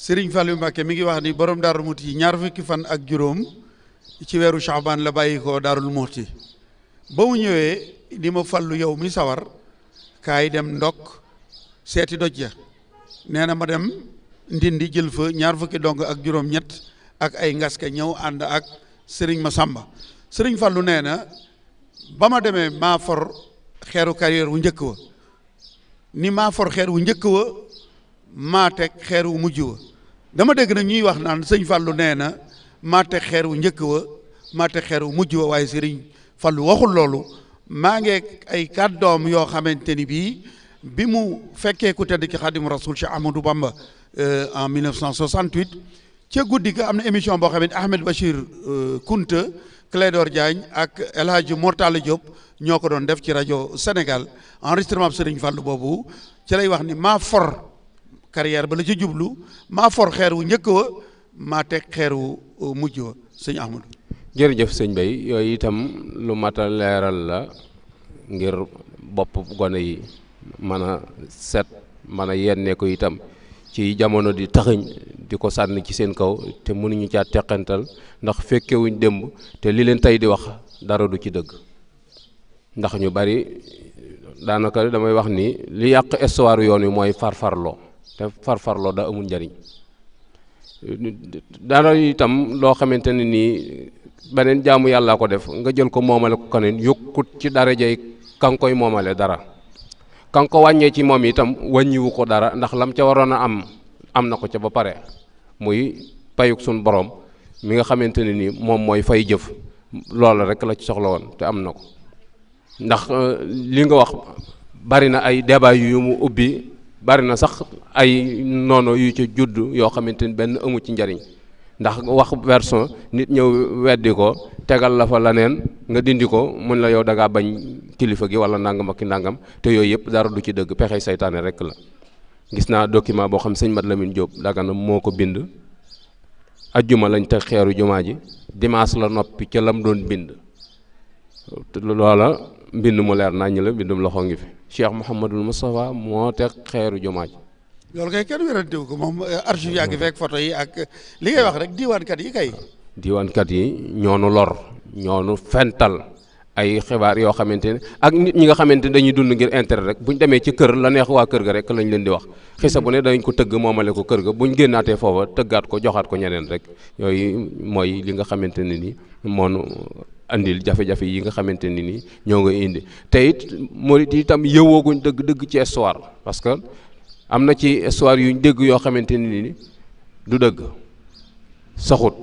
Speaker 1: Serigne Fallou Mbacké mi ngi wax ni borom Darou Mouhty ñaar fukki fan ak juróom ci weeru Shaaban la bàyyi ko Darou Mouhty ba mu ñëwee di ma fallu yow mi sawar kay dem ndokk seeti doj ya nee na ma dem ndindi jël fa ñaar fukki dong ak juróom-ñett ak ay ngaske ñëw ànd ak Serigne Massamba Serigne Fallou nee na ba ma demee maa for xeeru carrière wu njëkk wa ni maa for xeer wu njëkk wa maa teg xeer wu mujj wa dama dégg na ñuy wax naan sëñ Fallou nee na maa teg xeer wu njëkk wa maa teg xeer wu mujj wa waaye sëriñ Fallou waxul loolu maa nge ay doom yoo xamante ni bii bi mu fekkee ku tedd ki Xaadimu Rasuul Cheikh Ahmadou Bamba euh, en 1968 ca guddi ga am na émission boo xam ne Ahmed Bachir euh, Kounta Clédor Diagne ak El Hadj Mortala Diop ñoo ko doon def ci rajo Sénégal en enregistrement Serigne Fallou boobu ci lay wax ni maa for. carrière ba la ca jublu maa for xeer wu njëkk wa maa teg xeer wu mujj wa sëñ Ahmadu
Speaker 2: jërëjëf sëñ Bay yooyu itam lu mat a leeral la ngir bopp gone yi mën a set mën a ko itam ci jamono di taxañ di ko sànni ci seen kaw te mënuñu caa teqental ndax fekkewuñ démb te li leen tey di wax dara du ci dëgg ndax ñu bari daanaka damay wax ni li yàq histoire yoon wi mooy farfarloo te farfarloo daa amul njariñ daana itam loo xamante ne nii beneen jaamu yàllaa ko def nga jël ko moomale ko keneen yokkut ci darajey kan koy moomale dara kan ko wàññee ci moom itam wàññiwu ko dara ndax lam ca waroon a am am na ko ca ba pare muy payuk suñ borom mi nga xamante ne nii moom mooy fay jëf loola rek la ci soxla woon te am na ko ndax euh, li nga wax bari ay débat yu mu ubbi bari na sax ay noono yu ci juddu yoo xamante ni benn amu ci njariñ ndax wax version nit ñëw weddi ko tegal la fa leneen nga dindi ko mun la yow da bañ kilifa gi wala nangam ak nangam te yooyu yëpp dara du ci dëgg pexey saytaane rek la gis naa document boo xam sëñ Mat Lamine jóob Dagana moo ko bind ajjuma lañ teg xeeru jumaa ji dimanche la noppi ca lam doon bind loola mbind mu leer naññ la mbindum loxo ngi fi Cheikh Mouhamadul Moustapha moo teg xeeru jumaa ji
Speaker 1: loolu kay kenn werantewu ko moom euh, archive yaa ngi fekk photo yi ak li ngay wax rek diiwaankat yi kay
Speaker 2: diiwaankat yi ñoonu lor ñoonu fental ay xibaar yoo xamante ne ak nit ñi nga xamante ne dañuy dund ngir intérêt rek ñu demee ci kër la neex waa kër ga rek lañ leen di wax xisa bu ne dañ ko tëgg moomale ko kër ga buñ génnaatee foofa tëggaat ko joxaat ko ñeneen rek yooyu mooy li nga xamante ne ni moonu andil jafe-jafe yi nga xamante ni nii ñoo nga indi te it murit itam yëwooguñ dëgg dëgg ci histoire parce que am na ci histoire yuñ dégg yoo xamante nii ni du dëgg saxut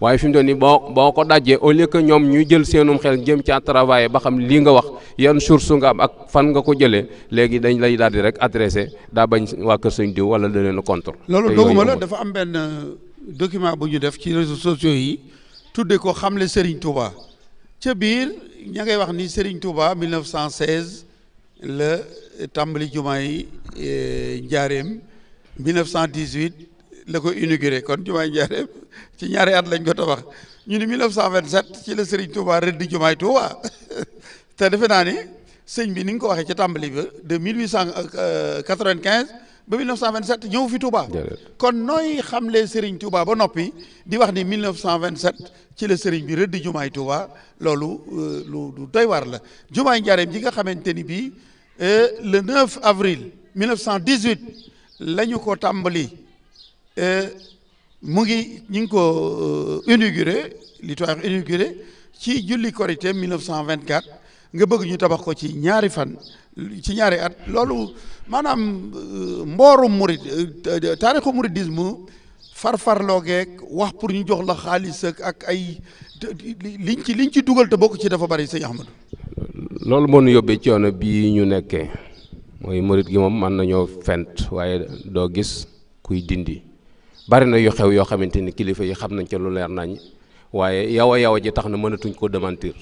Speaker 2: waaye fi mu toll nii boo boo ko dajjee au lieu que ñoom ñuy jël seenum xel jëm ci à travailler ba xam li nga wax yan source nga am ak fan nga ko jëlee léegi dañ lay daal di rek adressé daa bañ waa Kër Sëñ Diw wala da contre. loolu doguma
Speaker 1: dafa am benn euh, document bu ñu def ci réseaux sociaux yi. tudde ko xamle Serigne Touba. ca biir ña ngay wax ni Serigne Touba 1916 la tàmbali jumaa yi e, njaareem 1918 la ko inauguré kon jumaa yi njaareem ci ñaari at lañ ko tabax ñu ni 1927 ci la Serigne Touba rëdd jumaay Touba te defe naa ni sëñ bi ni nga ko waxee ca tàmbali ba de 1895. ba 1927 ñëw fi Touba. kon nooy xamlee Serigne Touba ba noppi di wax ni 1927 ci la Serigne bi rëdd jumaay Touba loolu euh, lu du doy waar la jumaay Njaareem ji nga xamante ni bii euh, le 9 avril 1918 la ñu ko tàmbali euh, mu ngi ñu ngi ko inauguré li tax inauguré ci julli Korité 1924 nga bëgg ñu tabax ko ci ñaari fan ci ñaari at loolu. maanaam euh, mbooru murit euh, euh, taarixu muridisme farfarloo geeg wax pour ñu jox la xaalis ak ay liñ ci liñ ci dugal te bokk ci dafa bari sëñ Ahmadou
Speaker 2: loolu moo ñu yóbbee ci yoon bii ñu nekkee mooy morit gi moom mën nañoo fent waaye doo gis kuy dindi bari na yu xew yoo xamante ni kilifa yi xam nañ ca lu leer nañ waaye yawa yawa ji tax na mënatuñ ko démentir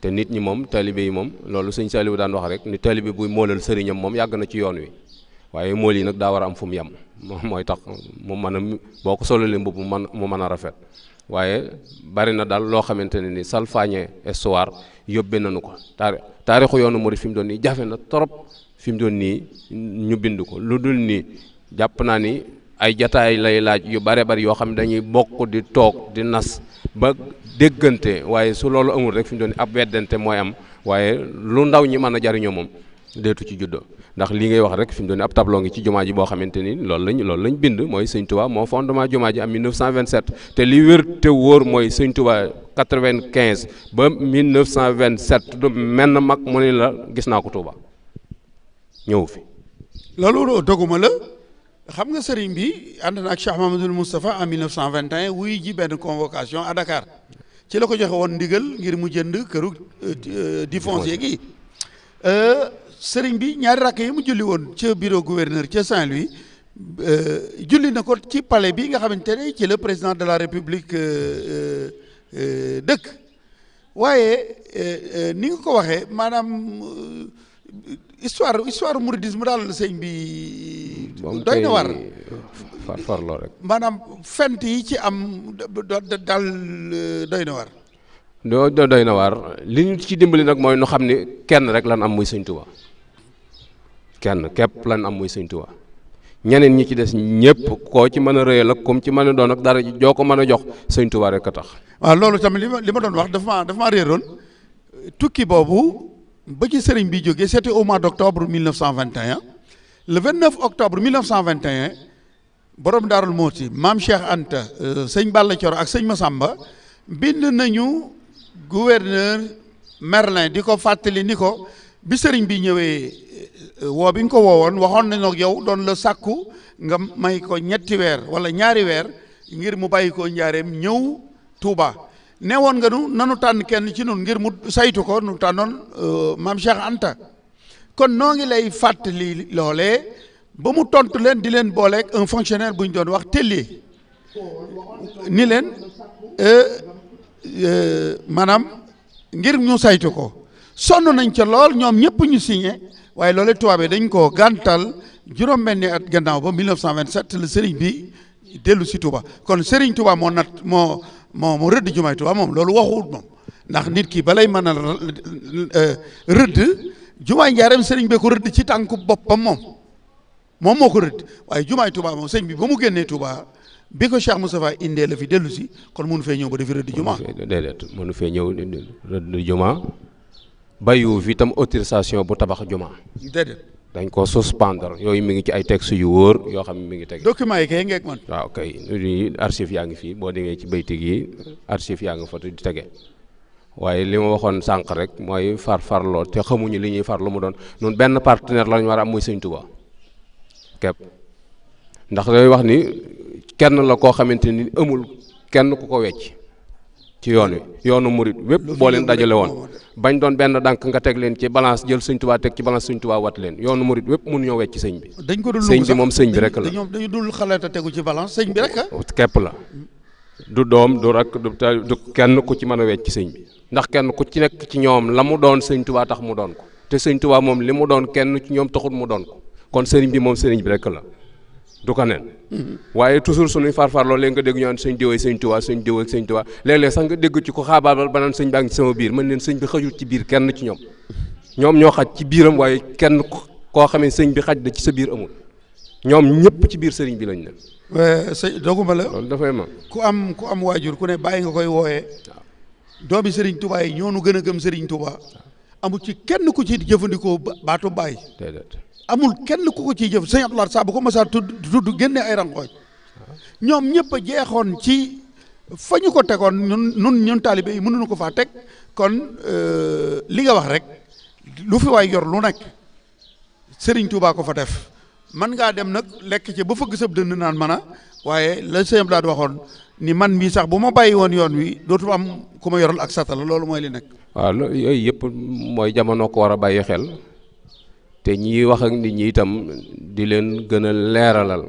Speaker 2: te nit ñi moom taalibe yi moom loolu sëñ Saaliwu daan wax rek ni taalibe buy moolal sëriñam moom yàgg na ci yoon wi waaye mool yi nag daa war a am fu mu yem mooy tax mu mën a boo ko solalee mbubb mu mën a rafet waaye bari na daal loo xamante ne ni salfaañe histoire yóbbe nañu ko taarix taarixu yoonu murit fi mu doon nii jafe na trop fi mu doon nii ñu bind ko lu dul nii jàpp naa ni ay jataay lay laaj yu bare bari yoo xam ne dañuy bokk di toog di nas déggante waaye su loolu amul rek fi mu doon ab weddante mooy am waaye lu ndaw ñi mën a jariñoo moom deetu ci juddoo ndax li ngay wax rek fi mu doon ab tableau ngi ci jumaa ji boo xamante ni loolu lañ loolu lañ bind mooy sëñ Tuubaa moo fondement jumaa ji am 1927 te li wér te woor mooy sëñ Tuubaa 95 ba cent 1927 du menn mag mu ni la gis naa ko Tuubaa ñëw fi.
Speaker 1: loolu doguma la xam nga sëriñ bi ànd na ak Cheikh Mamadou Moustapha en 1921 wuy ji benn convocation ci la ko joxe ndigal ngir mu jënd këru euh, dépensier euh, gi euh, sëriñ bi ñaari rakk yi mu julli woon ca bureau gouverneur ca Saint-Louis julli na ko ci palais bi nga xamante ne ci la président de la république dëkk waaye ni nga ko waxee maanaam histoire histoire mouridisme daal sëñ bi. doy na war
Speaker 2: far farloo rek.
Speaker 1: maanaam fent yi ci am daal euh, doy na war.
Speaker 2: doo na waar li ñu ci dimbali nag mooy nu xam ni kenn rek lan am muy sëñ Tuubaa kenn képp lan am muy sëñ Tuubaa ñeneen ñi ci des ñëpp koo ci mën a rëyal ak comme ci mën a doon ak dara joo ko mën a jox sëñ Tuubaa rek a tax.
Speaker 1: waaw loolu tamit li ma li ma doon wax dafa maa dafa maa réeroon tukki boobu. ba ci sëriñ bi jógee c'était au mois d'octobre 1921 le 29 octobre 1921 borom Daarul Mooti maam Cheikh Anta euh, sëñ Balla Thioro ak sëñ ma Massamba bind nañu gouverneur Merlin di ko fàttali ni ko bi sëriñ bi ñëwee euh, woo bi nga ko woowoon waxoon nañu ak yow doon la sàkku nga may ko ñetti weer wala ñaari weer ngir mu bàyyi koo njaareem ñëw Touba. ne newoon nga nu nanu tànn kenn ci nun ngir mu saytu ko nu tànnoon euh, maam Cheikh Anta kon noo ngi lay fàttali loole ba mu tontu leen di leen booleeg un fonctionnaire bu ñu doon wax tellier ni leen euh, euh, maanaam ngir ñu saytu ko sonn nañ ca lool ñoom ñëpp ñu signé waaye loolee tubaab yi dañ koo gàntal juróom-benni at gannaaw ba 1927 la sëriñ bi. dellu si Touba kon Serigne Touba moo nat moo moo moo rëdd Touba moom loolu waxuut moom ndax nit ki balay mën a euh, rëdd jumaay njaareem Serigne bee ko rëdd ci tànku boppam moom moom moo ko rëdd waaye jumaay Touba moom sëñ bi ba mu génnee Touba bi ko Cheikh Moustapha indee la fi dellu si kon mënu fee ñëw ba dafi rëdd jumaa
Speaker 2: déedéet mënu fee ñëw rëdd jumaa bàyyiwu fi itam autorisation bu tabax jumaa
Speaker 1: déedéet
Speaker 2: dañ ko suspendre yooyu mi ngi ci ay text yu wóor yoo xam ne
Speaker 1: mi ngi teg. document
Speaker 2: yi kay ngeeg man. archive yaa ngi fii boo demee ci baytig yi archive yaa ngi fa di tege waaye li ma waxoon sànq rek mooy far farloo te xamuñu li ñuy far lu mu doon noonu benn partenaire lañu war a am muy Sëñ Tuubaa képp ndax dañuy wax ni kenn la koo xamante ni amul kenn ku ko wecc ci yoon wi yoonu murit wépp boo leen dajale woon bañ doon benn dànk nga teg leen ci balance jël sëñ tubaa teg ci balance sëñ tubaa wat leen yoonu murit wépp mun ñoo wecc sañ bi dañ ko dul sëñ bi moom sañ bi rek la dañu
Speaker 1: dul xalaat tegu ci balance sëñ bi rek
Speaker 2: képp la du doom du rak du kenn ku ci mën a wecc sëñ bi ndax kenn ku ci nekk ci ñoom la mu doon sëñ tubaa tax mu doon ko te sëñ tubaa moom li mu doon kenn ci ñoom taxul mu doon ko kon sëriñ bi moom sëriñ bi rek la du ko nen waaye toujours sunuy farfarloo léegi nga dégg ñu naan sëñ diw ak sëñ tuwaa sëñ diw ak sëñ tuwaa léeg-léeg sax nga dégg ci ko xaabaabal banaan sëñ baa ngi ci sama biir man leen sëñ bi xajul ci biir kenn ci ñoom ñoom ñoo xaj ci biiram waaye kenn koo xamee sëñ bi xaj da ci sa biir amul ñoom ñëpp ci biir sëriñ bi lañ ne
Speaker 1: eh, sëñ doguma
Speaker 2: la loolu dafay ma
Speaker 1: ku am ku am waajur ku ne bàyyi nga koy wooyee doomi sëriñ tubaa yi ñoo nu gën a gëm sëriñ tubaa amul ci kenn ku ci jëfandikoo baatu bàyyi amul kenn ku ko ci jëf sëñ Abdoulaye saa bu ko masaa tudd tudd génne ay rangooñ ñoom ñëpp a jeexoon ci fa ñu ko tegoon ñun ñun ñun taalibe yi mënuñu ko faa teg kon euh, li nga wax rek lu fi waay yor lu nekk sëriñ Touba ko fa def man ngaa dem nag lekk ci ba fëgg sëb dënn naan man a waaye la sëñ Abdoulaye waxoon ni man mii sax bu ma bàyyi woon yoon wi dootu am ku ma yoral ak satala loolu mooy li nekk.
Speaker 2: waaw yooyu yëpp mooy jamonoo ko war a bàyyi xel. te ñiy wax ak nit ñi itam di leen gën a leeralal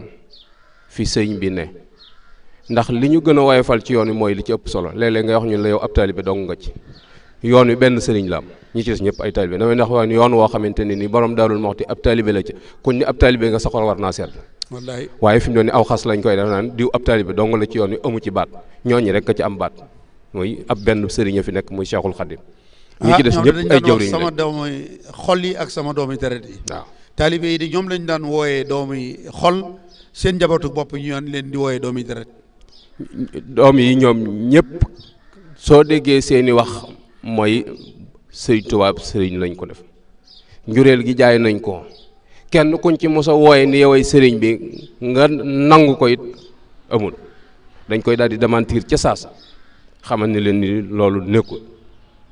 Speaker 2: fi sëñ bi ne ndax li ñu gën a woyofal ci yoon wi mooy li ci ëpp solo léeg-léeg ngay wax ñu la yow ab taalibe dong nga ci yoon wi benn sëriñ la am ñi ci des ñëpp ay taalibe damay ndax yoon woo xamante ne ni borom Daarul Muxti ab taalibe la ci kuñ ni ab taalibe nga saxoor war naa seet waaye fi mu doon ni aw xas lañ koy def naan diw ab taalibe la ci yoon wi amu ci baat ñooñu rek ka ci am baat mooy ab benn sëriñ a fi nekk muy Cheikhul Khadim ñi ci ah, des ñëpp ay jawriñ sama
Speaker 1: doomu xol yi ak sama doomu deret yi waaw yi di ñoom lañ daan wooyee doomu xol seen njabootu bopp ñu daan leen di wooyee doomu deret
Speaker 2: doom yi ñoom ñëpp soo déggee seeni wax mooy sëriñ sëriñ lañ ko def njureel gi jaay nañ ko kenn kuñ ci mos a wooye ni yoway sëriñ bi nga nangu ko it amul dañ koy daal di démentir ca saasa xamal ni leen ni loolu nekkul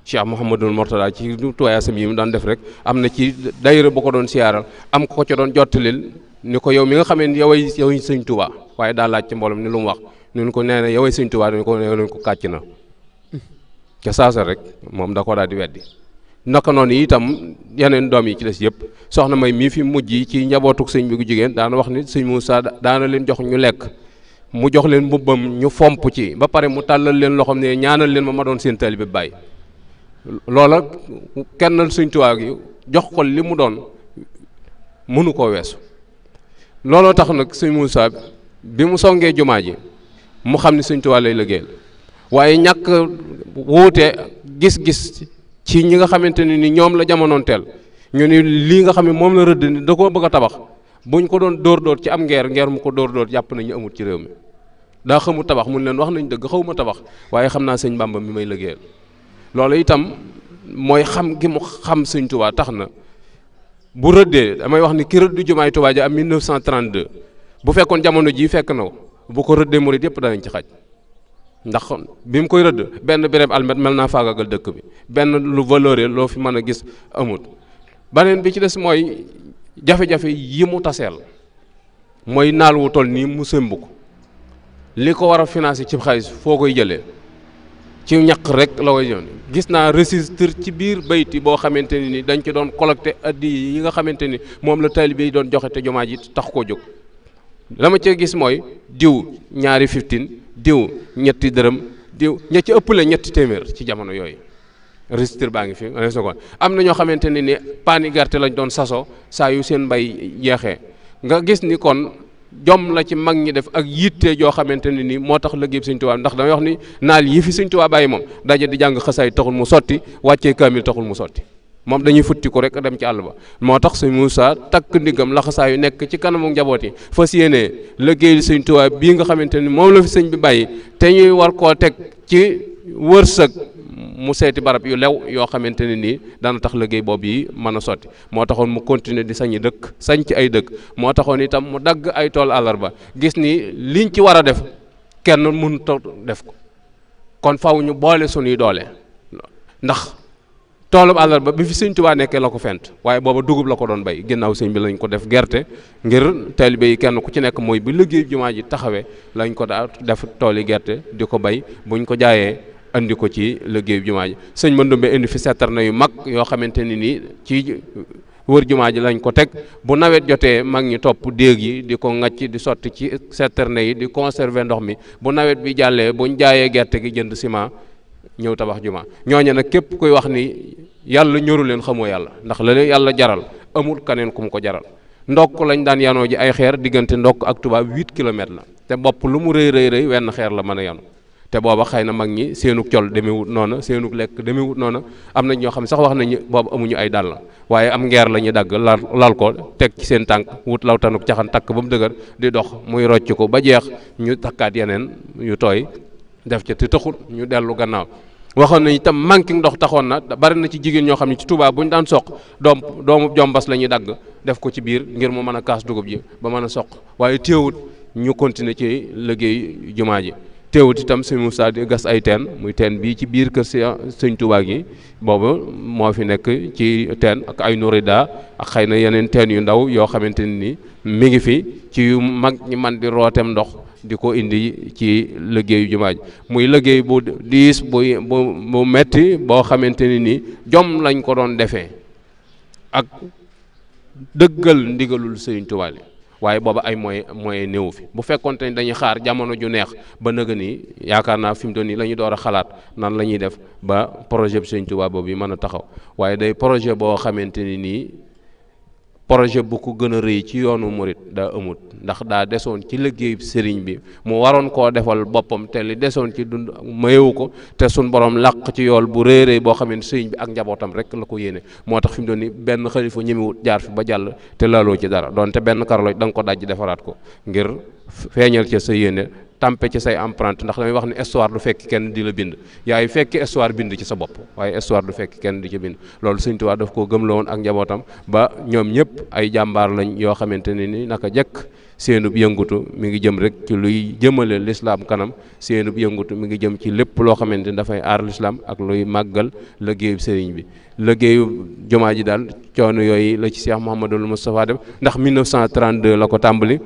Speaker 2: Cheikh Mouhamadul Mortada ci tuwaayasam yi mu daan def rek am na ci dayra bu ko doon siyaaral am ko ca doon jottalil ni ko yow mi nga xamee ni yow sëñ Tuubaa waaye daa laaj ci mboolem ni lu mu wax ñu ko nee na yoway sëñ Tuubaa dañu ko nee na ca saasa rek moom da ko daal di weddi naka noonu itam yeneen doom yi ci des yëpp soxna may mii fi mujj yi ci njabootuk sëñ bi jigéen daana wax ni sëñ Moussa daana leen jox ñu lekk mu jox leen mbubbam ñu fomp ci ba pare mu tàllal leen loxoom ne ñaanal leen ma ma doon seen taalibe Baay loola kenn Sëñ Tuubaa gi jox ko li mu doon mënu koo weesu looloo tax nag Sëñ Muusaa bi mu songee jumaa ji mu xam ne Sëñ Tuubaa lay liggéeyal waaye ñàkk wuute gis-gis ci ñi nga xamante ni ñoom la jamonoon teel ñu ni lii nga xam ne moom la rëdd ni da koo bëgg a tabax buñ ko doon dóor dóor ci am ngeer ngeer mu ko dóor dóor jàpp nañu amut ci réew mi daa xamul tabax mun leen wax nañ dëgg xawma tabax waaye xam naa sëñ Bàmba mi may liggéeyal loolu itam mooy xam gi mu xam sëñ Tuubaa tax na bu rëddee damay wax ni ki rëdd jumaay Tuubaa ji am 1932 bu fekkoon jamono jii fekk na ko bu ko rëddee murid yëpp danañ ci xaj ndax bi mu koy rëdd benn béréb almet mel naa faagagal dëkk bi benn lu valeur loo fi mën a gis amut beneen bi ci des mooy jafe-jafe yi mu taseel mooy naal wu toll nii mu sëmb ko li ko war a financé ci xaalis foo koy jëlee ci ñaq rek la koy yónni gis naa registre ci biir bayti boo xamante ne ni dañ ci doon collecté addi yi nga xamante ni moom la taalibe yi doon joxe te jumaa ji tax koo jóg la ma cee gis mooy diw ñaari fifteen diw ñetti dërëm diw ña ci ëppale ñetti téeméer ci jamono yooyu registre baa ngi fi am na ñoo xamante ne ni paani gerte lañ doon saso saa yu seen mbay jeexee nga gis ni kon jom la ci mag ñi def ak yitte joo xamante ne nii moo tax liggéey Sëñ Tuubaa ndax damay wax ni naal yi fi Sëñ Tuubaa bàyyi moom daje di jàng xasaay taxul mu sotti wàccee kaamil taxul mu sotti moom dañuy futti ko rek dem ci àll ba moo tax Sëñ Muusaa takk ndiggam laxasaa yu nekk ci kanamu njaboot yi fas yéenee liggéey Sëñ Tuubaa bii nga xamante ni moom la fi sëñ bi bàyyi te ñuy war koo teg ci wërsëg mu seeti barab yu lew yoo xamante ne nii dana tax liggéey boobu yi mën a sotti moo taxoon mu continuer di sañi dëkk sañ ci ay dëkk moo taxoon itam mu dagg ay tool àllarba gis ni liñ ci war a def kenn mënut a def ko kon faw ñu boole suñuy doole ndax toolub àllarba bi fi sëñ Tuubaa nekkee la ko fent waaye booba dugub la ko doon bay ginnaaw sëñ bi lañ ko def gerte ngir taalibe yi kenn ku ci nekk mooy bi liggéey jumaa ji taxawee lañ ko daa def tooli gerte di ko bay buñ ko jaayee andi ko ci liggéeyu jumaa ji sëñ Mandoumbe indi fi seetarna yu mag yoo xamante ne nii ci wër jumaa ji lañ ko teg bu nawet jotee mag ñi topp déeg yi di ko ngacc di sotti ci seetarna yi di conserver ndox mi bu nawet bi jàllee buñ jaayee gerte gi jënd ciment ñëw tabax jumaa ñooñu nag képp kuy wax ni yàlla ñoru leen xamoo yàlla ndax la leen yàlla jaral amul kaneen ku mu ko jaral ndokk lañ daan yanoo ji ay xeer diggante ndokk ak tubaab 8 kilomètres la mu wenn xeer la mën a yanu te booba xëy na mag ñi seenug col demewut noona seenug lekk demewut noona am na ñoo xam ne sax wax nañu boobu amuñu ay dàll waaye am ngeer la ñuy dagg lal lal ko teg ci seen tànk wut law tanuk caxan takk ba mu dëgër di dox muy rocc ko ba jeex ñu takkaat yeneen ñu tooy def ca te taxul ñu dellu gannaaw waxoon nañu itam manqué ndox taxoon na bari na ci jigéen ñoo xam ne ci tubaab bu ñu daan soq doom doomu jombas la ñuy dagg def ko ci biir ngir mu mën a kaas dugub ji ba mën a soq waaye téewut ñu ci liggéey jumaa ji teewut itam sëñ Moussa di gas ay teen muy teen bii ci biir kër sëñ Touba yi boobu moo fi nekk ci teen ak ay norida ak xëy na yeneen teen yu ndaw yoo xamante ni mi ngi fi ci yu mag ñi man di rootem ndox di ko indi ci liggéeyu jumaa muy liggéey bu diis bu metti boo xamante ni ni jom lañ ko doon defee ak dëggal ndigalul sëñ Touba waaye booba ay mooy moyen néew fi bu fekkonte ni dañuy xaar jamono ju neex ba nëga nii yaakaar naa fi mu toll nii la ñu door a xalaat nan la ñuy def ba projet bi Sëñ Tuubaa boobu yi mën a taxaw waaye day projet boo xamante ni nii projet bu ko gën a rëy ci yoonu morit daa amut ndax daa desoon ci liggéeyu sëriñ bi mu waroon koo defal boppam te li desoon ci dund mayewu ko te suñ borom làq ci yool bu réeree boo xam ne sëriñ bi ak njabootam rekk la ko yéene moo tax fi mu doon ni benn xalifa ñemewut jaar fi ba jàll te laaloo ci dara doonte benn karalooj da nga ko dajj defaraat ko ngir feeñal ci sa yéene tampe ci say empreinte ndax damay wax ne histoire du fekk kenn di la bind yaay fekk histoire bind ci sa bopp waaye histoire du fekk kenn di ci bind loolu Sëñ Tuubaa daf koo gëmloo woon ak njabootam ba ñoom ñëpp ay jàmbaar lañ yoo xamante ne ni naka jekk seenub yëngutu mi ngi jëm rek ci luy jëmale lislaam kanam seenub yëngutu mi ngi jëm ci lépp loo xamante ni dafay aar lislaam ak luy màggal liggéeyub sëriñ bi liggéeyu jumaa ji daal coono yooyu la ci Cheikh Mouhamadul Moustapha def ndax 1932 la ko tàmbali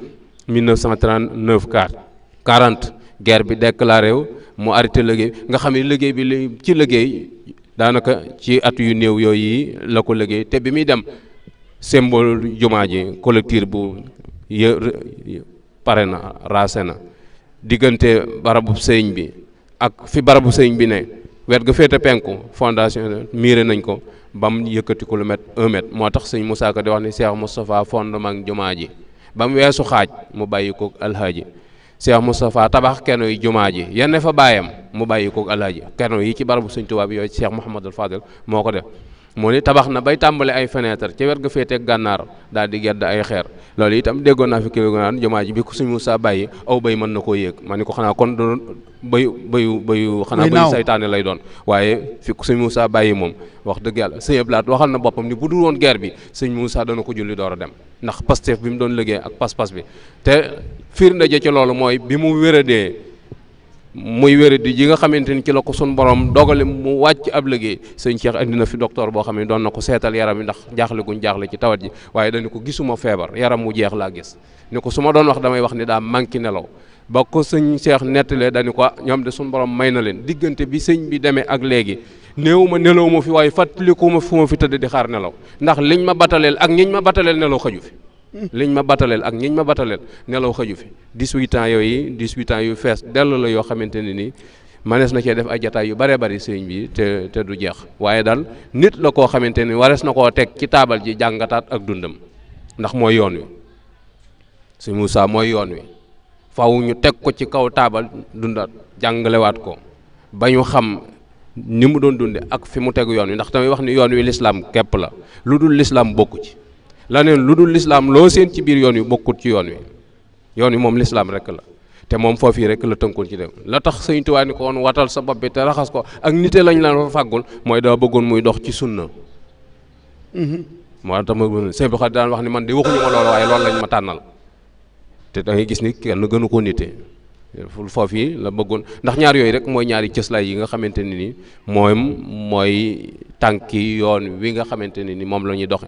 Speaker 2: 1939 4 quarante guerre bi déclaré wu mu arrêté liggéey nga xam ne liggéey bi li ci liggéey daanaka ci at yu néew yooyu la ko liggéey te bi muy dem symbole jumaa ji collectif bu yë pare na raase na diggante barabu sëñ bi ak fi barabu sëñ bi ne wet ga féete penku fondation miire nañ ko ba mu yëkkati kilomètre un mètre moo tax sëñ Moussa Ka di wax ne Cheikh Moustapha fondement jumaa ji ba mu weesu xaaj mu bàyyi ko alhaaji Cheikh Moustapha tabax keno yi jumaa ji yenn fa baayam mu bàyyi ko alaaji keno yi ci barabu Sëñ Tuubaa bi yooyu Cheikh Mouhamadul Fadil moo ko def mu ni tabax na bay tàmbale ay fenêtre ci wet ga féeteeg gànnaar daal di gedd ay xeer loolu itam déggoon naa fi kii naan jomaa ji bi ko suñ Moussa bàyyi aw bay mën na koo yéeg ma ni ko xanaa kon doon bayu bayu bayu xanaa bayu saytaane lay doon waaye fi suñ Moussa bàyyi moom wax dëgg yàlla sëñ Ablaat waxal na boppam ni bu dul woon guerre bi sëñ Moussa dana ko julli door a dem ndax Pastef bi mu doon liggéey ak pas-pas bi te firnde ja ci loolu mooy bi mu wéradee muy wéradi ji nga xamante ni ci la ko sun borom dogale mu wàcc ab liggéey sëñ Cheikh andi na fi docteur boo xam ne doon na ko seetal yaram yi ndax jaaxle guñ jaaxle ci tawat ji waaye dañu ko gisuma feebar yaram mu jeex laa gis ni ko su ma doon wax damay wax ni daa manqué nelaw ba ko sëñ Cheikh nettalee dañu ko ah, ñoom de sun borom may na leen diggante bi sëñ bi demee ak léegi néew ma nelaw ma fi waaye fàttaliku ma fu ma fi tëdd di xaar nelaw ndax liñ ma bataleel ak ñiñ ma bataleel nelaw xaju fi liñ ma bataleel ak ñiñ ma bataleel nelaw xëju fi 18 ans yooyu 18 ans yu fees dellu la yoo xamante ne nii manees na cee def ay jataay yu bëree bëri sëriñ bi te te du jeex waaye dal nit la koo xamante ni warees na koo teg ci taabal ji jàngataat ak dundam ndax mooy yoon wi si Moussa mooy yoon wi faw teg ko ci kaw taabal dundaat jàngalewaat ko ba ñu xam ni mu doon dunde ak fi mu teg yoon wi ndax tamit wax ni yoon wi lislaam képp la lu dul lislaam bokku ci laneen lu dul lislaam loo seen ci biir yoon wi bokkut ci yoon wi yoon wi moom lislaam rek la te moom foofu yi rek la tënkoon ci dem la tax Sëñ Tuubaa ni ko woon watal sa bopp bi te raxas ko ak nite lañ la fa fàggul mooy daa bëggoon muy dox ci sunna moo tax ma sëñ bi daan wax ni man di waxuñu ma loolu waaye loolu lañ ma tànnal te da gis ni kenn gënu koo nite foofu yi la bëggoon ndax ñaar yooyu rek mooy ñaari cëslaay yi nga xamante ne ni mooy mooy tànki yoon wi nga xamante ne ni moom la ñuy doxe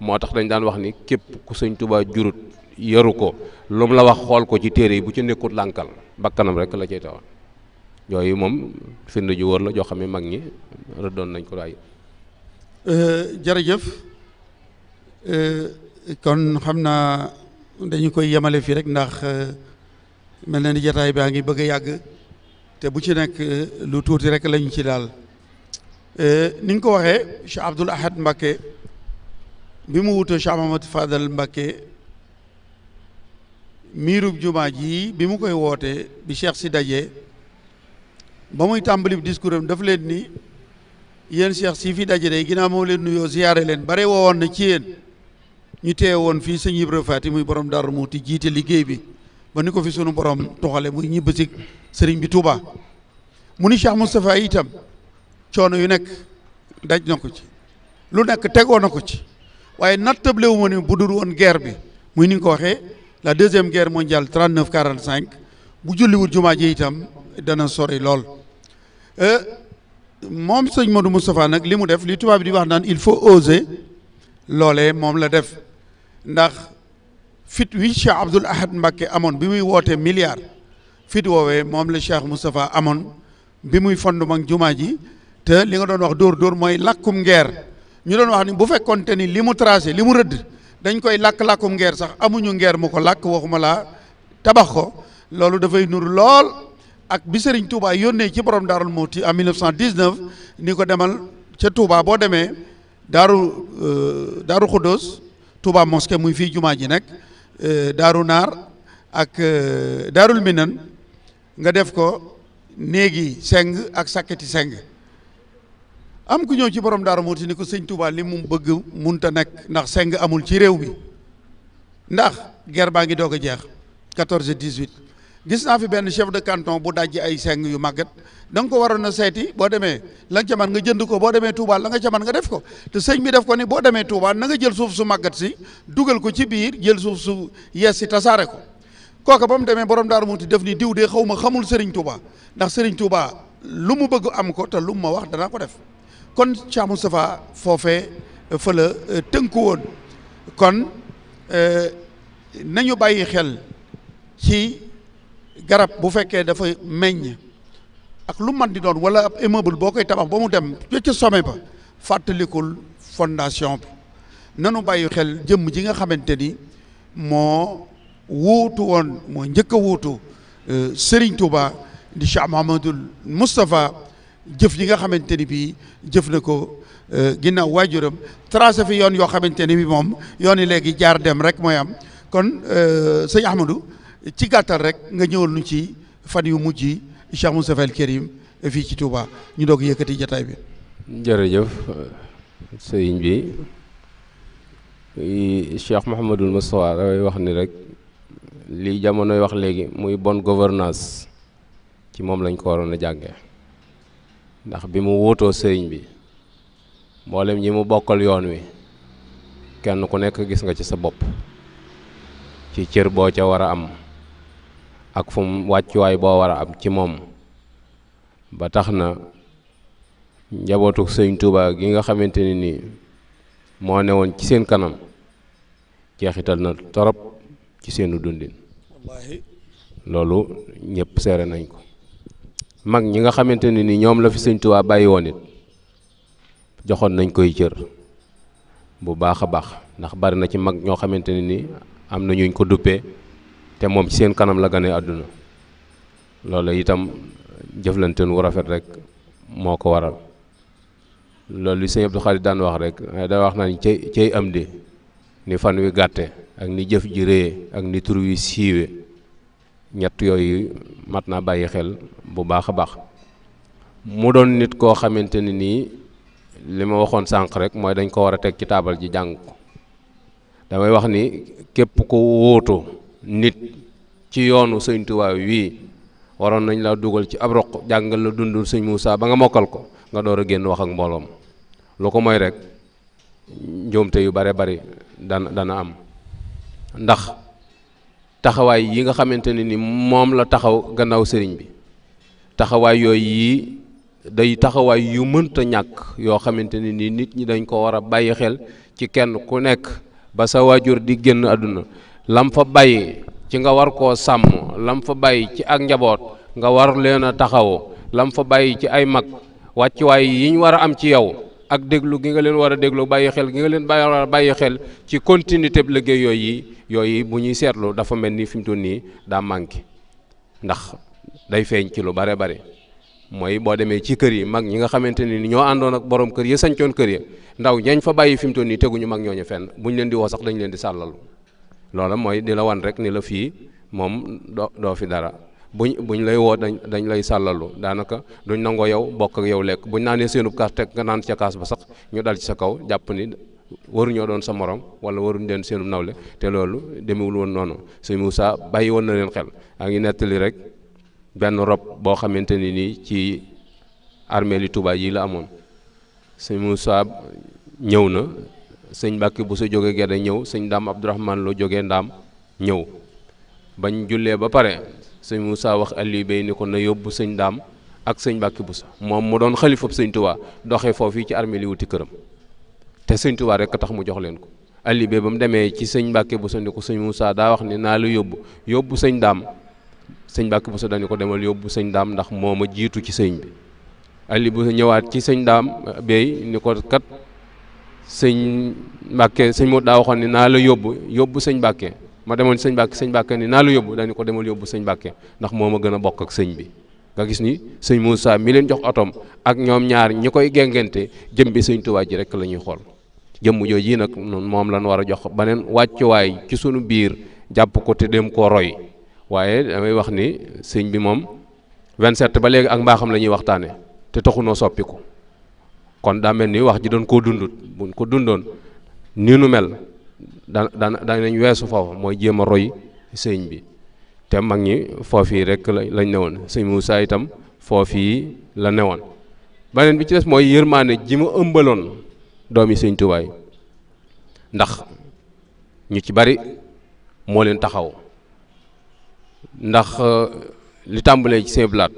Speaker 2: moo tax dañ daan wax ni képp ku sëñ Tuubaa jurut yaru ko lu mu la wax xool ko ci téere yi bu ci nekkut lànkal bakkanam rek la cay tawal yooyu moom firnde ju wóor la joo xam ne mag ñi doon nañ ko daay
Speaker 1: euh, jërëjëf euh, kon xam naa dañu koy yemale fii rek ndax euh, mel na ni jataay baa ngi bëgg a yàgg te bu ci nekk lu tuuti rek lañu ci daal ni nga ko waxee Cheikh Abdoul Ahad Mbacké bi mu wutoo Cheikh Mahamadou Fadal Mbacké miirub jumaa ji bi mu koy woote bi Cheikh si daje ba muy tàmbali discours am daf leen ni yéen Cheikh si fi daje day ginnaaw moom leen nuyoo ziyaare leen bare woowoon na ci yéen ñu teewe woon fii sëñ Ibra Faati muy borom Daaru Muuti jiite liggéey bi ba ni ko fi sunu borom toxale muy ñibbisi sëriñ bi Touba mu ni Cheikh Moustapha itam coono yu nekk daj na ko ci lu nekk tegoo na ko ci waaye nattable wu ma ne bu dul woon guerre bi muy ni nga ko waxee la deuxième guerre mondiale 39 45 bu julliwul jumaa ji itam dana sori lool. Euh, moom sëñ Modou Moustapha nag li mu def li tubaab bi di wax naan il faut oser loole moom la def ndax fit wi Cheikh Abdoul Ahad Mbacké amoon bi muy wootee milliard fit woowee moom la Cheikh Moustapha amoon bi muy fondement ak jumaa ji te li nga doon wax dóor dóor mooy lakkum ngeer ñu doon wax ni bu fekkonte ni li mu tracé li mu rëdd dañ koy lakk-lakkum ngeer sax amuñu ngeer mu ko lakk waxuma laa tabax ko loolu dafay nuru lool ak bi Serigne Touba yónnee ci borom Darou Mouhty en 1919 ni ko demal ca Touba boo demee daaru euh, Darou Khoudoss Touba mosquée muy fii jumaa ji nekk euh, Darou Naar ak euh, Darul Minan nga def ko néegi seng ak sakketi seng am ku ñëw ci borom Daaru Muxti ni ko sëñ Touba li mu bëgg munta nekk ndax seng amul ci réew mi ndax guerre baa ngi doog a jeex 14 18 gis naa fi benn chef de canton bu dajji ay seng yu màggat da nga ko waroon na seeti boo demee la nga ca nga jënd ko boo demee Touba la nga ca man nga def ko te sëñ bi def ko ni boo demee Touba na nga jël suuf su màggat si dugal ko ci biir jël suuf su yees si tasaare ko kooka ba mu demee borom Daaru Muxti def ni diw de xaw ma xamul Serigne ndax Serigne lu mu bëgg am ko te lu mu ma wax danaa ko def kon Cheikh Moustapha foofee euh, fa la euh, tënku woon kon euh, nañu bàyyi xel ci garab bu fekkee dafa meññ ak lu man di doon wala ab immeuble boo koy tabax ba mu dem ca sommet ba fàttalikul fondation bi nanu bàyyi xel jëmm ji nga xamante ni moo wuutu woon moo njëkk a wuutu Serigne Touba di Cheikh Mouhamadoul Moustapha jëf yi nga xamante ni bii jëf na ko euh, ginnaaw waajuram tracé fi yoon yoo xamante ni bi moom yoon yi léegi jaar dem rek mooy am kon euh, sëy Ahmadou ci gàttal rek nga ñëwal nu ci fan yu mujj yi Cheikh Moustapha El fii ci Touba ñu doog yëkkati jataay bi.
Speaker 2: jërëjëf sëriñ bi Cheikh Mouhamadul Moustapha dafay wax ni rek li jamonoy wax léegi muy bon gouvernance ci moom lañ ko waroon a jànge ndax bi mu wuutoo sëriñ bi mboolem ñi mu bokkal yoon wi kenn ku nekk gis nga ci sa bopp ci cër boo ca war a am ak fu wàccuwaay boo war a am ci moom ba tax na njabootu sëriñ Tuuba gi nga xamante ne nii moo woon ci seen kanam jeexital na torop ci seenu dundin loolu ñëpp seere nañ ko mag ñi nga xamante ne ni ñoom la fi sëñ Tuubaa bàyyi woon joxoon nañ koy cër bu baax a baax ndax bari na ci mag ñoo xamante ne ni am na ñuñ ko duppee te moom ci seen kanam la gane àdduna loolu itam jëflanteen wu rafet rek moo ko waral loolu li sëñ Abdou Khadir daan wax rek da wax naan cey cey am di ni fan wi gàtte ak ni jëf ji réye ak ni tur wi siiwe ñett yooyu mat naa bàyyi xel bu baax a baax mu doon nit koo xamante ne nii li ma waxoon sànq rek mooy dañ ko war a teg ci taabal ji jàng ko damay wax ni képp ku wóotu nit ci yoonu sëñ Tuubaa wii waroon nañ laa dugal ci ab roq jàngal la dund sëñ Moussa ba nga mokkal ko nga door a génn wax ak mbooloom lu ko moy rek njuumte yu bare bari dana dana am ndax taxawaay yi nga xamante ne ni moom la taxaw gannaaw sëriñ bi taxawaay yooyu yii day taxawaay yu mënta ñàkk yoo xamante ne ni nit ñi dañ ko war a bàyyi xel ci kenn ku nekk ba sa waajur di génn àdduna lam fa bàyyi ci nga war koo sàmm lam fa bàyyi ci ak njaboot nga war leen a taxawoo lam fa bàyyi ci ay mag wàccuwaay yi ñu war a am ci yow ak déglu gi nga leen war a déglu bàyyi xel gi nga leen bàyyi war bàyyi xel ci continuité bi liggéey yooyu yi yooyu bu ñuy seetlu dafa mel ni fi mu toll nii daa manqué ndax day feeñ ci lu bare bare mooy boo demee ci kër yi mag ñi nga xamante ni ñoo àndoon ak borom kër yi sañcoon kër yi ndaw ñañ fa bàyyi fi mu toll nii teguñu mag ñooñu fenn buñ leen di woo dañu leen di sàllalu loola mooy di la wan rek ni la fii moom doo doo fi dara buñ buñ lay woo dañ dañ lay sàllalu daanaka duñ nangoo yow bokk ak yow lekk buñ naanee seenub kaas teg nga naan ca kaas ba sax ñu dal ci sa kaw jàpp ni waruñoo doon sa morom wala waruñ leen seenub nawle te loolu demewul woon noonu sëñ Moussa bàyyi woon na leen xel a ngi nettali rek benn rob boo xamante ni nii ci armée li Touba yi la amoon sëñ Moussa ñëw na sëñ Mbàkke bu sa jógee Gede ñëw sëñ Daam Abdourahman loo jógee Ndaam ñëw bañ jullee ba pare sëñ Moussa wax Aliou Bey ni ko na yóbbu sëñ daam ak sëñ bu sa moom mu doon xalifab sëñ Tuubaa doxee yi ci armée li wuti këram te sëñ Tuubaa rek a tax mu jox leen ko Aliou Bey ba mu demee ci sëñ Mbàkke bu ni ko sëñ Moussa daa ni naa la yóbbu yóbbu sëñ daam sëñ Mbàkke Buso dañu ko demal yóbbu sëñ daam ndax moo ma jiitu ci sëñ bi Aliou Buso ñëwaat ci sëñ daam Bey ni ko kat sëñ Mbàkke sëñ moo daa waxoon ni naa la yóbbu yóbbu sëñ Mbàkke ma demoon sëñ Mbàkke sëñ Mbàkke ni naa la yóbbu dañu ko demal yóbbu sëñ Mbàkke ndax moo ma gën a bokk ak sëñ bi nga gis ni sëñ Moussa mi leen jox otoom ak ñoom ñaar ñi koy géngente jëm bi sëñ Tuubaa ji rek la ñuy xool jëmm jooju yi nag moom lañ war a jox beneen wàccuwaay ci sunu biir jàpp ko te dem koo roy waaye damay wax ni sëñ bi moom 27 ba léegi ak mbaaxam la ñuy waxtaane te taxunoo soppiku kon daa mel ni wax ji doon koo dundut buñ ko dundoon nii nu mel da daan danañ weesu foofu mooy jéem a roy sëñ bi te mag ñi foofii rek lañ newoon sëñ Moussa itam foofii la newoon beneen bi ci des mooy yërmaane ji mu ëmbaloon doomi sëñ Tuubaa ndax ñu ci bari moo leen taxaw ndax euh, li tàmbalee ci Sëñ Blaat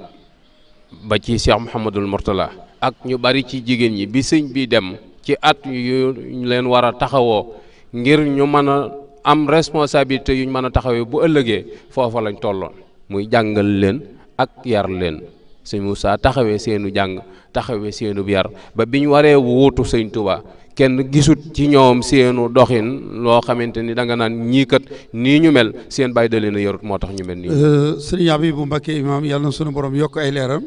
Speaker 2: ba ci Cheikh Mouhamadul Mourtala ak ñu bari ci jigéen ñi bi sëñ bi dem ci at yu ñu leen war a taxawoo ngir ñu mën a am responsabilité yuñ mën a taxawee bu ëllëgee foofa lañ tolloon muy jàngal leen ak yar leen sëñ Moussa taxawee seenu jàng taxawee seenu yar ba bi ñu waree wutu sëñ Touba kenn gisut ci ñoom seenu doxin loo xamante ni da nga naan ñiikat nii ñu mel seen bàyyi da leen a yarut moo tax ñu mel nii. Euh, sëñ
Speaker 1: Habibou Mbacké imaam yàlla na sunu borom yokk ay leeram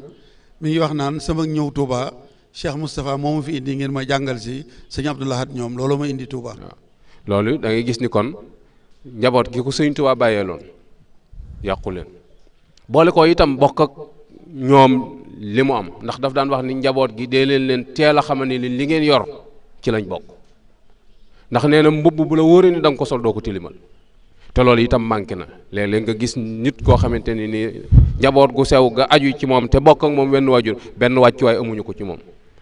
Speaker 1: mi ngi wax naan sama ñëw Touba Cheikh Moustapha moomu fi indi ngeen ma jàngal si sëñ Abdoul ñoom loolu ma indi Touba.
Speaker 2: loolu da ngay gis ni kon njaboot gi ko sëñ Tuubaa bàyyee loon yàqu leen boole ko itam bokk ak ñoom li mu am ndax daf daan wax ni njaboot gi dee leen leen teel a xamal ni li ngeen yor ci lañ bokk ndax nee na mbubb bu la wóoree ni da ko sol doo ko tilimal te loolu itam manqué na léeg nga gis nit koo xamante ni njaboot gu sew ga aju ci moom te bokk ak moom wenn waajur benn wàccuwaay amuñu ko ci moom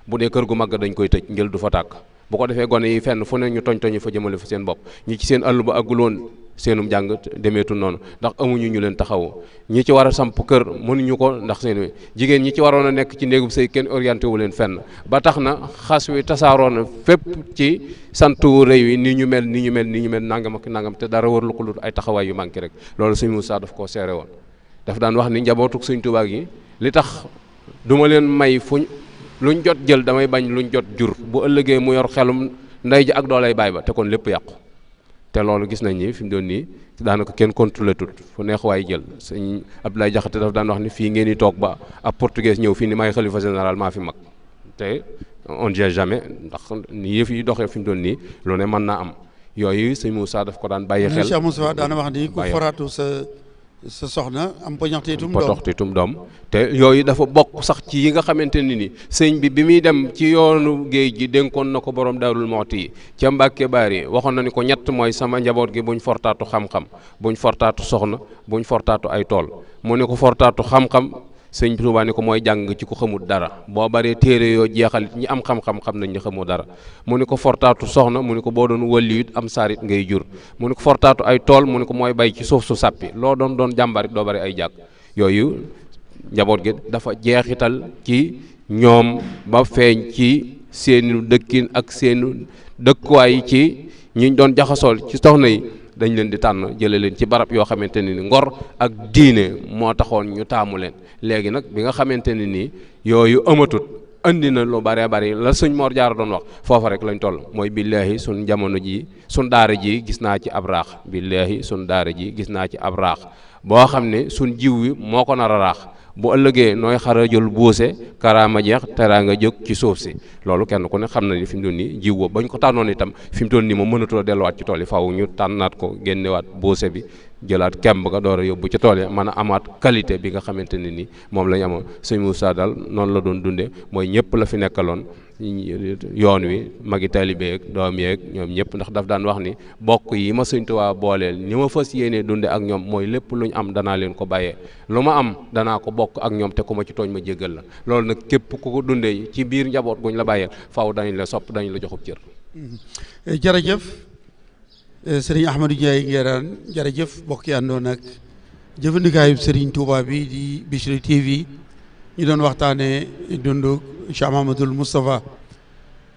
Speaker 2: bu dee kër gu mag dañ koy tëj njël du fa tàkk bu ko defee gone yi fenn fu ne ñu toñ toñu fa jëmale fa seen bopp ñi ci seen àll ba àggul woon seenum jàng demeetul noonu ndax amuñu ñu leen taxawu ñi ci war a samp kër mënuñu ko ndax seen jigéen ñi ci waroon a nekk ci néegum sëy kenn orienté wu leen fenn ba tax na xas wi tasaaroo na fépp ci sant wu rëy wi ni ñu mel ni ñu mel ni ñu mel nangam ak nangam te dara warlu ko lu ay taxawaay yu manqué rek loolu sëñ Moussa daf koo seere woon daf daan wax ni njabootuk sëñ Tuubaa luñ jot jël damay bañ luñ jot jur bu ëllëgee mu yor xelum ndey ji ak doolay baay ba te kon lépp yàqu te loolu gis nañ ni fi mu doon nii daanaka kenn contrôlé tut fu neex waay jël sëñ Abdoulaye Diakhaté daf daan wax ni fii ngeen di toog ba ab portugais ñëw fii ni maay xalifa général maa fi mag te on dirait jamais ndax ni yëf yi doxe fi mu doon nii lu ne mën naa am yooyu sëñ Moussa daf ko daan bàyyi xel. Cheikh Moussa daana wax ni ku foraatu
Speaker 1: sa. sa soxna am poñaxteetum doom poñaxteetum
Speaker 2: doom te yooyu dafa bokk sax ci yi nga xamante ni ni sëñ bi bi muy dem ci yoonu géej gi dénkoon na ko boroom daarul moxti yi ca Mbàkke yi waxoon na ni ko ñett mooy sama njaboot gi buñ fortaatu xam-xam buñ fortaatu soxna buñ fortaatu ay tool mu ne ko fortaatu xam-xam sëñ Tuubaa ne ko mooy jàng ci ko xamul dara boo baree téere yoo jeexal ñi am xam-xam xam nañ ñu dara mu ni ko fortaatu soxna mu ne ko boo doon wëlli am saarit ngay jur mu ne ko fortaatu ay tool mu ni ko mooy bay ci suuf su sàppi loo doon doon jàmbarit doo bari ay jàkk yooyu njaboot gi dafa jeexital ci ñoom ba feeñ ci seenu dëkkin ak seenu dëkkuwaay ci ñi doon jaxasool ci soxna yi dañ leen di tànn jële leen ci barab yoo xamante ne ni ngor ak diine moo taxoon ñu taamu leen léegi nag bi nga xamante ne nii yooyu amatut indi na lu bare bari la suñ Mor Jaara doon wax foofa rek lañ toll mooy billaahi suñ jamono jii suñ daara ji gis naa ci ab raax billaahi suñ daara ji gis naa ci ab raax boo xam ne suñ jiw wi moo ko nar a raax bu ëllëgee nooy xara jël buuse karaama jeex nga jóg ci suuf si loolu kenn ku ne xam na ni fi mu toll nii jiw boobu bañ ko tànnoon itam fi mu toll nii moom mënatoo delluwaat ci tool yi faaw ñu tànnaat ko génnewaat buuse bi jëlaat kemb nga door a yóbbu ci tool yi mën a amaat qualité bi nga xamante ne ni moom lañu ñu amoon sëñ Moussa noonu la doon dundee mooy ñëpp la fi nekkaloon. yoon wi magi taalibe ak doom yeeg ñoom ñëpp ndax daf daan wax ni bokk yi ma Sëñ Tuubaa booleel ni ma fas yéenee dunde ak ñoom mooy lépp lu ñu am danaa leen ko bàyyee lu ma am danaa ko bokk ak ñoom te ku ma ci tooñ ma jéggal la loolu nag képp ku ko dundee ci biir njaboot guñ la bàyyeel faaw dañ la sopp dañu la joxub cër
Speaker 1: mm-hmm. eh, jërëjëf eh, sëriñ Ahmadou Ndiaye Nguérane jërëjëf bokk yi àndoon ak jëfandikaayub sëriñ Touba bi di Bichri TV ñu doon waxtaanee dundu Cheikh Mahamadul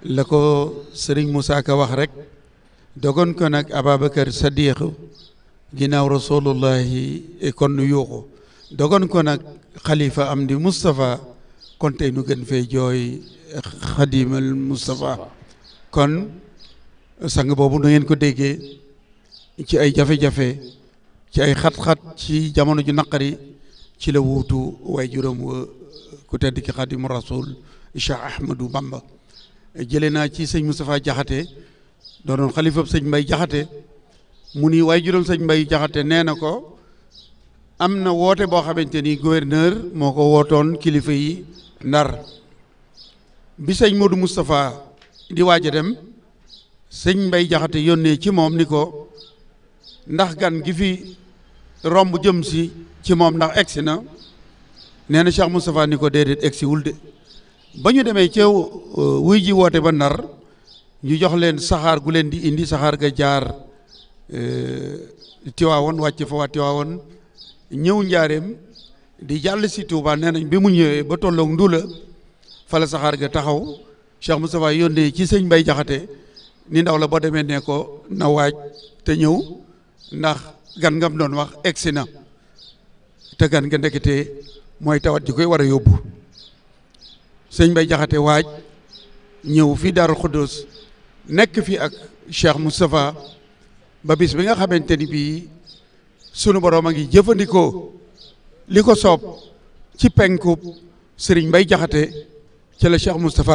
Speaker 1: la ko Serigne Moussa Ka wax rek dogon ko nag Ababacar Sadiq ginnaaw rasulullahi e kon nu yuuxu dogon ko nag xalifa am di Moustapha kon tey nu gën fee jooy xadimal Moustapha kon sang boobu nu ngeen ko déggee ci ay jafe-jafe ci ay xat-xat ci jamono ju naqari ci la wuutu waaye juróom wa ku tedd ki xaadimu rasul Cheikh Ahmadou Bamba jële naa ci sëñ Moustapha Jaxate doonoon xalifab sëñ Mbay Jaxate mu ni waaye juróom sëñ Mbay Jaxate nee na ko am na woote boo xamante ni gouverneur moo ko wootoon kilifa yi ndar bi sëñ Modou Moustapha di waaj a dem sëñ Mbay Jaxate yónnee ci moom ni ko ndax gan gifi romb jëm si ci moom ndax egsi na nee na Cheikh Moustapha ni ko déedéet egg si wul de ba ñu demee ca euh, wuy ji woote ba Ndar ñu jox leen saxaar gu leen di indi saxaar ga jaar euh, Tiwaawoon wàcc fa waa Tiwaawoon ñëw njaareem di jàll si Touba nee nañ bi mu ñëwee ba tolloog Ndula fala saxaar ga taxaw Cheikh Moustapha yónnee ci sëñ Mbay Jaxate ni ndaw la boo demee ne ko na waaj te ñëw ndax gan ngam doon wax egsi na te gan nga ndekete mooy tawat ji koy war a yóbbu sëñ Bay Jaxate waaj ñëw fii Daaru Xuddoos nekk fii ak Cheikh Moustapha ba bis bi nga xamante ni bii sunu borom a ngi jëfandikoo li ko soob ci penku sëriñ Bay Jaxate ci la Cheikh Moustapha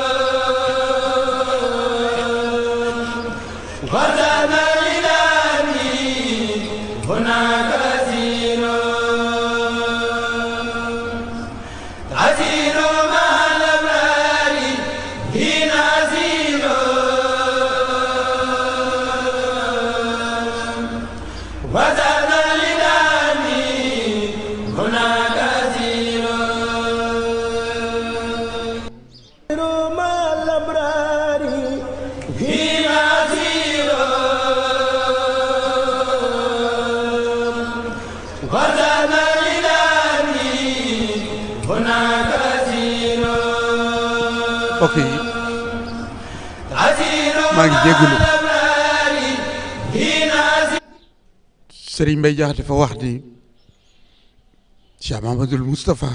Speaker 1: jéggulu sëriñ Mbay Jaxate fa wax ni Cheikh Mamadul Moustapha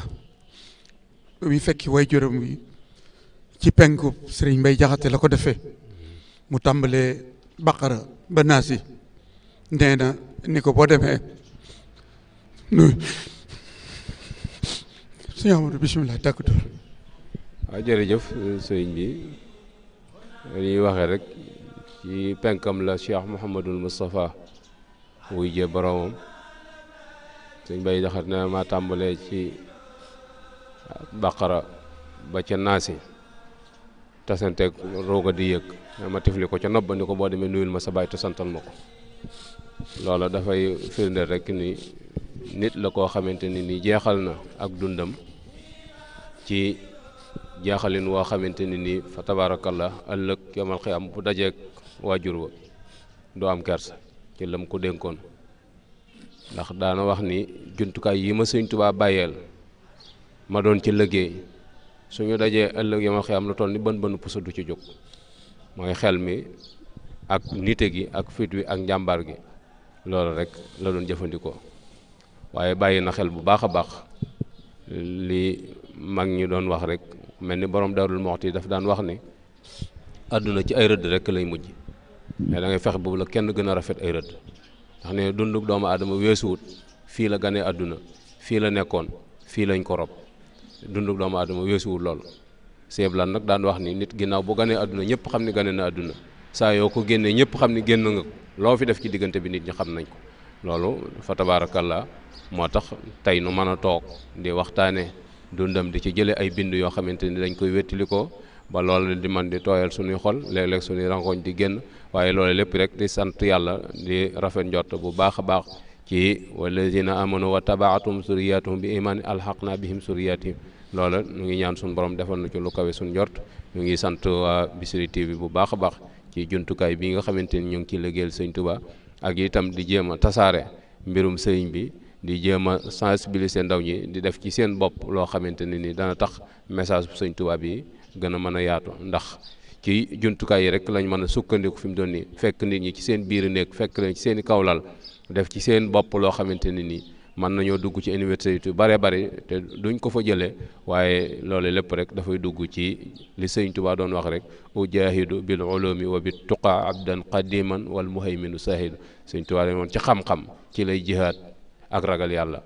Speaker 1: ba muy fekki way juróom bi ci penku sëriñ Mbay Jaxate la ko defe mu tàmbalee baqara ba naasi nee ni ko boo demee nu sëñ Amadou bisimilah tàkkutu
Speaker 2: waaw jërëjëf sëriñ bi dañuy rek ci penkam la cheikh Mouhamadul Moustapha wuy jee boromam suñ bay jaxat ne ma tàmbalee ci baqara ba ca naasi tasanteeg rooga di yëg ma tifli ko ca nopp ko boo demee nuyul ma sa baay te santal ma ko loola dafay firndeel rek ni nit la koo xamante ni ni jeexal na ak dundam ci jeexalin woo xamante ni nii fa tabaarakallah ëllëg yomal xiyaam bu dajeek waajur wa doo am kersa ci lam ko dénkoon ndax daana wax ni jumtukaay yi ma sëñ Tuubaa bàyyeel ma doon ci liggéey suñu dajee ëllëg yi ma xëy am lu toll ni bën bënu puso du ci jóg mooy xel mi ak nite gi ak fit wi ak njàmbaar gi loolu rek la doon jëfandikoo waaye bàyyi na xel bu baax a baax lii mag ñi doon wax rek mel ni borom Daarul Muxti daf daan wax ni àdduna ci ay rëdd rekk lay mujj mais dangay fexe boobu la kenn gën a rafet ay rëdd ndax ne dunduk doomu aadama weesuwut fii la ganee àdduna fii la nekkoon fii lañ ko rob dunduk doomu adama weesuwut lool seeb lan nag daan wax ni nit ginnaaw bu ganee àdduna ñëpp xam ne gane na àdduna saa yoo ko génnee ñëpp xam ne génn nga ko loo fi def ci diggante bi nit ñi xam nañ ko loolu fa tabaarakallaa moo tax tey nu mën a toog di waxtaane dundam di ci jële ay bind yoo xamante ni dañ koy wettili ko ba loolu di man di tooyal suñuy xol léeg-léeg suñuy rangoñ di génn waaye loolu lépp rek di sant yàlla di rafet njort bu baax a baax ci walladina amanu wa tabaatum suriyatuhum bi iman alxaqna bihim suriyatihim loola ñu ngi ñaan suñu borom defal na ci lu kawe suñu njort ñu ngi sant waa Bichri TV bu baax a baax ci jumtukaay bi nga xamante ni ñu ngi ciy liggéeyal sëñ ak itam di jéem a tasaare mbirum sëriñ bi di jéem a sensibiliser ndaw ñi di def ci seen bopp loo xamante ne ni dana tax message bu sëñ Tuubaa bi gën a mën a yaatu ndax ci jumtukaay yi rek lañ mën a sukkandiku fi mu doon nii fekk nit ñi ci seen biir nekk fekk leen ci seeni i kawlal def ci seen bopp loo xamante ne nii mën nañoo dugg ci université yu bare bare te duñ ko fa jëlee waaye loolu lépp rek dafay dugg ci li sëñ Tuubaa doon wax rek ujahidu bil ulumi wa bi tuqa abdan qadiman wal muhayminu sahidu sëñ Tuubaa woon ci xam-xam ci lay jihaad ak ragal yàlla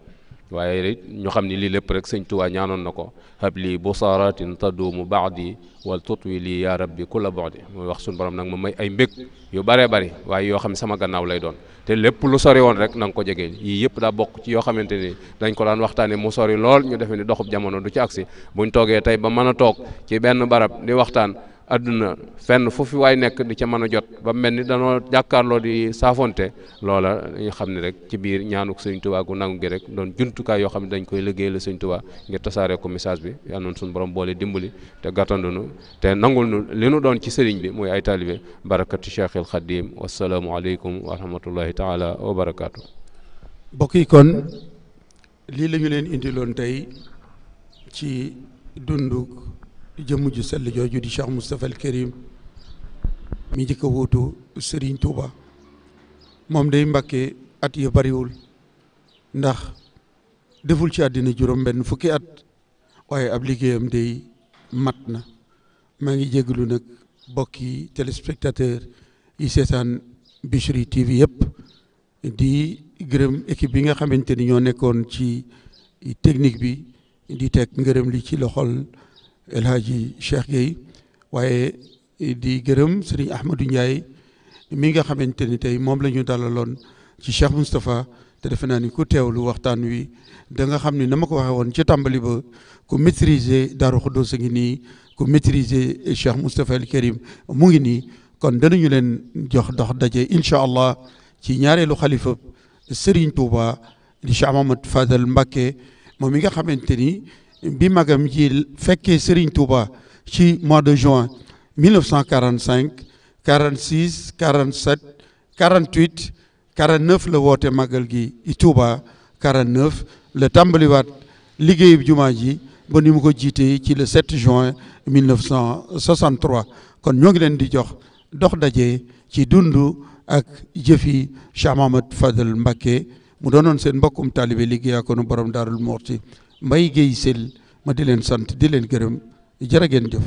Speaker 2: waaye ñoo xam ni lii lépp rek sëñ Tuubaa ñaanoon na ko hab lii busaaratin taduumu baadi wal tutwi lii yaa rabbi kulla baadi mooy wax suñu borom nag ma may ay mbég yu baree bari waaye yoo xam ne sama gannaaw lay doon te lépp lu sori woon rek na nga ko jege yii yëpp daa bokk ci yoo xamante ni dañ ko daan waxtaane mu sori lool ñu defe ni doxub jamono du ci agsi buñ toogee tey ba mën a toog ci benn barab di waxtaan àdduna fenn foofu waay nekk di ca mën a jot ba mel ni danoo jàkkaarloo di saafonte loola ñu xam ne rek ci biir ñaanuk Sëñ Tuubaa nangu gi rek doon jumtukaay yoo xam ne dañ koy liggéey la Sëñ Tuubaa ngir tasaaree ko message bi yal na suñu borom boole dimbali te gàttandunu te nangul nu li nu doon ci sëriñ bi muy ay taalibe barakatu Cheikhil Khadim wasalaamu aleykum wa rahmatullahi taala wa barakaatu.
Speaker 1: mbokk yi kon lii la ñu leen indiloon tey ci dunduk jëmm ju sell jooju di Cheikh Moustapha al Karim mi njëkk a wuutu Serigne Touba moom day mbakke at yu ndax deful ci àddina juróom benn fukki at waaye ab liggéeyam day mat na maa ngi jégalu nag bokki téléspectateur yi seetaan Bichri TV yëpp di gërëm équipe bi nga xamante ni ñoo nekkoon ci technique bi di teg ngërëm li ci loxol El Hadji Cheikh Gueye waaye di gërëm sëriñ Ahmadou Ndiaye mi nga xamante ni tey moom la ñu dalaloon ci Cheikh Moustapha te defe naa ni ku teewlu waxtaan wi danga nga xam ni na ma ko waxee woon ci tàmbali ba ku maîtriser Darou Khoudoss a ngi nii ku maîtriser Cheikh Moustapha El Karim mu ngi nii kon danañu leen jox dox daje incha allah ci ñaareelu xalifa Serigne Touba di Cheikh Mamadou Fadal Mbacké moom mi nga xamante ni. bi magam ji fekkee Serigne Touba ci mois de juin 1945 46 47 48 49 la woote maggal gi Touba 49 la tàmbaliwaat liggéeyu jumaa ji ba ni mu ko jiitee ci le 7 juin 1963 kon ñoo ngi leen di jox dox daje ci dundu ak jëfi Cheikh Mahamad Fadal Mbacké mu doonoon seen mbokkum taalibe liggéey ak nu borom Daarul Muxti mbay Guèye Syll ma di leen sant di leen gërëm jërë ngeen jof